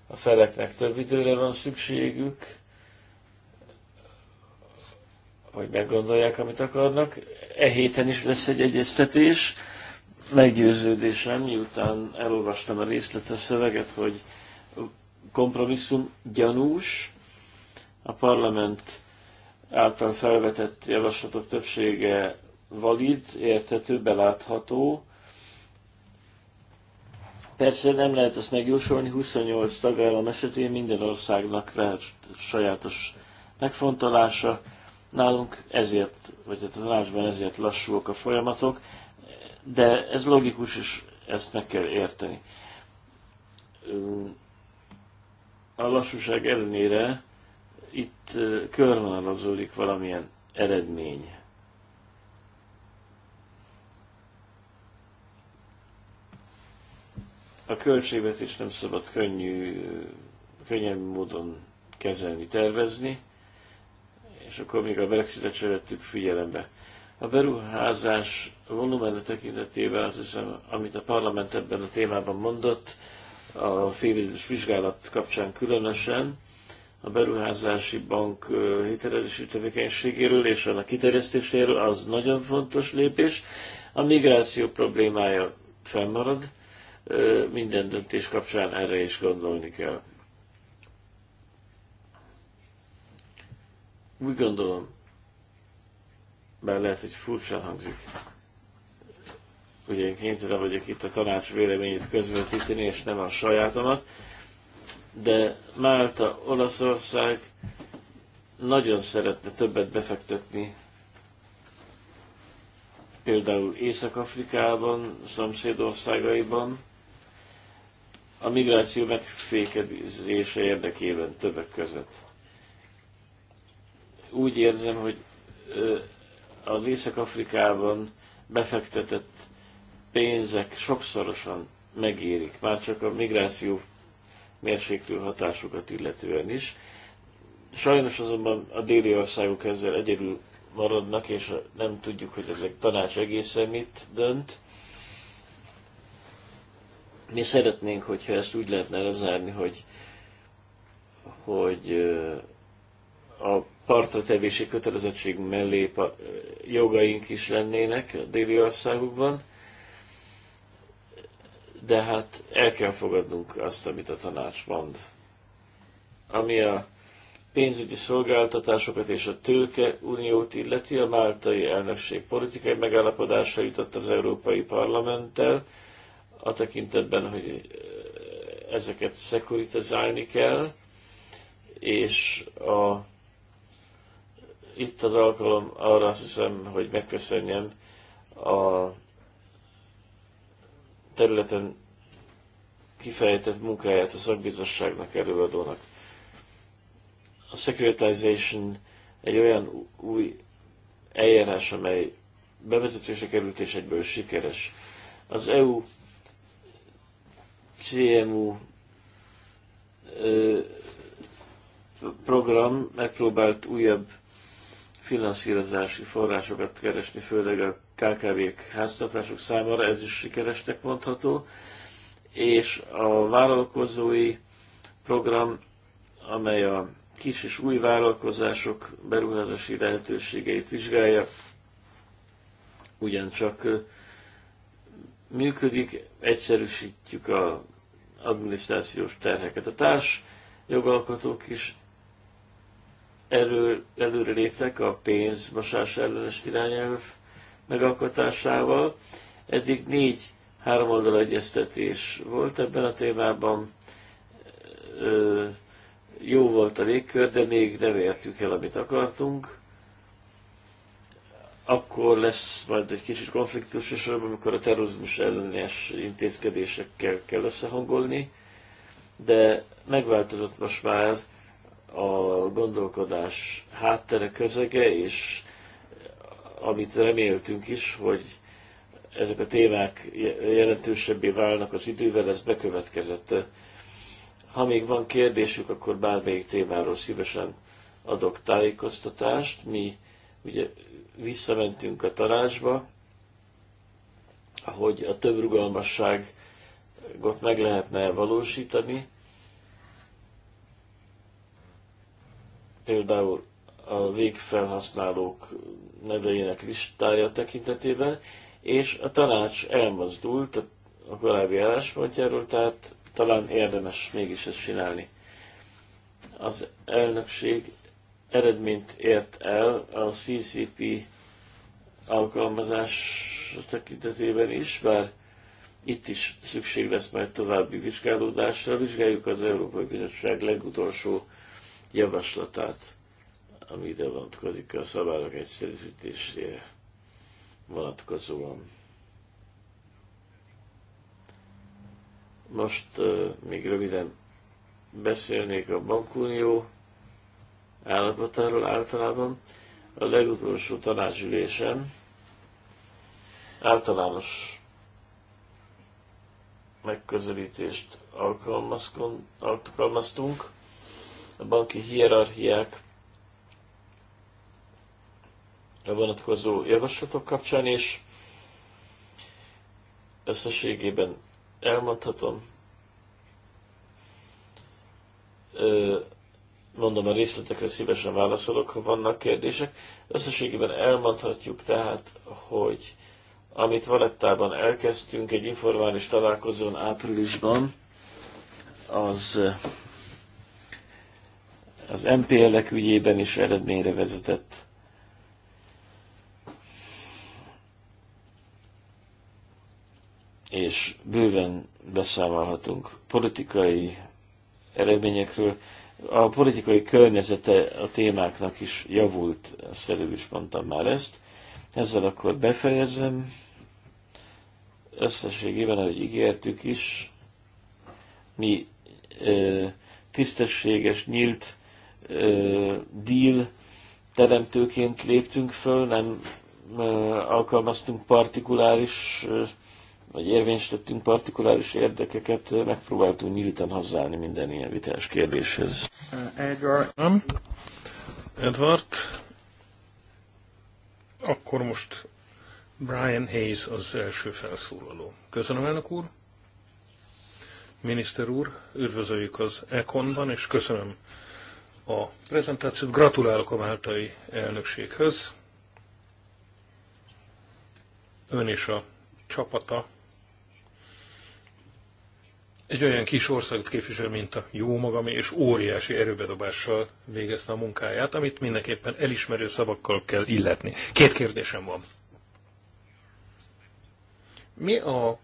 a feleknek több időre van szükségük, hogy meggondolják, amit akarnak. E héten is lesz egy egyeztetés. Meggyőződésem, miután elolvastam a részletes szöveget, hogy kompromisszum gyanús, a parlament által felvetett javaslatok többsége valid, érthető, belátható, Persze nem lehet ezt megjósolni, 28 tagállam esetén minden országnak lehet sajátos megfontolása. Nálunk ezért, vagy a tanácsban ezért lassúak a folyamatok, de ez logikus, és ezt meg kell érteni. A lassúság ellenére itt körvonalazódik valamilyen eredmény. A költségvetés nem szabad könnyű, könnyen módon kezelni, tervezni, és akkor még a Brexit-et vettük figyelembe. A beruházás volumen tekintetében azt hiszem, amit a parlament ebben a témában mondott, a félidős vizsgálat kapcsán különösen, a beruházási bank hitelezési tevékenységéről és annak kiterjesztéséről, az nagyon fontos lépés. A migráció problémája fennmarad, minden döntés kapcsán erre is gondolni kell. Úgy gondolom, bár lehet, hogy furcsán hangzik, ugye én kénytelen vagyok itt a tanács véleményét közvetíteni, és nem a sajátomat, de Málta, Olaszország nagyon szeretne többet befektetni például Észak-Afrikában, szomszédországaiban, a migráció megfékezése érdekében többek között. Úgy érzem, hogy az Észak-Afrikában befektetett pénzek sokszorosan megérik, már csak a migráció mérséklő hatásokat illetően is. Sajnos azonban a déli országok ezzel egyedül maradnak, és nem tudjuk, hogy ezek tanács egészen mit dönt. Mi szeretnénk, hogyha ezt úgy lehetne lezárni, hogy, hogy a partra tevési kötelezettség mellé jogaink is lennének a déli országokban, de hát el kell fogadnunk azt, amit a tanács mond. Ami a pénzügyi szolgáltatásokat és a tőke uniót illeti, a máltai elnökség politikai megállapodása jutott az Európai Parlamenttel, a tekintetben, hogy eh, ezeket szekuritizálni kell, és a, itt az alkalom arra azt hiszem, hogy megköszönjem a területen kifejtett munkáját a szakbizottságnak, előadónak. A securitization egy olyan új eljárás, amely bevezetése került és egyből sikeres. Az EU CMU program megpróbált újabb finanszírozási forrásokat keresni, főleg a KKV-k háztartások számára, ez is sikeresnek mondható, és a vállalkozói program, amely a kis és új vállalkozások beruházási lehetőségeit vizsgálja, ugyancsak működik, egyszerűsítjük a adminisztrációs terheket. A társ jogalkotók is elő, előre léptek a pénzmosás ellenes irányelv megalkotásával. Eddig négy oldal egyeztetés volt ebben a témában. Ö, jó volt a légkör, de még nem értük el, amit akartunk akkor lesz majd egy kicsit konfliktusos, amikor a terrorizmus ellenes intézkedésekkel kell összehangolni, de megváltozott most már a gondolkodás háttere közege, és amit reméltünk is, hogy ezek a témák jelentősebbé válnak az idővel, ez bekövetkezett. Ha még van kérdésük, akkor bármelyik témáról szívesen adok tájékoztatást. Mi Ugye visszamentünk a tanácsba, hogy a több rugalmasságot meg lehetne valósítani. Például a végfelhasználók neveinek listája tekintetében, és a tanács elmozdult a korábbi álláspontjáról, tehát talán érdemes mégis ezt csinálni. Az elnökség eredményt ért el a CCP alkalmazás tekintetében is, bár itt is szükség lesz majd további vizsgálódásra. Vizsgáljuk az Európai Bizottság legutolsó javaslatát, ami ide vonatkozik a szabályok egyszerűsítésére vonatkozóan. Most uh, még röviden beszélnék a bankunió állapotáról általában. A legutolsó tanácsülésen általános megközelítést alkalmaztunk. A banki hierarchiák vonatkozó javaslatok kapcsán, és összességében elmondhatom, Mondom, a részletekre szívesen válaszolok, ha vannak kérdések. Összességében elmondhatjuk tehát, hogy amit Valettában elkezdtünk egy informális találkozón áprilisban, az az MPL-ek ügyében is eredményre vezetett. És bőven beszámolhatunk politikai eredményekről, a politikai környezete a témáknak is javult, azt előbb is mondtam már ezt. Ezzel akkor befejezem. Összességében, ahogy ígértük is, mi ö, tisztességes, nyílt ö, deal teremtőként léptünk föl, nem ö, alkalmaztunk partikuláris ö, vagy érvényesítettünk partikuláris érdekeket, megpróbáltunk nyíltan hozzáállni minden ilyen vitás kérdéshez. Uh, Edward. Akkor most Brian Hayes az első felszólaló. Köszönöm, elnök úr. Miniszter úr, üdvözöljük az Econban, és köszönöm a prezentációt. Gratulálok a máltai elnökséghez. Ön és a csapata egy olyan kis országot képvisel, mint a jó magam, és óriási erőbedobással végezte a munkáját, amit mindenképpen elismerő szavakkal kell illetni. Két kérdésem van. Mi a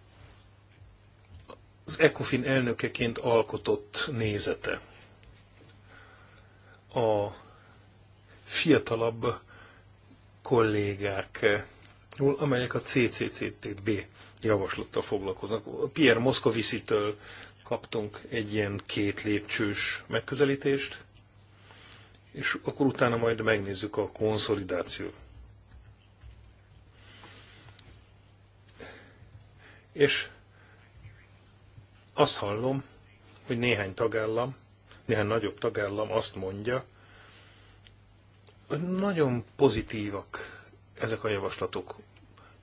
az ECOFIN elnökeként alkotott nézete a fiatalabb kollégák javaslatról, amelyek a CCCTB javaslattal foglalkoznak. Pierre Moscovici-től kaptunk egy ilyen két lépcsős megközelítést, és akkor utána majd megnézzük a konszolidációt. És azt hallom, hogy néhány tagállam, néhány nagyobb tagállam azt mondja, hogy nagyon pozitívak ezek a javaslatok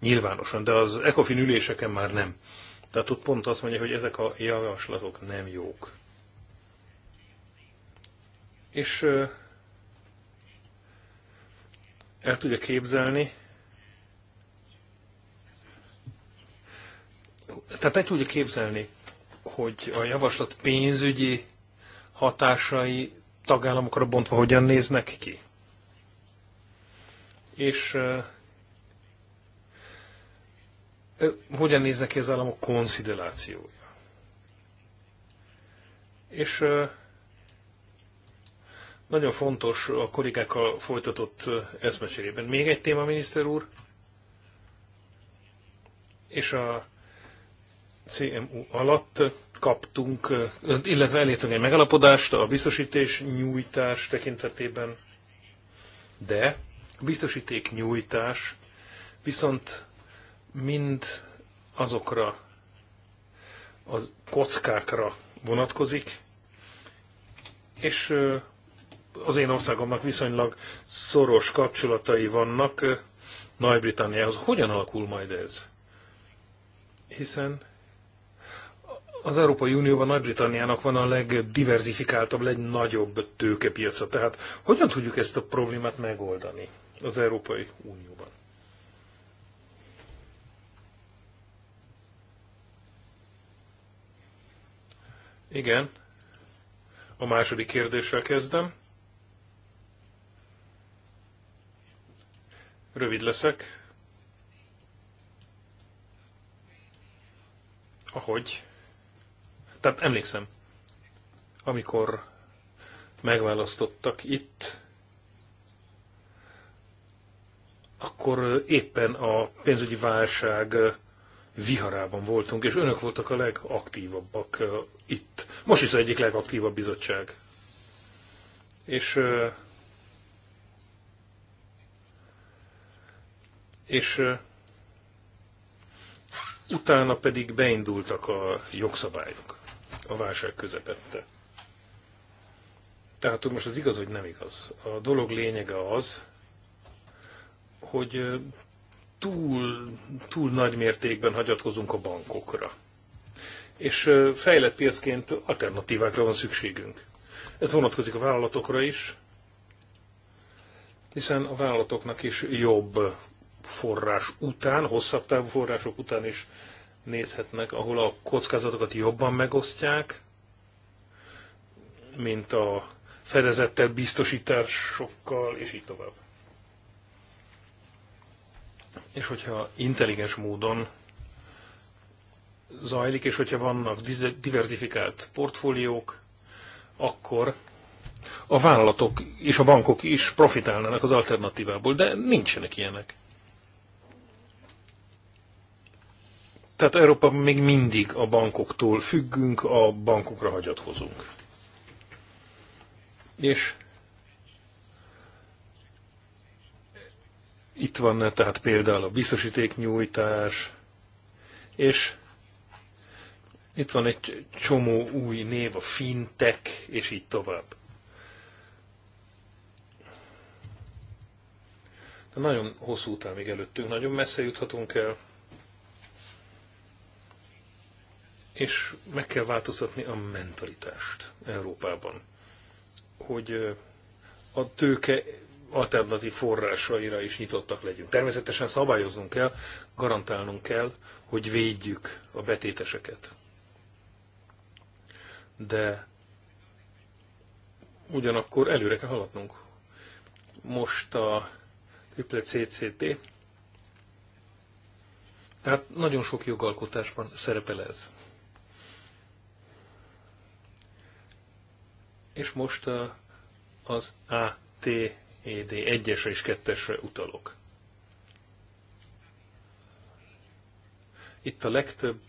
nyilvánosan, de az ECOFIN üléseken már nem. Tehát ott pont azt mondja, hogy ezek a javaslatok nem jók. És el tudja képzelni, tehát el tudja képzelni, hogy a javaslat pénzügyi hatásai tagállamokra bontva hogyan néznek ki. És hogyan néznek ki az államok konszidelációja. És nagyon fontos a korrigákkal folytatott eszmecserében. Még egy téma, miniszter úr, és a CMU alatt kaptunk, illetve elértünk egy megalapodást a biztosítés nyújtás tekintetében, de a biztosíték nyújtás viszont mind azokra a kockákra vonatkozik, és az én országomnak viszonylag szoros kapcsolatai vannak Nagy-Britanniához. Hogyan alakul majd ez? Hiszen az Európai Unióban Nagy-Britanniának van a legdiverzifikáltabb, legnagyobb tőkepiaca. Tehát hogyan tudjuk ezt a problémát megoldani az Európai Unióban? Igen. A második kérdéssel kezdem. Rövid leszek. Ahogy. Tehát emlékszem, amikor megválasztottak itt, akkor éppen a pénzügyi válság viharában voltunk, és önök voltak a legaktívabbak itt. Most is az egyik legaktívabb bizottság. És és utána pedig beindultak a jogszabályok a válság közepette. Tehát most az igaz, vagy nem igaz. A dolog lényege az, hogy túl, túl nagy mértékben hagyatkozunk a bankokra. És fejlett piacként alternatívákra van szükségünk. Ez vonatkozik a vállalatokra is, hiszen a vállalatoknak is jobb forrás után, hosszabb távú források után is nézhetnek, ahol a kockázatokat jobban megosztják, mint a fedezettel, biztosításokkal, és így tovább és hogyha intelligens módon zajlik, és hogyha vannak diversifikált portfóliók, akkor a vállalatok és a bankok is profitálnának az alternatívából, de nincsenek ilyenek. Tehát Európában még mindig a bankoktól függünk, a bankokra hagyatkozunk. És Itt van tehát például a biztosítéknyújtás, és itt van egy csomó új név, a fintek, és így tovább. De nagyon hosszú után még előttünk, nagyon messze juthatunk el, és meg kell változtatni a mentalitást Európában, hogy a tőke alternatív forrásaira is nyitottak legyünk. Természetesen szabályoznunk kell, garantálnunk kell, hogy védjük a betéteseket. De ugyanakkor előre kell haladnunk. Most a CCT, tehát nagyon sok jogalkotásban szerepel ez. És most az AT ED 1-esre és 2-esre utalok. Itt a legtöbb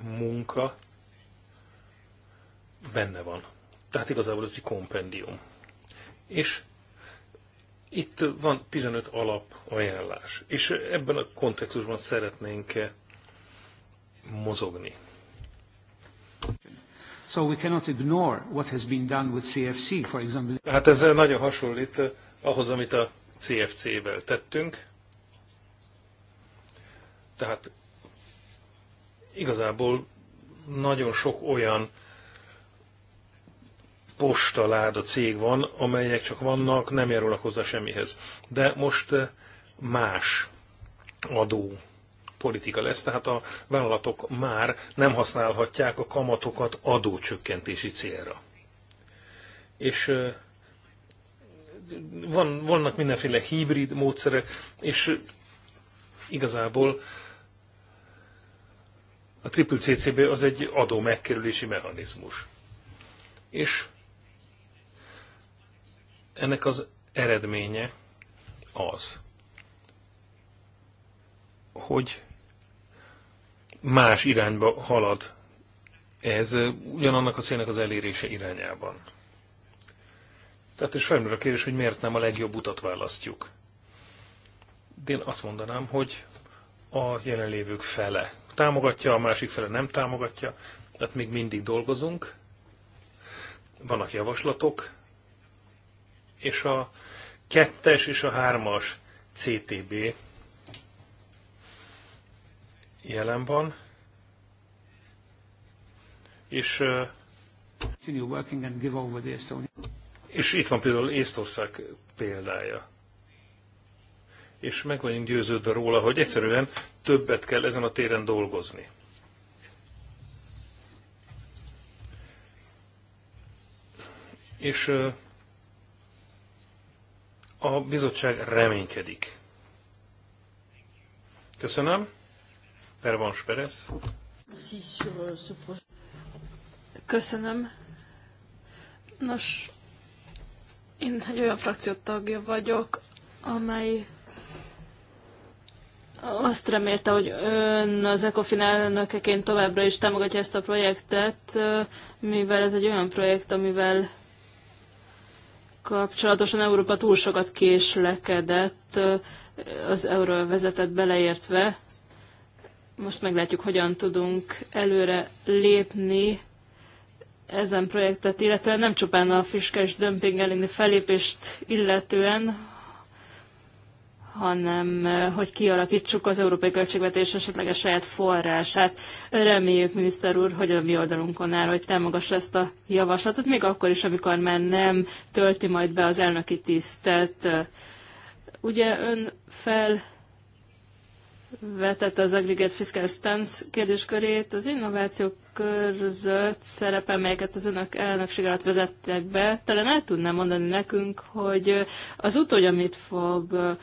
munka benne van. Tehát igazából ez egy kompendium. És itt van 15 alap ajánlás, és ebben a kontextusban szeretnénk mozogni. So we cannot ignore what has been done with CFC, for example. Hát ez nagyon hasonlít ahhoz, amit a CFC-vel tettünk. Tehát igazából nagyon sok olyan postaláda cég van, amelyek csak vannak, nem járulnak hozzá semmihez. De most eh, más adó politika lesz, tehát a vállalatok már nem használhatják a kamatokat adócsökkentési célra. És eh, van, vannak mindenféle hibrid módszerek, és igazából a triple CCB az egy adó megkerülési mechanizmus. És ennek az eredménye az, hogy más irányba halad ez ugyanannak a célnak az elérése irányában. Tehát és felmerül a kérdés, hogy miért nem a legjobb utat választjuk. De én azt mondanám, hogy a jelenlévők fele támogatja, a másik fele nem támogatja, tehát még mindig dolgozunk, vannak javaslatok, és a kettes és a hármas CTB jelen van, és és itt van például Észtország példája. És meg vagyunk győződve róla, hogy egyszerűen többet kell ezen a téren dolgozni. És a bizottság reménykedik. Köszönöm. Pervans Perez. Köszönöm. Nos, én egy olyan frakció tagja vagyok, amely azt remélte, hogy ön az ECOFIN elnökeként továbbra is támogatja ezt a projektet, mivel ez egy olyan projekt, amivel kapcsolatosan Európa túl sokat késlekedett az euróvezetet beleértve. Most meglátjuk, hogyan tudunk előre lépni ezen projektet illetően, nem csupán a fiskes dömping elleni felépést illetően, hanem eh, hogy kialakítsuk az európai költségvetés esetleges saját forrását. Reméljük, miniszter úr, hogy a mi oldalunkon áll, hogy támogassa ezt a javaslatot, még akkor is, amikor már nem tölti majd be az elnöki tisztet. Ugye ön fel vetette az aggregate fiscal stance kérdéskörét. Az innováció körzött szerepe, melyeket az önök elnökség alatt vezettek be, talán el tudná mondani nekünk, hogy az utódja mit fog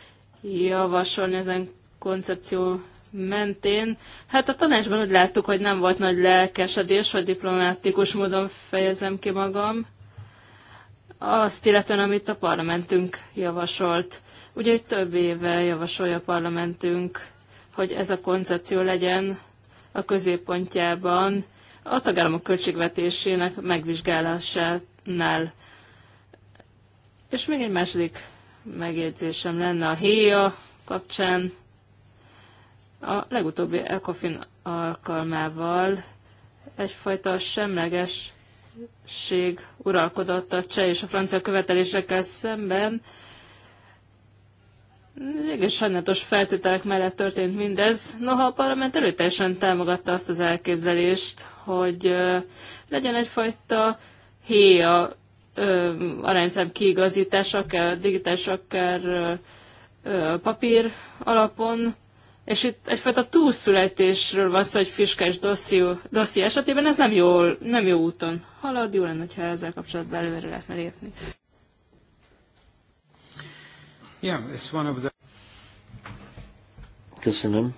javasolni ezen koncepció mentén. Hát a tanácsban úgy láttuk, hogy nem volt nagy lelkesedés, hogy diplomatikus módon fejezem ki magam. Azt illetően, amit a parlamentünk javasolt. Ugye egy több éve javasolja a parlamentünk hogy ez a koncepció legyen a középpontjában a tagállamok költségvetésének megvizsgálásánál. És még egy második megjegyzésem lenne a héja kapcsán. A legutóbbi ECOFIN alkalmával egyfajta semlegesség uralkodott a cseh és a francia követelésekkel szemben, egész sajnálatos feltételek mellett történt mindez, noha a parlament erőteljesen támogatta azt az elképzelést, hogy legyen egyfajta héja arányszám kiigazítás, akár digitális, akár papír alapon, és itt egyfajta túlszületésről van szó, hogy fiskás dosszió, dosszié esetében ez nem, jól, nem jó úton halad, jó lenne, ha ezzel kapcsolatban előre lehetne lépni. Köszönöm.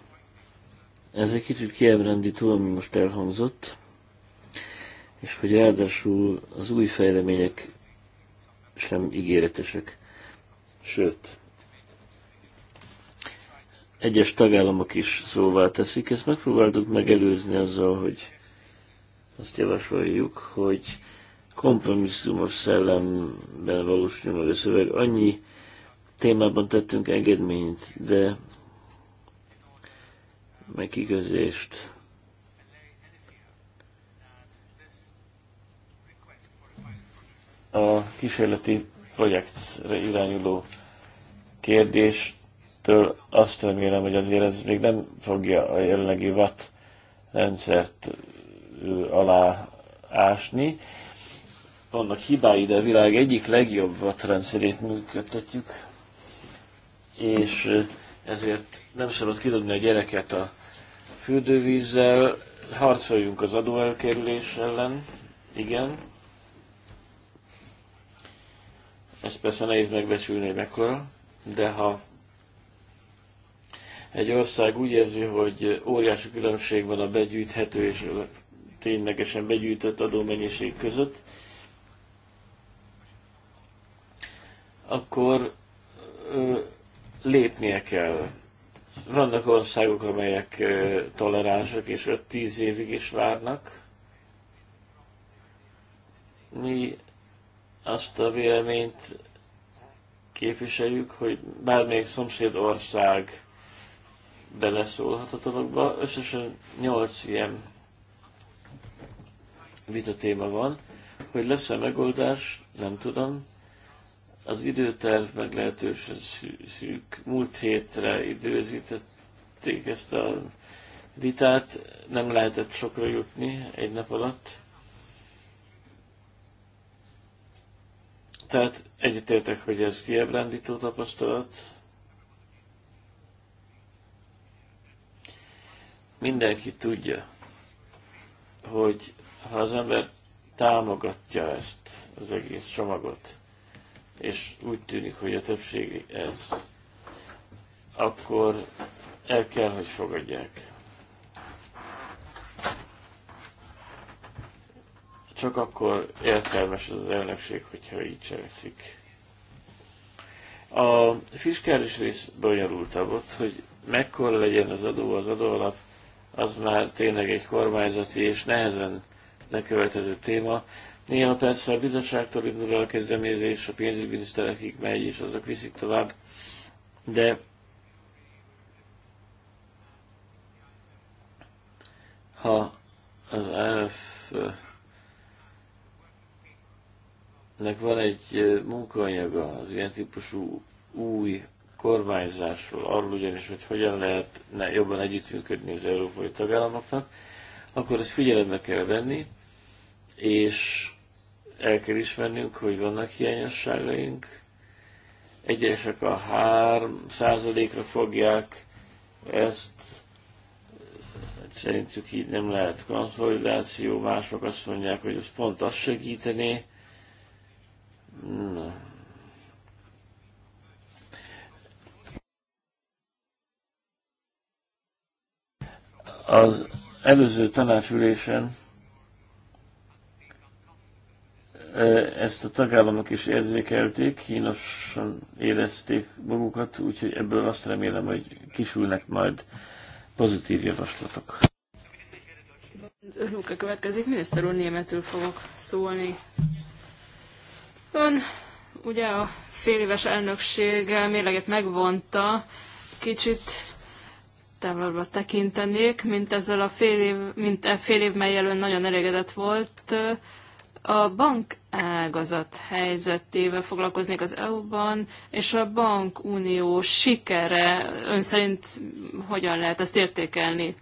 Ez egy kicsit kiábrándító, ami most elhangzott, és hogy ráadásul az új fejlemények sem ígéretesek. Sőt, egyes tagállamok is szóvá teszik. Ezt megpróbáltuk megelőzni azzal, hogy azt javasoljuk, hogy kompromisszumos szellemben valósuljon meg a szöveg. Annyi témában tettünk engedményt, de megigazést. A kísérleti projektre irányuló kérdéstől azt remélem, hogy azért ez még nem fogja a jelenlegi VAT rendszert alá ásni. Vannak hibái, de a világ egyik legjobb VAT rendszerét működtetjük és ezért nem szabad kidobni a gyereket a fürdővízzel, harcoljunk az adóelkerülés ellen, igen. Ezt persze nehéz megbecsülni, hogy mekkora, de ha egy ország úgy érzi, hogy óriási különbség van a begyűjthető és a ténylegesen begyűjtött adómennyiség között, akkor lépnie kell. Vannak országok, amelyek eh, toleránsak, és 5-10 évig is várnak. Mi azt a véleményt képviseljük, hogy bármelyik szomszéd ország beleszólhat a dologba. Összesen 8 ilyen vita téma van. Hogy lesz-e megoldás, nem tudom. Az időterv meglehetősen szűk. Múlt hétre időzítették ezt a vitát, nem lehetett sokra jutni egy nap alatt. Tehát egyetértek, hogy ez kiebrándító tapasztalat. Mindenki tudja, hogy ha az ember támogatja ezt az egész csomagot, és úgy tűnik, hogy a többség ez, akkor el kell, hogy fogadják. Csak akkor értelmes az elnökség, hogyha így cselekszik. A fiskális rész bonyolultabb ott, hogy mekkora legyen az adó, az adóalap, az már tényleg egy kormányzati és nehezen lekövethető téma. Néha persze a bizottságtól indul a kezdeményezés, a pénzügyminiszterekig megy, és azok viszik tovább, de ha az AF-nek van egy munkaanyaga az ilyen típusú új kormányzásról, arról ugyanis, hogy hogyan ne jobban együttműködni az európai tagállamoknak, akkor ezt figyelembe kell venni, és el kell ismernünk, hogy vannak hiányosságaink. Egyesek a 3 százalékra fogják ezt, szerintük így nem lehet konszolidáció, mások azt mondják, hogy ez pont azt segítené. Na. Az előző tanácsülésen ezt a tagállamok is érzékelték, kínosan érezték magukat, úgyhogy ebből azt remélem, hogy kisülnek majd pozitív javaslatok. Luka következik, miniszter úr, németül fogok szólni. Ön ugye a féléves elnökség mérleget megvonta, kicsit távolabbra tekintenék, mint ezzel a fél év, mint a e fél év, melyel ön nagyon elégedett volt a bank ágazat helyzetével foglalkoznék az EU-ban, és a bankunió sikere ön szerint hogyan lehet ezt értékelni?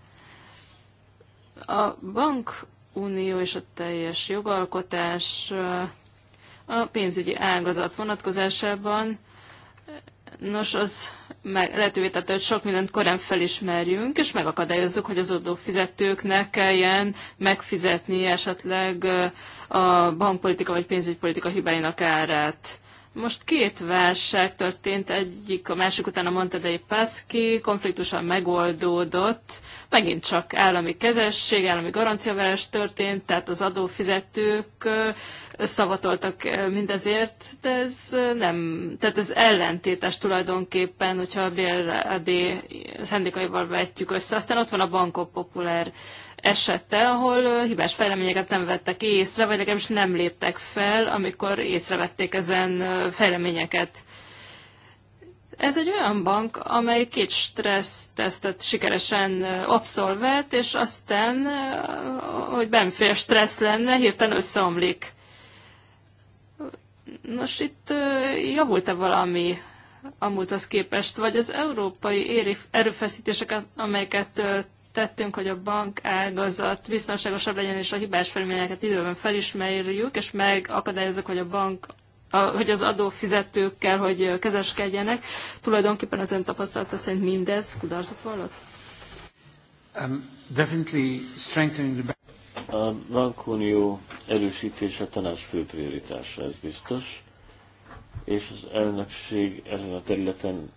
A bankunió és a teljes jogalkotás a pénzügyi ágazat vonatkozásában Nos, az meg lehetővé tette, hogy sok mindent korán felismerjünk, és megakadályozzuk, hogy az adófizetőknek kelljen megfizetni esetleg a bankpolitika vagy pénzügypolitika hibáinak árát. Most két válság történt, egyik a másik után a Montedei Paszki konfliktusan megoldódott, megint csak állami kezesség, állami garanciaverés történt, tehát az adófizetők szavatoltak mindezért, de ez nem, tehát ez ellentétes tulajdonképpen, hogyha a BLAD szendikaival vetjük össze. Aztán ott van a Bankok Populár esette, ahol hibás fejleményeket nem vettek észre, vagy legalábbis nem léptek fel, amikor észrevették ezen fejleményeket. Ez egy olyan bank, amely két tesztet sikeresen abszolvált, és aztán, hogy bennfél stressz lenne, hirtelen összeomlik. Nos, itt javult-e valami a múlthoz képest, vagy az európai erőfeszítéseket, amelyeket tettünk, hogy a bank ágazat biztonságosabb legyen, és a hibás felményeket időben felismerjük, és megakadályozok, hogy a bank a, hogy az adófizetőkkel, hogy kezeskedjenek. Tulajdonképpen az ön tapasztalata szerint mindez kudarcot vallott? Um, definitely strengthening the a bankunió erősítése tanács fő prioritása, ez biztos, és az elnökség ezen a területen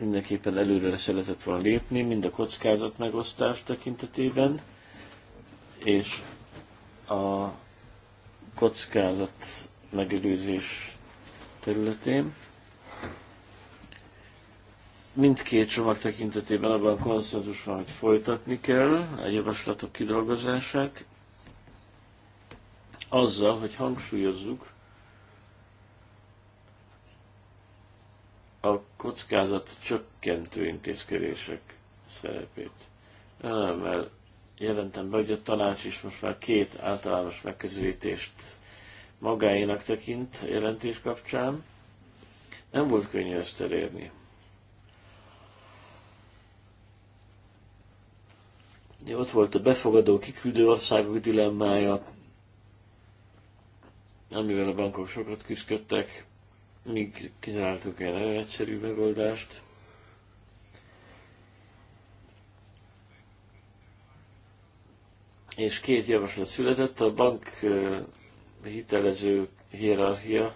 mindenképpen előre szeretett volna lépni, mind a kockázat megosztás tekintetében, és a kockázat megelőzés területén. Mindkét csomag tekintetében abban konszenzus van, hogy folytatni kell a javaslatok kidolgozását, azzal, hogy hangsúlyozzuk, a kockázat csökkentő intézkedések szerepét. Örömmel jelentem be, hogy a tanács is most már két általános megközelítést magáénak tekint jelentés kapcsán. Nem volt könnyű ezt elérni. Ott volt a befogadó, kiküldő országok dilemmája, amivel a bankok sokat küzdöttek, míg kizártuk el nagyon egyszerű megoldást. És két javaslat született, a bank hitelező hierarchia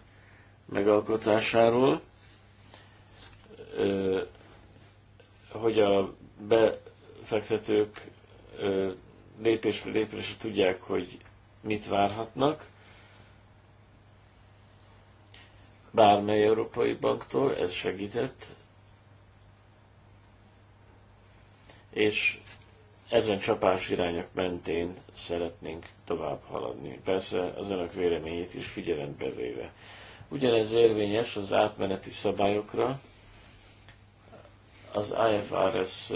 megalkotásáról, hogy a befektetők lépésről lépésre tudják, hogy mit várhatnak, bármely európai banktól, ez segített, és ezen csapás irányok mentén szeretnénk tovább haladni. Persze az önök véleményét is figyelembe véve. Ugyanez érvényes az átmeneti szabályokra, az IFRS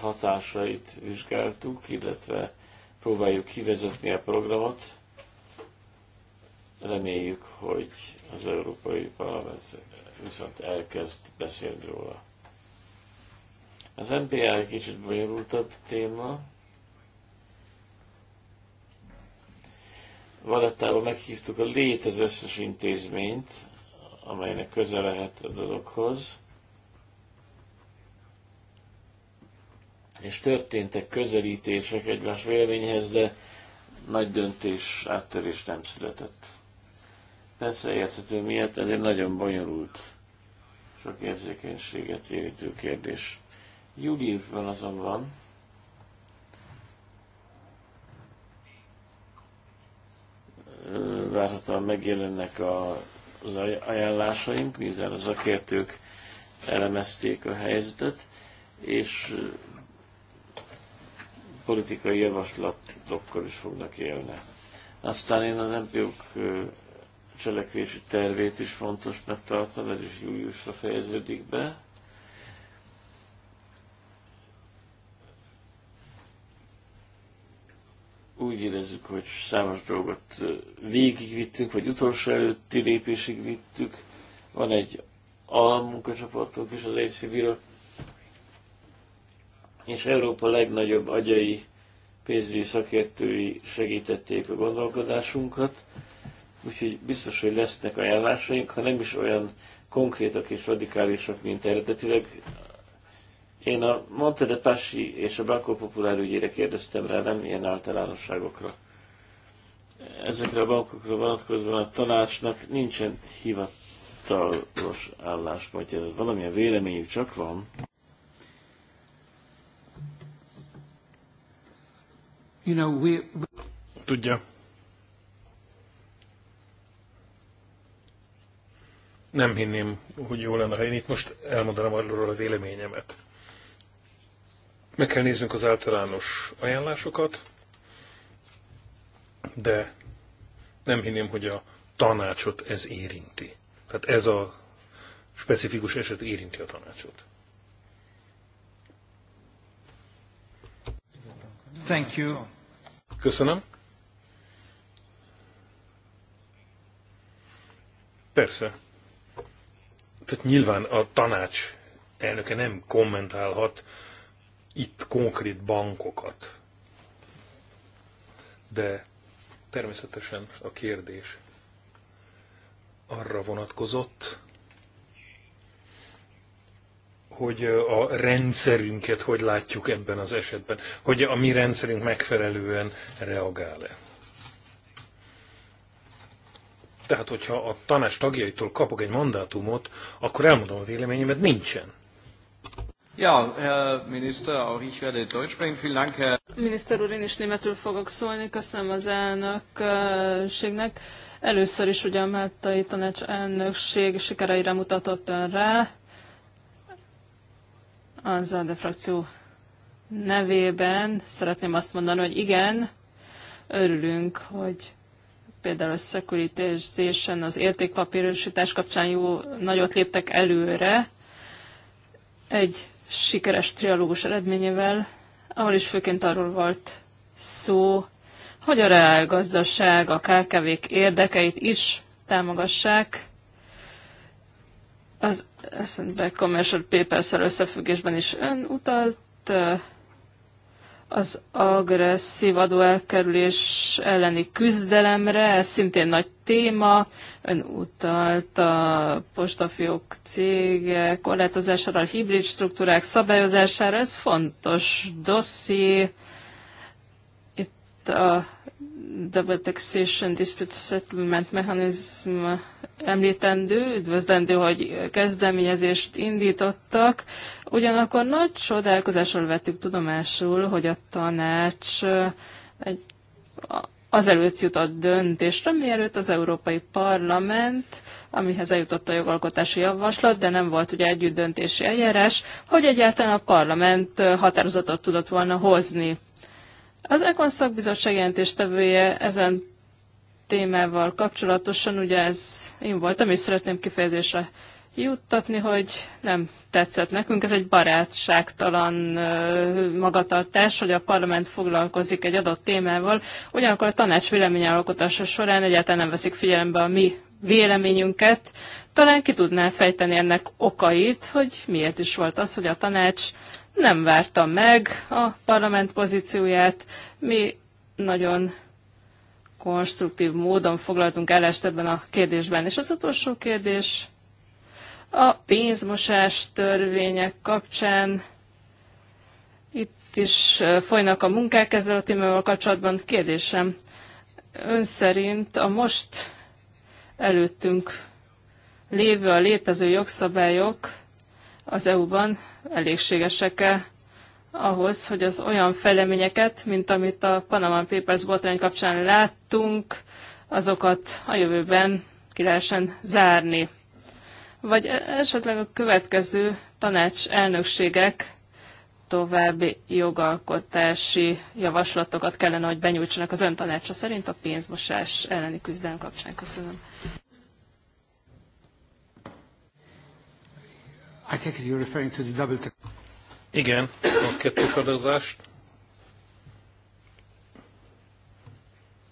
hatásait vizsgáltuk, illetve próbáljuk kivezetni a programot Reméljük, hogy az Európai Parlament viszont elkezd beszélni róla. Az MPA egy kicsit bonyolultabb téma. Valettában meghívtuk a létező összes intézményt, amelynek köze lehet a dologhoz. És történtek közelítések egymás véleményhez, de nagy döntés, áttörés nem született persze érthető miért, ez egy nagyon bonyolult, sok érzékenységet érintő kérdés. Júliusban azonban várhatóan megjelennek a, az ajánlásaink, mivel az akértők elemezték a helyzetet, és politikai javaslatokkal is fognak élni. Aztán én az MPU-k cselekvési tervét is fontosnak tartom, ez is júliusra fejeződik be. Úgy érezzük, hogy számos dolgot végigvittünk, vagy utolsó előtti lépésig vittük. Van egy almunkacsoportunk is az acv és Európa legnagyobb agyai pénzügyi szakértői segítették a gondolkodásunkat úgyhogy biztos, hogy lesznek ajánlásaink, ha nem is olyan konkrétak és radikálisak, mint eredetileg. Én a Monte de Pasi és a Banco Popular ügyére kérdeztem rá, nem ilyen általánosságokra. Ezekre a bankokra vonatkozóan a tanácsnak nincsen hivatalos álláspontja. Valamilyen véleményük csak van. You know, we... Tudja, nem hinném, hogy jó lenne, ha én itt most elmondanám arról a véleményemet. Meg kell néznünk az általános ajánlásokat, de nem hinném, hogy a tanácsot ez érinti. Tehát ez a specifikus eset érinti a tanácsot. Thank you. Köszönöm. Persze. Tehát nyilván a tanács elnöke nem kommentálhat itt konkrét bankokat. De természetesen a kérdés arra vonatkozott, hogy a rendszerünket hogy látjuk ebben az esetben, hogy a mi rendszerünk megfelelően reagál-e. Tehát, hogyha a tanács tagjaitól kapok egy mandátumot, akkor elmondom a véleményemet, nincsen. Ja, Herr Minister, auch ich werde Deutsch sprechen. Vielen Dank, Herr... Minister. úr, én is németül fogok szólni. Köszönöm az elnökségnek. Először is ugye a Máltai Tanács elnökség sikereire mutatott ön rá. Az a frakció nevében szeretném azt mondani, hogy igen, örülünk, hogy például a szekuritizésen, az értékpapírosítás kapcsán jó nagyot léptek előre egy sikeres trialógus eredményével, ahol is főként arról volt szó, hogy a reál gazdaság a KKV-k érdekeit is támogassák. Az S&P Commercial Papers-szel összefüggésben is ön utalt, az agresszív adóelkerülés elleni küzdelemre, ez szintén nagy téma. Ön utalt a postafiók cége korlátozására, a hibrid struktúrák szabályozására, ez fontos dosszié a Double Taxation Dispute Settlement Mechanism említendő, üdvözlendő, hogy kezdeményezést indítottak. Ugyanakkor nagy csodálkozásról vettük tudomásul, hogy a tanács egy, azelőtt jutott döntésre, mielőtt az Európai Parlament, amihez eljutott a jogalkotási javaslat, de nem volt ugye együtt döntési eljárás, hogy egyáltalán a parlament határozatot tudott volna hozni. Az Ekon szakbizottság jelentéstevője ezen témával kapcsolatosan, ugye ez én voltam, és szeretném kifejezésre juttatni, hogy nem tetszett nekünk. Ez egy barátságtalan magatartás, hogy a parlament foglalkozik egy adott témával, ugyanakkor a tanács véleményalkotása során egyáltalán nem veszik figyelembe a mi véleményünket. Talán ki tudná fejteni ennek okait, hogy miért is volt az, hogy a tanács nem várta meg a parlament pozícióját. Mi nagyon konstruktív módon foglaltunk állást ebben a kérdésben. És az utolsó kérdés a pénzmosás törvények kapcsán. Itt is folynak a munkák ezzel a témával kapcsolatban. Kérdésem, ön szerint a most előttünk lévő a létező jogszabályok az EU-ban elégségesek-e ahhoz, hogy az olyan fejleményeket, mint amit a Panama Papers botrány kapcsán láttunk, azokat a jövőben ki lehessen zárni. Vagy e- esetleg a következő tanács elnökségek további jogalkotási javaslatokat kellene, hogy benyújtsanak az ön tanácsa szerint a pénzmosás elleni küzdelem kapcsán. Köszönöm. I take it you're referring to the double Igen, a kettős adózást.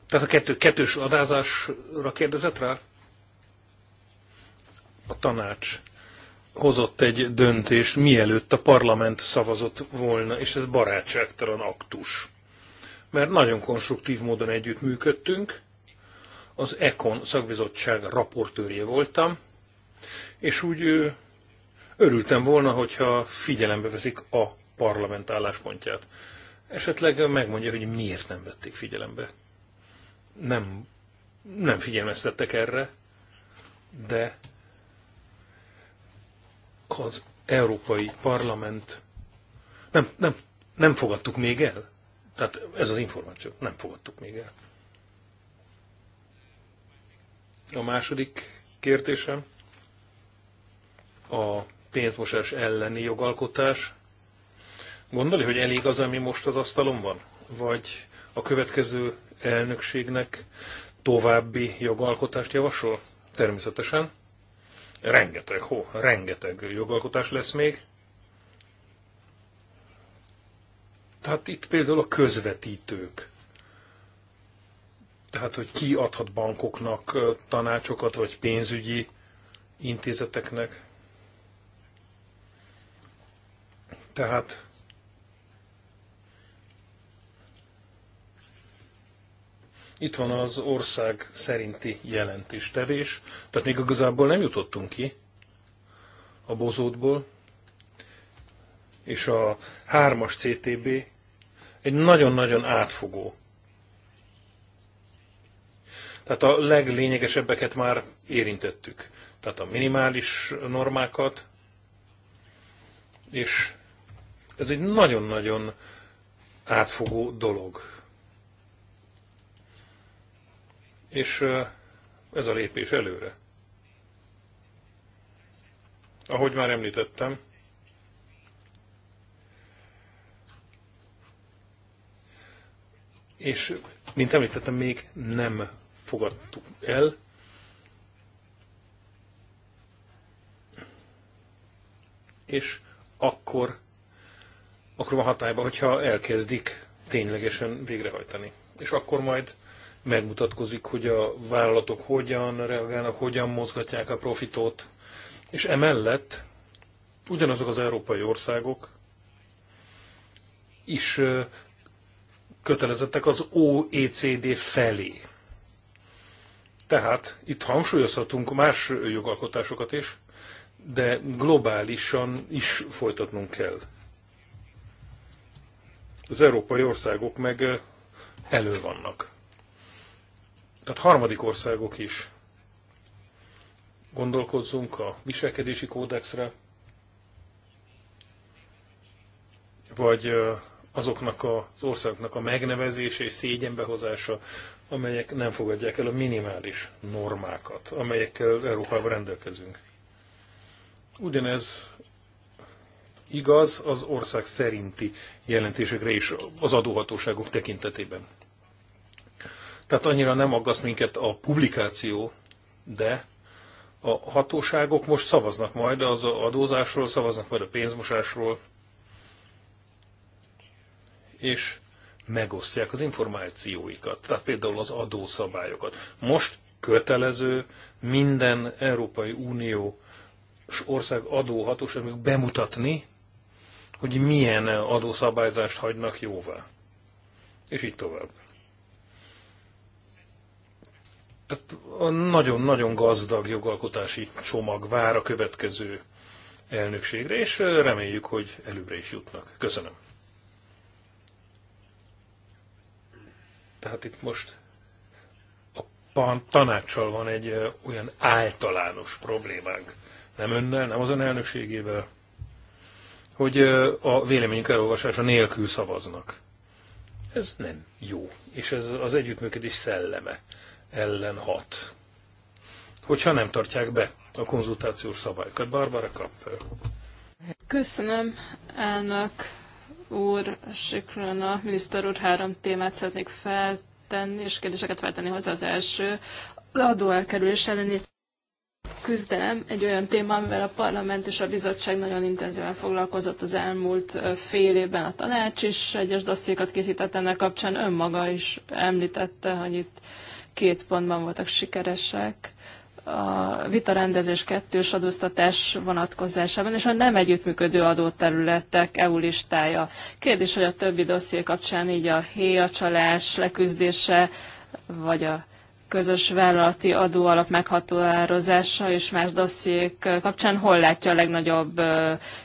Tehát a kettő, kettős adázásra kérdezett rá? A tanács hozott egy döntést, mielőtt a parlament szavazott volna, és ez barátságtalan aktus. Mert nagyon konstruktív módon együtt működtünk, az ECON szakbizottság raportőrje voltam, és úgy Örültem volna, hogyha figyelembe veszik a parlament álláspontját. Esetleg megmondja, hogy miért nem vették figyelembe. Nem, nem figyelmeztettek erre, de az Európai Parlament nem, nem, nem fogadtuk még el. Tehát ez az információ, nem fogadtuk még el. A második kérdésem a pénzmosás elleni jogalkotás. Gondolja, hogy elég az, ami most az asztalon van? Vagy a következő elnökségnek további jogalkotást javasol? Természetesen. Rengeteg, hó, rengeteg jogalkotás lesz még. Tehát itt például a közvetítők. Tehát, hogy ki adhat bankoknak tanácsokat, vagy pénzügyi intézeteknek. Tehát itt van az ország szerinti jelentéstevés, tehát még igazából nem jutottunk ki a bozótból, és a hármas CTB egy nagyon-nagyon átfogó. Tehát a leglényegesebbeket már érintettük. Tehát a minimális normákat, és ez egy nagyon-nagyon átfogó dolog. És ez a lépés előre. Ahogy már említettem, és mint említettem, még nem fogadtuk el. És akkor akkor van hatályban, hogyha elkezdik ténylegesen végrehajtani. És akkor majd megmutatkozik, hogy a vállalatok hogyan reagálnak, hogyan mozgatják a profitot, és emellett ugyanazok az európai országok is kötelezettek az OECD felé. Tehát itt hangsúlyozhatunk más jogalkotásokat is, de globálisan is folytatnunk kell az európai országok meg elő vannak. Tehát harmadik országok is. Gondolkozzunk a viselkedési kódexre, vagy azoknak az országoknak a megnevezése és szégyenbehozása, amelyek nem fogadják el a minimális normákat, amelyekkel Európában rendelkezünk. Ugyanez igaz az ország szerinti jelentésekre is az adóhatóságok tekintetében. Tehát annyira nem aggaszt minket a publikáció, de a hatóságok most szavaznak majd az adózásról, szavaznak majd a pénzmosásról, és megosztják az információikat, tehát például az adószabályokat. Most kötelező minden Európai Unió ország adóhatóságnak bemutatni hogy milyen adószabályzást hagynak jóvá. És így tovább. Tehát a nagyon-nagyon gazdag jogalkotási csomag vár a következő elnökségre, és reméljük, hogy előbbre is jutnak. Köszönöm. Tehát itt most a tanácssal van egy olyan általános problémánk. Nem önnel, nem az ön elnökségével, hogy a véleményük elolvasása nélkül szavaznak. Ez nem jó, és ez az együttműködés szelleme ellen hat. Hogyha nem tartják be a konzultációs szabályokat. Barbara Kappel. Köszönöm, elnök úr, Sikron, a miniszter úr három témát szeretnék feltenni, és kérdéseket feltenni hozzá az első. Az adóelkerülés elleni küzdelem egy olyan téma, amivel a parlament és a bizottság nagyon intenzíven foglalkozott az elmúlt fél évben a tanács is, egyes dossziékat készített ennek kapcsán, önmaga is említette, hogy itt két pontban voltak sikeresek a vitarendezés kettős adóztatás vonatkozásában, és a nem együttműködő adóterületek EU listája. Kérdés, hogy a többi dosszié kapcsán így a héjacsalás leküzdése, vagy a közös vállalati adóalap meghatározása és más dossziék kapcsán hol látja a legnagyobb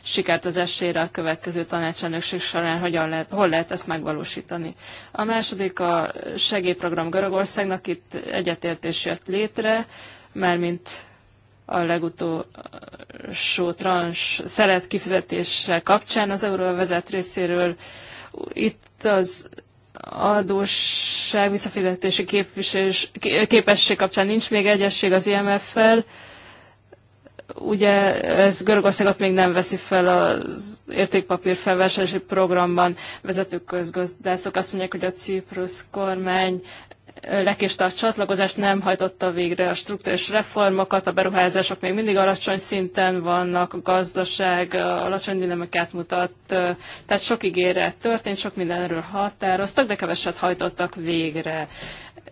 sikert az esélyre a következő tanácselnökség során, hogyan lehet, hol lehet ezt megvalósítani. A második a segélyprogram Görögországnak, itt egyetértés jött létre, mármint a legutolsó trans szeret kifizetése kapcsán az euróvezet részéről. Itt az adósság visszafizetési képesség kapcsán nincs még egyesség az IMF-fel. Ugye ez Görögországot még nem veszi fel az értékpapír felvásárlási programban. Vezető közgazdászok azt mondják, hogy a Ciprus kormány lekéste a csatlakozást, nem hajtotta végre a struktúrás reformokat, a beruházások még mindig alacsony szinten vannak, a gazdaság alacsony dinamikát mutat, tehát sok ígéret történt, sok mindenről határoztak, de keveset hajtottak végre.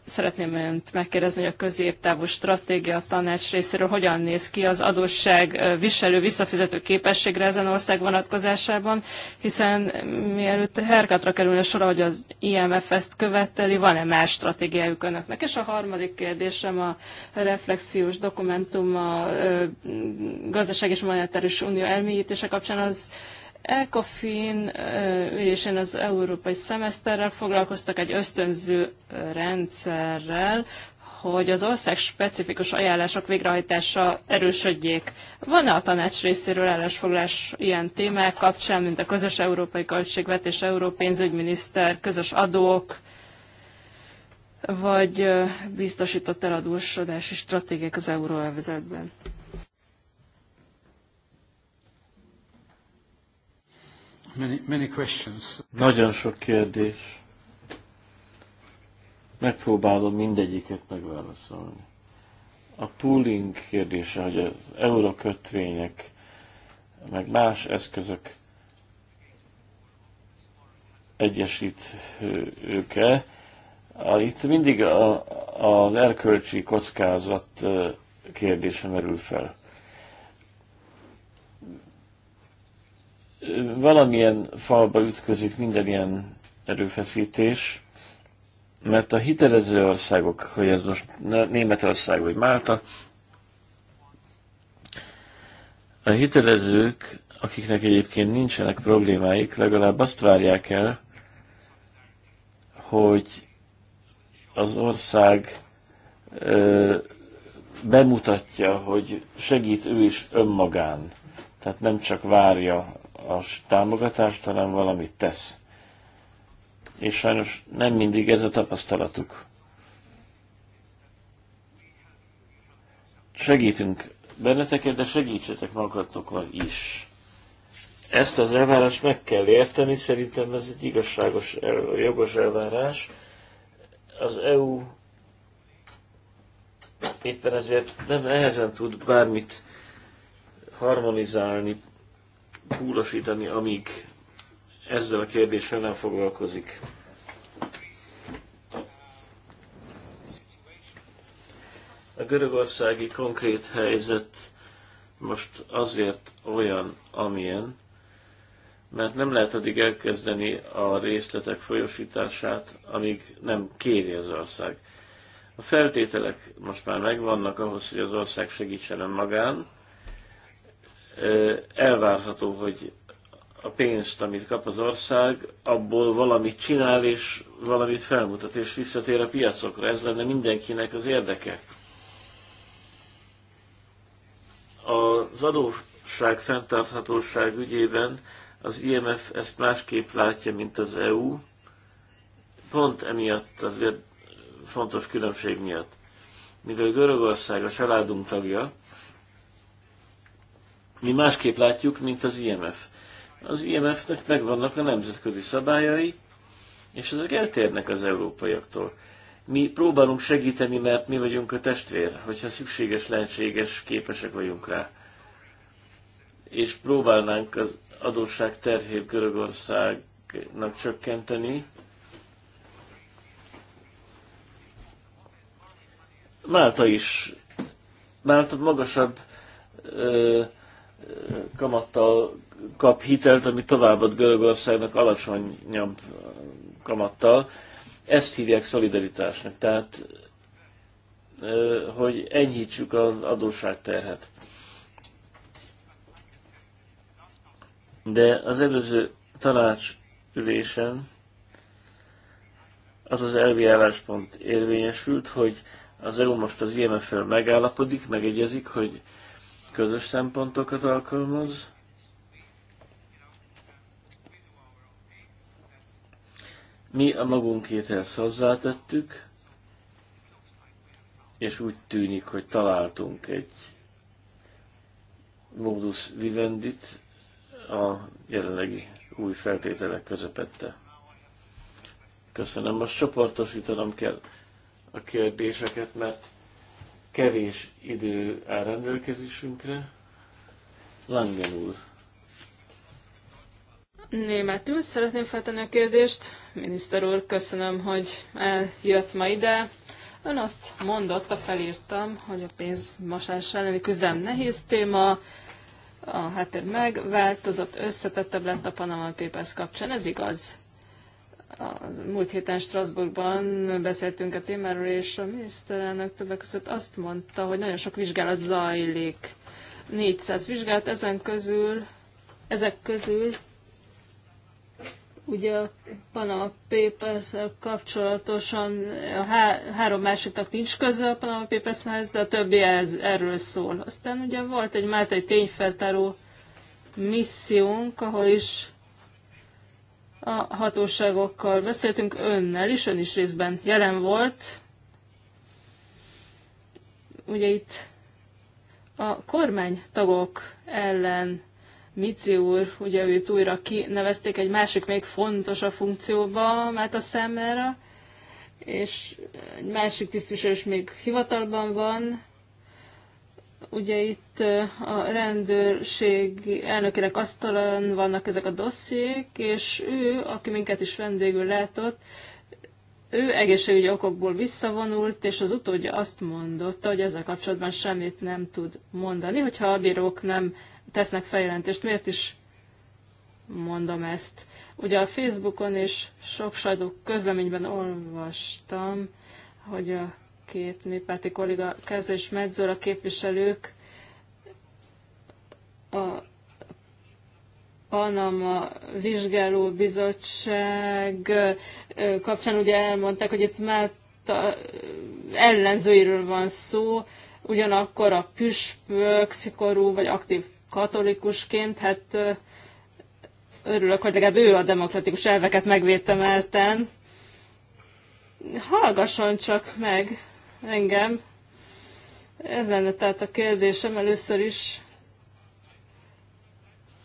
Szeretném önt megkérdezni, hogy a középtávú stratégia tanács részéről hogyan néz ki az adósság viselő visszafizető képességre ezen ország vonatkozásában, hiszen mielőtt herkatra kerülne sor, hogy az IMF ezt követeli, van-e más stratégiájuk önöknek? És a harmadik kérdésem a reflexiós dokumentum a gazdaság és monetáris unió elmélyítése kapcsán az ECOFIN ülésen az európai szemeszterrel foglalkoztak egy ösztönző rendszerrel, hogy az ország specifikus ajánlások végrehajtása erősödjék. Van-e a tanács részéről állásfoglás ilyen témák kapcsán, mint a közös európai költségvetés, európénzügyminiszter, közös adók, vagy biztosított eladósodási stratégiák az euróelvezetben? Many, many questions. Nagyon sok kérdés. Megpróbálom mindegyiket megválaszolni. A pooling kérdése, hogy az eurokötvények, meg más eszközök egyesít őke. Itt mindig a, az erkölcsi kockázat kérdése merül fel. valamilyen falba ütközik minden ilyen erőfeszítés, mert a hitelező országok, hogy ez most Németország vagy Málta, a hitelezők, akiknek egyébként nincsenek problémáik, legalább azt várják el, hogy az ország ö, bemutatja, hogy segít ő is önmagán. Tehát nem csak várja a támogatást, hanem valamit tesz. És sajnos nem mindig ez a tapasztalatuk. Segítünk benneteket, de segítsetek magatokon is. Ezt az elvárást meg kell érteni, szerintem ez egy igazságos, jogos elvárás. Az EU éppen ezért nem nehezen tud bármit harmonizálni túlosítani, amíg ezzel a kérdéssel nem foglalkozik. A görögországi konkrét helyzet most azért olyan, amilyen, mert nem lehet addig elkezdeni a részletek folyosítását, amíg nem kéri az ország. A feltételek most már megvannak ahhoz, hogy az ország segítsen magán, elvárható, hogy a pénzt, amit kap az ország, abból valamit csinál, és valamit felmutat, és visszatér a piacokra. Ez lenne mindenkinek az érdeke. Az adósság fenntarthatóság ügyében az IMF ezt másképp látja, mint az EU, pont emiatt azért fontos különbség miatt. Mivel Görögország a családunk tagja, mi másképp látjuk, mint az IMF. Az IMF-nek megvannak a nemzetközi szabályai, és ezek eltérnek az európaiaktól. Mi próbálunk segíteni, mert mi vagyunk a testvér, hogyha szükséges, lehetséges, képesek vagyunk rá. És próbálnánk az adósság terhét Görögországnak csökkenteni. Málta is. Málta magasabb ö, kamattal kap hitelt, ami továbbad Görögországnak alacsonyabb kamattal. Ezt hívják szolidaritásnak. Tehát, hogy enyhítsük az adósságterhet. De az előző tanács ülésen az az elvi álláspont érvényesült, hogy az EU most az IMF-el megállapodik, megegyezik, hogy közös szempontokat alkalmaz. Mi a magunkéthez hozzátettük, és úgy tűnik, hogy találtunk egy modus vivendit a jelenlegi új feltételek közepette. Köszönöm, most csoportosítanom kell a kérdéseket, mert kevés idő elrendelkezésünkre. Langen úr. Németül szeretném feltenni a kérdést. Miniszter úr, köszönöm, hogy eljött ma ide. Ön azt mondotta, felírtam, hogy a pénzmosás elleni küzdelem nehéz téma, a háttér megváltozott, összetettebb lett a Panama Papers kapcsán, ez igaz. A múlt héten Strasbourgban beszéltünk a témáról, és a miniszterelnök többek között azt mondta, hogy nagyon sok vizsgálat zajlik. 400 vizsgálat, ezen közül, ezek közül ugye a Panama papers kapcsolatosan a há három másiknak nincs köze a Panama papers de a többi ez, erről szól. Aztán ugye volt egy Máltai tényfeltáró missziónk, ahol is a hatóságokkal beszéltünk önnel is, ön is részben jelen volt. Ugye itt a kormánytagok ellen Mici úr, ugye őt újra kinevezték egy másik még fontos a funkcióba mert a számára, és egy másik tisztviselő is még hivatalban van, Ugye itt a rendőrség elnökének asztalon vannak ezek a dossziék, és ő, aki minket is vendégül látott, ő egészségügyi okokból visszavonult, és az utódja azt mondotta, hogy ezzel kapcsolatban semmit nem tud mondani, hogyha a bírók nem tesznek feljelentést. Miért is mondom ezt? Ugye a Facebookon és sok sajtó közleményben olvastam, hogy a két néppárti kolléga, Kez és Medzor, a képviselők a Panama Vizsgáló Bizottság kapcsán ugye elmondták, hogy itt már ellenzőiről van szó, ugyanakkor a püspök, szikorú vagy aktív katolikusként, hát örülök, hogy legalább ő a demokratikus elveket megvédte melten. Hallgasson csak meg engem. Ez lenne tehát a kérdésem először is.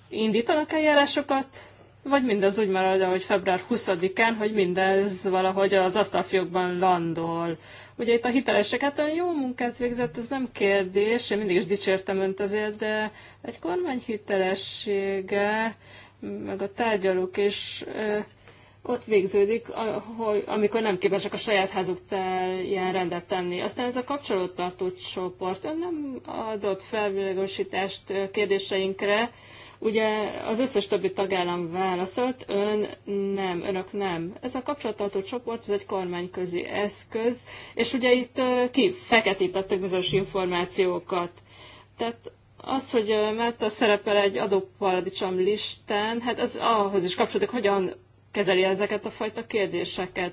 Indítanak eljárásokat, vagy mindez úgy marad, hogy február 20-án, hogy mindez valahogy az asztalfiókban landol. Ugye itt a hitelesek, hát jó munkát végzett, ez nem kérdés, én mindig is dicsértem önt azért, de egy kormány hitelessége, meg a tárgyalók is ott végződik, hogy, amikor nem képesek a saját házuk ilyen rendet tenni. Aztán ez a kapcsolattartó csoport ön nem adott felvilágosítást kérdéseinkre, Ugye az összes többi tagállam válaszolt, ön nem, önök nem. Ez a kapcsolattartó csoport, ez egy kormányközi eszköz, és ugye itt ki feketítettek bizonyos információkat. Tehát az, hogy mert a szerepel egy adóparadicsom listán, hát az ahhoz is kapcsolódik, hogyan kezeli ezeket a fajta kérdéseket.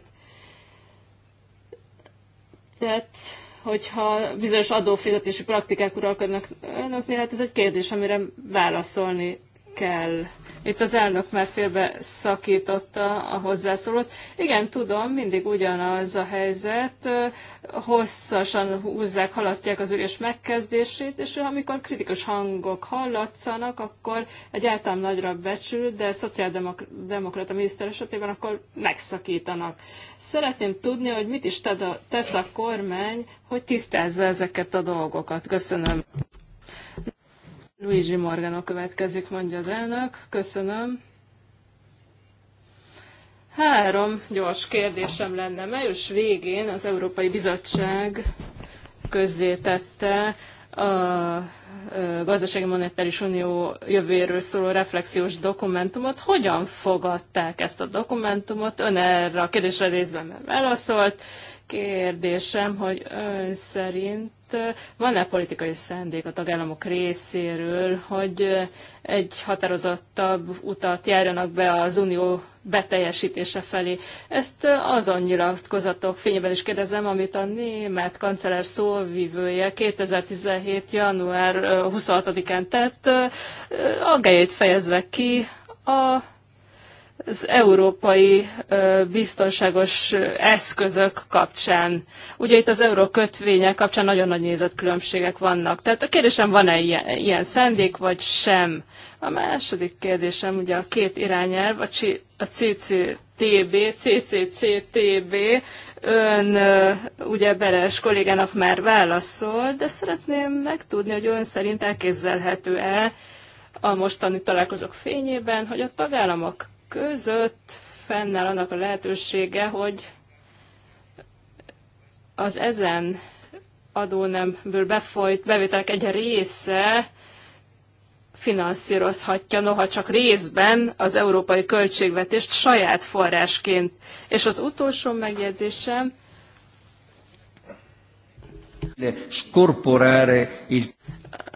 Tehát, hogyha bizonyos adófizetési praktikák uralkodnak önöknél, hát ez egy kérdés, amire válaszolni kell. Itt az elnök már félbe szakította a hozzászólót. Igen, tudom, mindig ugyanaz a helyzet. Hosszasan húzzák, halasztják az ülés megkezdését, és amikor kritikus hangok hallatszanak, akkor egy általán nagyra becsül, de szociáldemokrata miniszter esetében akkor megszakítanak. Szeretném tudni, hogy mit is tesz a kormány, hogy tisztázza ezeket a dolgokat. Köszönöm. Luigi Morgano következik, mondja az elnök. Köszönöm. Három gyors kérdésem lenne. Május végén az Európai Bizottság közzétette a Gazdasági Monetáris Unió jövőjéről szóló reflexiós dokumentumot. Hogyan fogadták ezt a dokumentumot? Ön erre a kérdésre részben már válaszolt, kérdésem, hogy ön szerint van-e politikai szándék a tagállamok részéről, hogy egy határozottabb utat járjanak be az unió beteljesítése felé. Ezt azon nyilatkozatok fényében is kérdezem, amit a német kancellár szóvivője 2017. január 26-án tett, aggályait fejezve ki a az európai biztonságos eszközök kapcsán. Ugye itt az euró kötvények kapcsán nagyon nagy nézetkülönbségek vannak. Tehát a kérdésem, van-e ilyen, ilyen szendék, vagy sem? A második kérdésem ugye a két irányelv, a, C- a CCTB, CCCTB, ön ugye Beres kollégának már válaszol, de szeretném megtudni, hogy ön szerint elképzelhető-e a mostani találkozók fényében, hogy a tagállamok között fennáll annak a lehetősége, hogy az ezen adónemből befolyt bevételek egy része finanszírozhatja, noha csak részben az európai költségvetést saját forrásként. És az utolsó megjegyzésem,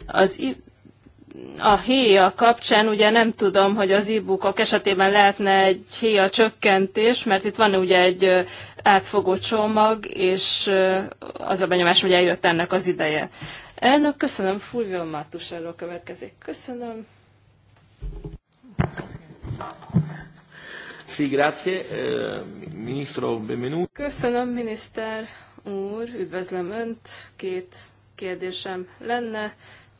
az a héja kapcsán ugye nem tudom, hogy az e-bookok esetében lehetne egy héja csökkentés, mert itt van ugye egy átfogó csomag, és az a benyomás, hogy eljött ennek az ideje. Elnök, köszönöm, Fulvio Mátus erről következik. Köszönöm. Eh, ministro, Köszönöm, miniszter úr, üdvözlöm Önt. Két kérdésem lenne.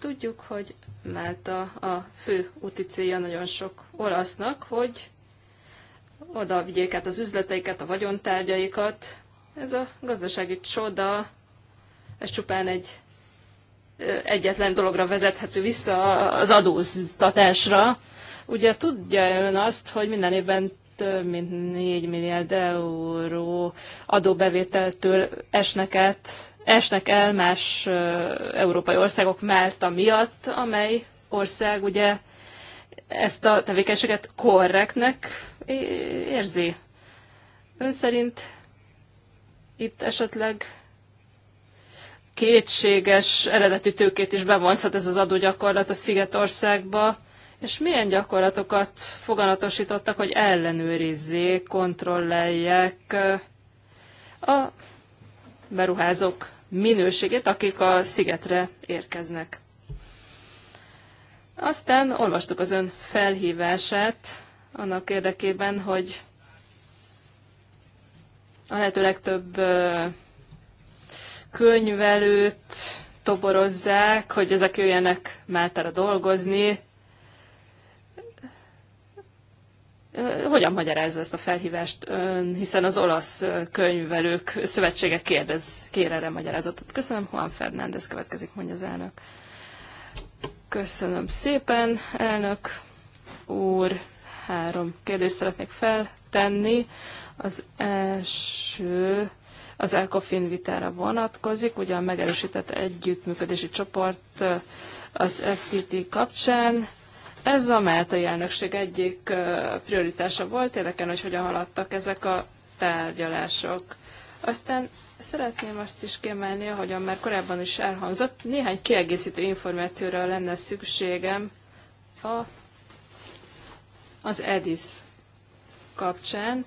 Tudjuk, hogy Málta a fő úti célja nagyon sok olasznak, hogy oda vigyék át az üzleteiket, a vagyontárgyaikat. Ez a gazdasági csoda, ez csupán egy egyetlen dologra vezethető vissza az adóztatásra. Ugye tudja ön azt, hogy minden évben több mint 4 milliárd euró adóbevételtől esnek át esnek el más európai országok Málta miatt, amely ország ugye ezt a tevékenységet korrektnek érzi. Ön szerint itt esetleg kétséges eredeti tőkét is bevonzhat ez az adógyakorlat a Szigetországba, és milyen gyakorlatokat foganatosítottak, hogy ellenőrizzék, kontrollálják a beruházók minőségét, akik a szigetre érkeznek. Aztán olvastuk az ön felhívását annak érdekében, hogy a lehető legtöbb könyvelőt toborozzák, hogy ezek jöjjenek Máltára dolgozni, Hogyan magyarázza ezt a felhívást, ön, hiszen az olasz könyvelők szövetsége kérdez, kér erre magyarázatot. Köszönöm, Juan Fernández következik, mondja az elnök. Köszönöm szépen, elnök úr. Három kérdést szeretnék feltenni. Az első az ELCOFIN vitára vonatkozik, ugye a megerősített együttműködési csoport az FTT kapcsán ez a Máltai elnökség egyik prioritása volt, érdekel, hogy hogyan haladtak ezek a tárgyalások. Aztán szeretném azt is kiemelni, ahogyan már korábban is elhangzott, néhány kiegészítő információra lenne szükségem a, az EDIS kapcsán,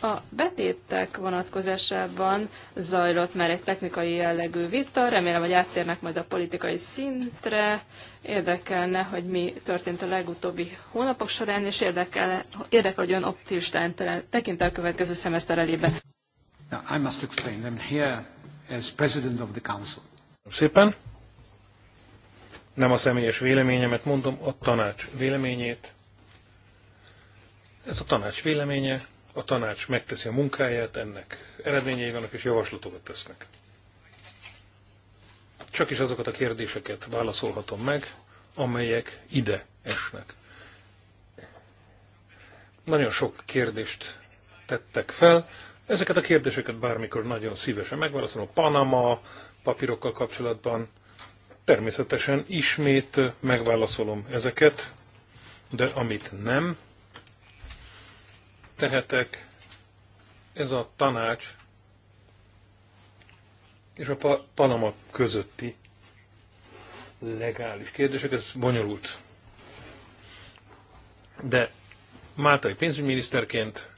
a betétek vonatkozásában zajlott már egy technikai jellegű vita, remélem, hogy áttérnek majd a politikai szintre. Érdekelne, hogy mi történt a legutóbbi hónapok során, és érdekel, érdekel hogy olyan optimistán tekint a következő szemeszter elébe. I must explain. I'm here as president of the council. Szépen. Nem a személyes véleményemet mondom, a tanács véleményét. Ez a tanács véleménye, a tanács megteszi a munkáját, ennek eredményei vannak és javaslatokat tesznek. Csak is azokat a kérdéseket válaszolhatom meg, amelyek ide esnek. Nagyon sok kérdést tettek fel. Ezeket a kérdéseket bármikor nagyon szívesen megválaszolom. Panama papírokkal kapcsolatban természetesen ismét megválaszolom ezeket, de amit nem, tehetek, ez a tanács és a Panama közötti legális kérdések, ez bonyolult. De Máltai pénzügyminiszterként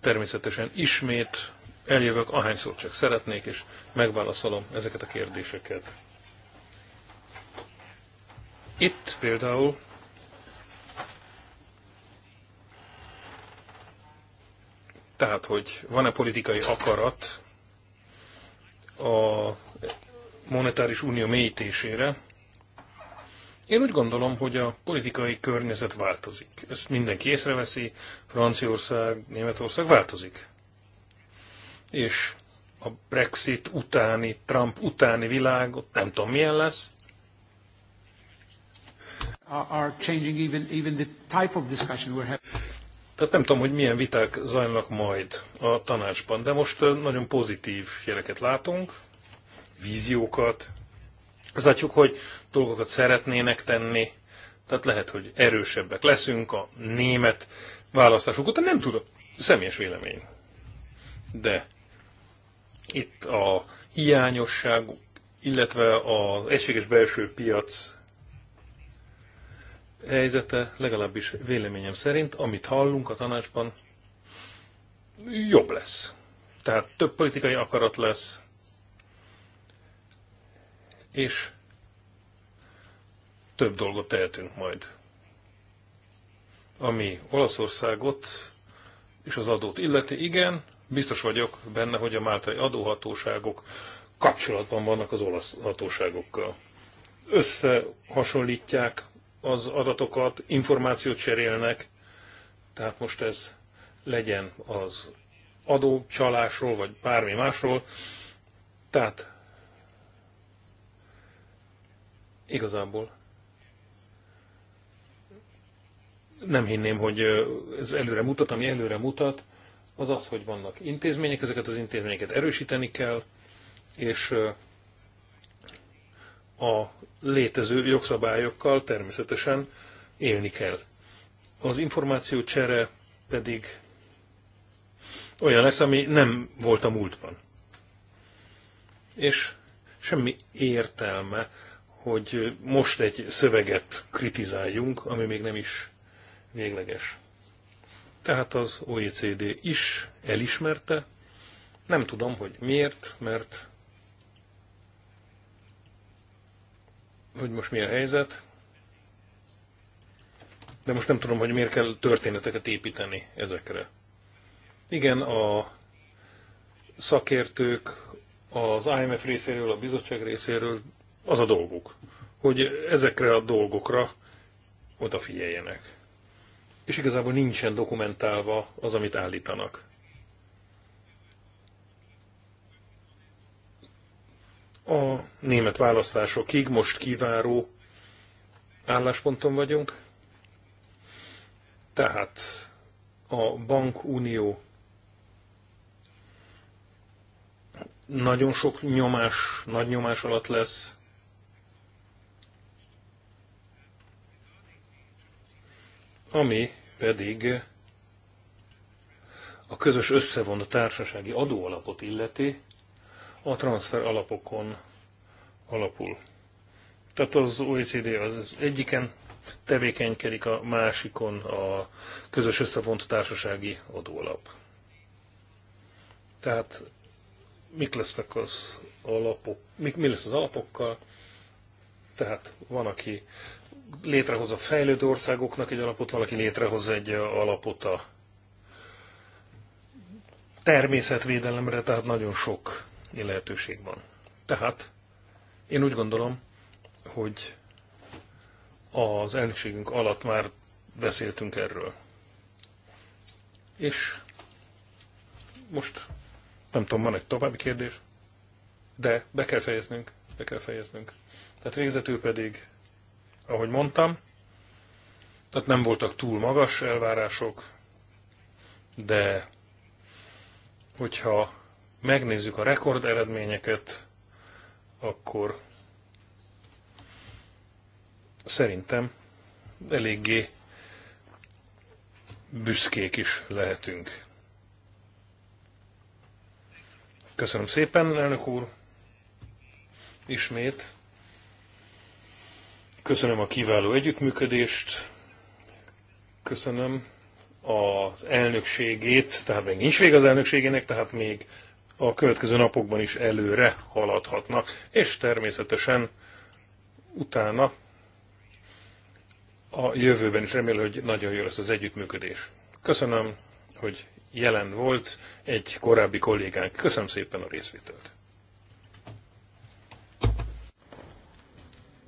természetesen ismét eljövök, ahányszor csak szeretnék, és megválaszolom ezeket a kérdéseket. Itt például Tehát, hogy van-e politikai akarat a monetáris unió mélyítésére? Én úgy gondolom, hogy a politikai környezet változik. Ezt mindenki észreveszi, Franciaország, Németország változik. És a Brexit utáni, Trump utáni világ, nem tudom milyen lesz. Are changing even, even the type of discussion we're having. Tehát nem tudom, hogy milyen viták zajlanak majd a tanácsban, de most nagyon pozitív jeleket látunk, víziókat, azt látjuk, hogy dolgokat szeretnének tenni, tehát lehet, hogy erősebbek leszünk a német választások után, nem tudom, személyes vélemény. De itt a hiányosság, illetve az egységes belső piac helyzete, legalábbis véleményem szerint, amit hallunk a tanácsban, jobb lesz. Tehát több politikai akarat lesz, és több dolgot tehetünk majd. Ami Olaszországot és az adót illeti, igen, biztos vagyok benne, hogy a máltai adóhatóságok kapcsolatban vannak az olasz hatóságokkal. Összehasonlítják az adatokat, információt cserélnek, tehát most ez legyen az adócsalásról, vagy bármi másról. Tehát igazából nem hinném, hogy ez előre mutat, ami előre mutat, az az, hogy vannak intézmények, ezeket az intézményeket erősíteni kell, és a létező jogszabályokkal természetesen élni kell. Az információ csere pedig olyan lesz, ami nem volt a múltban. És semmi értelme, hogy most egy szöveget kritizáljunk, ami még nem is végleges. Tehát az OECD is elismerte, nem tudom, hogy miért, mert hogy most mi a helyzet, de most nem tudom, hogy miért kell történeteket építeni ezekre. Igen, a szakértők az IMF részéről, a bizottság részéről az a dolguk, hogy ezekre a dolgokra odafigyeljenek. És igazából nincsen dokumentálva az, amit állítanak. a német választásokig most kiváró állásponton vagyunk. Tehát a bankunió nagyon sok nyomás, nagy nyomás alatt lesz. Ami pedig a közös összevonó társasági adóalapot illeti, a transfer alapokon alapul. Tehát az OECD az, az egyiken tevékenykedik, a másikon a közös összevont társasági adóalap. Tehát mik lesznek az alapok, mik, mi lesz az alapokkal? Tehát van, aki létrehoz a fejlődő országoknak egy alapot, valaki létrehoz egy alapot a természetvédelemre, tehát nagyon sok lehetőség van. Tehát én úgy gondolom, hogy az elnökségünk alatt már beszéltünk erről. És most nem tudom, van egy további kérdés, de be kell fejeznünk, be kell fejeznünk. Tehát végzetül pedig, ahogy mondtam, tehát nem voltak túl magas elvárások, de hogyha megnézzük a rekord eredményeket, akkor szerintem eléggé büszkék is lehetünk. Köszönöm szépen, elnök úr, ismét. Köszönöm a kiváló együttműködést, köszönöm az elnökségét, tehát még nincs vége az elnökségének, tehát még a következő napokban is előre haladhatnak, és természetesen utána a jövőben is remélem, hogy nagyon jó lesz az együttműködés. Köszönöm, hogy jelen volt egy korábbi kollégánk. Köszönöm szépen a részvételt.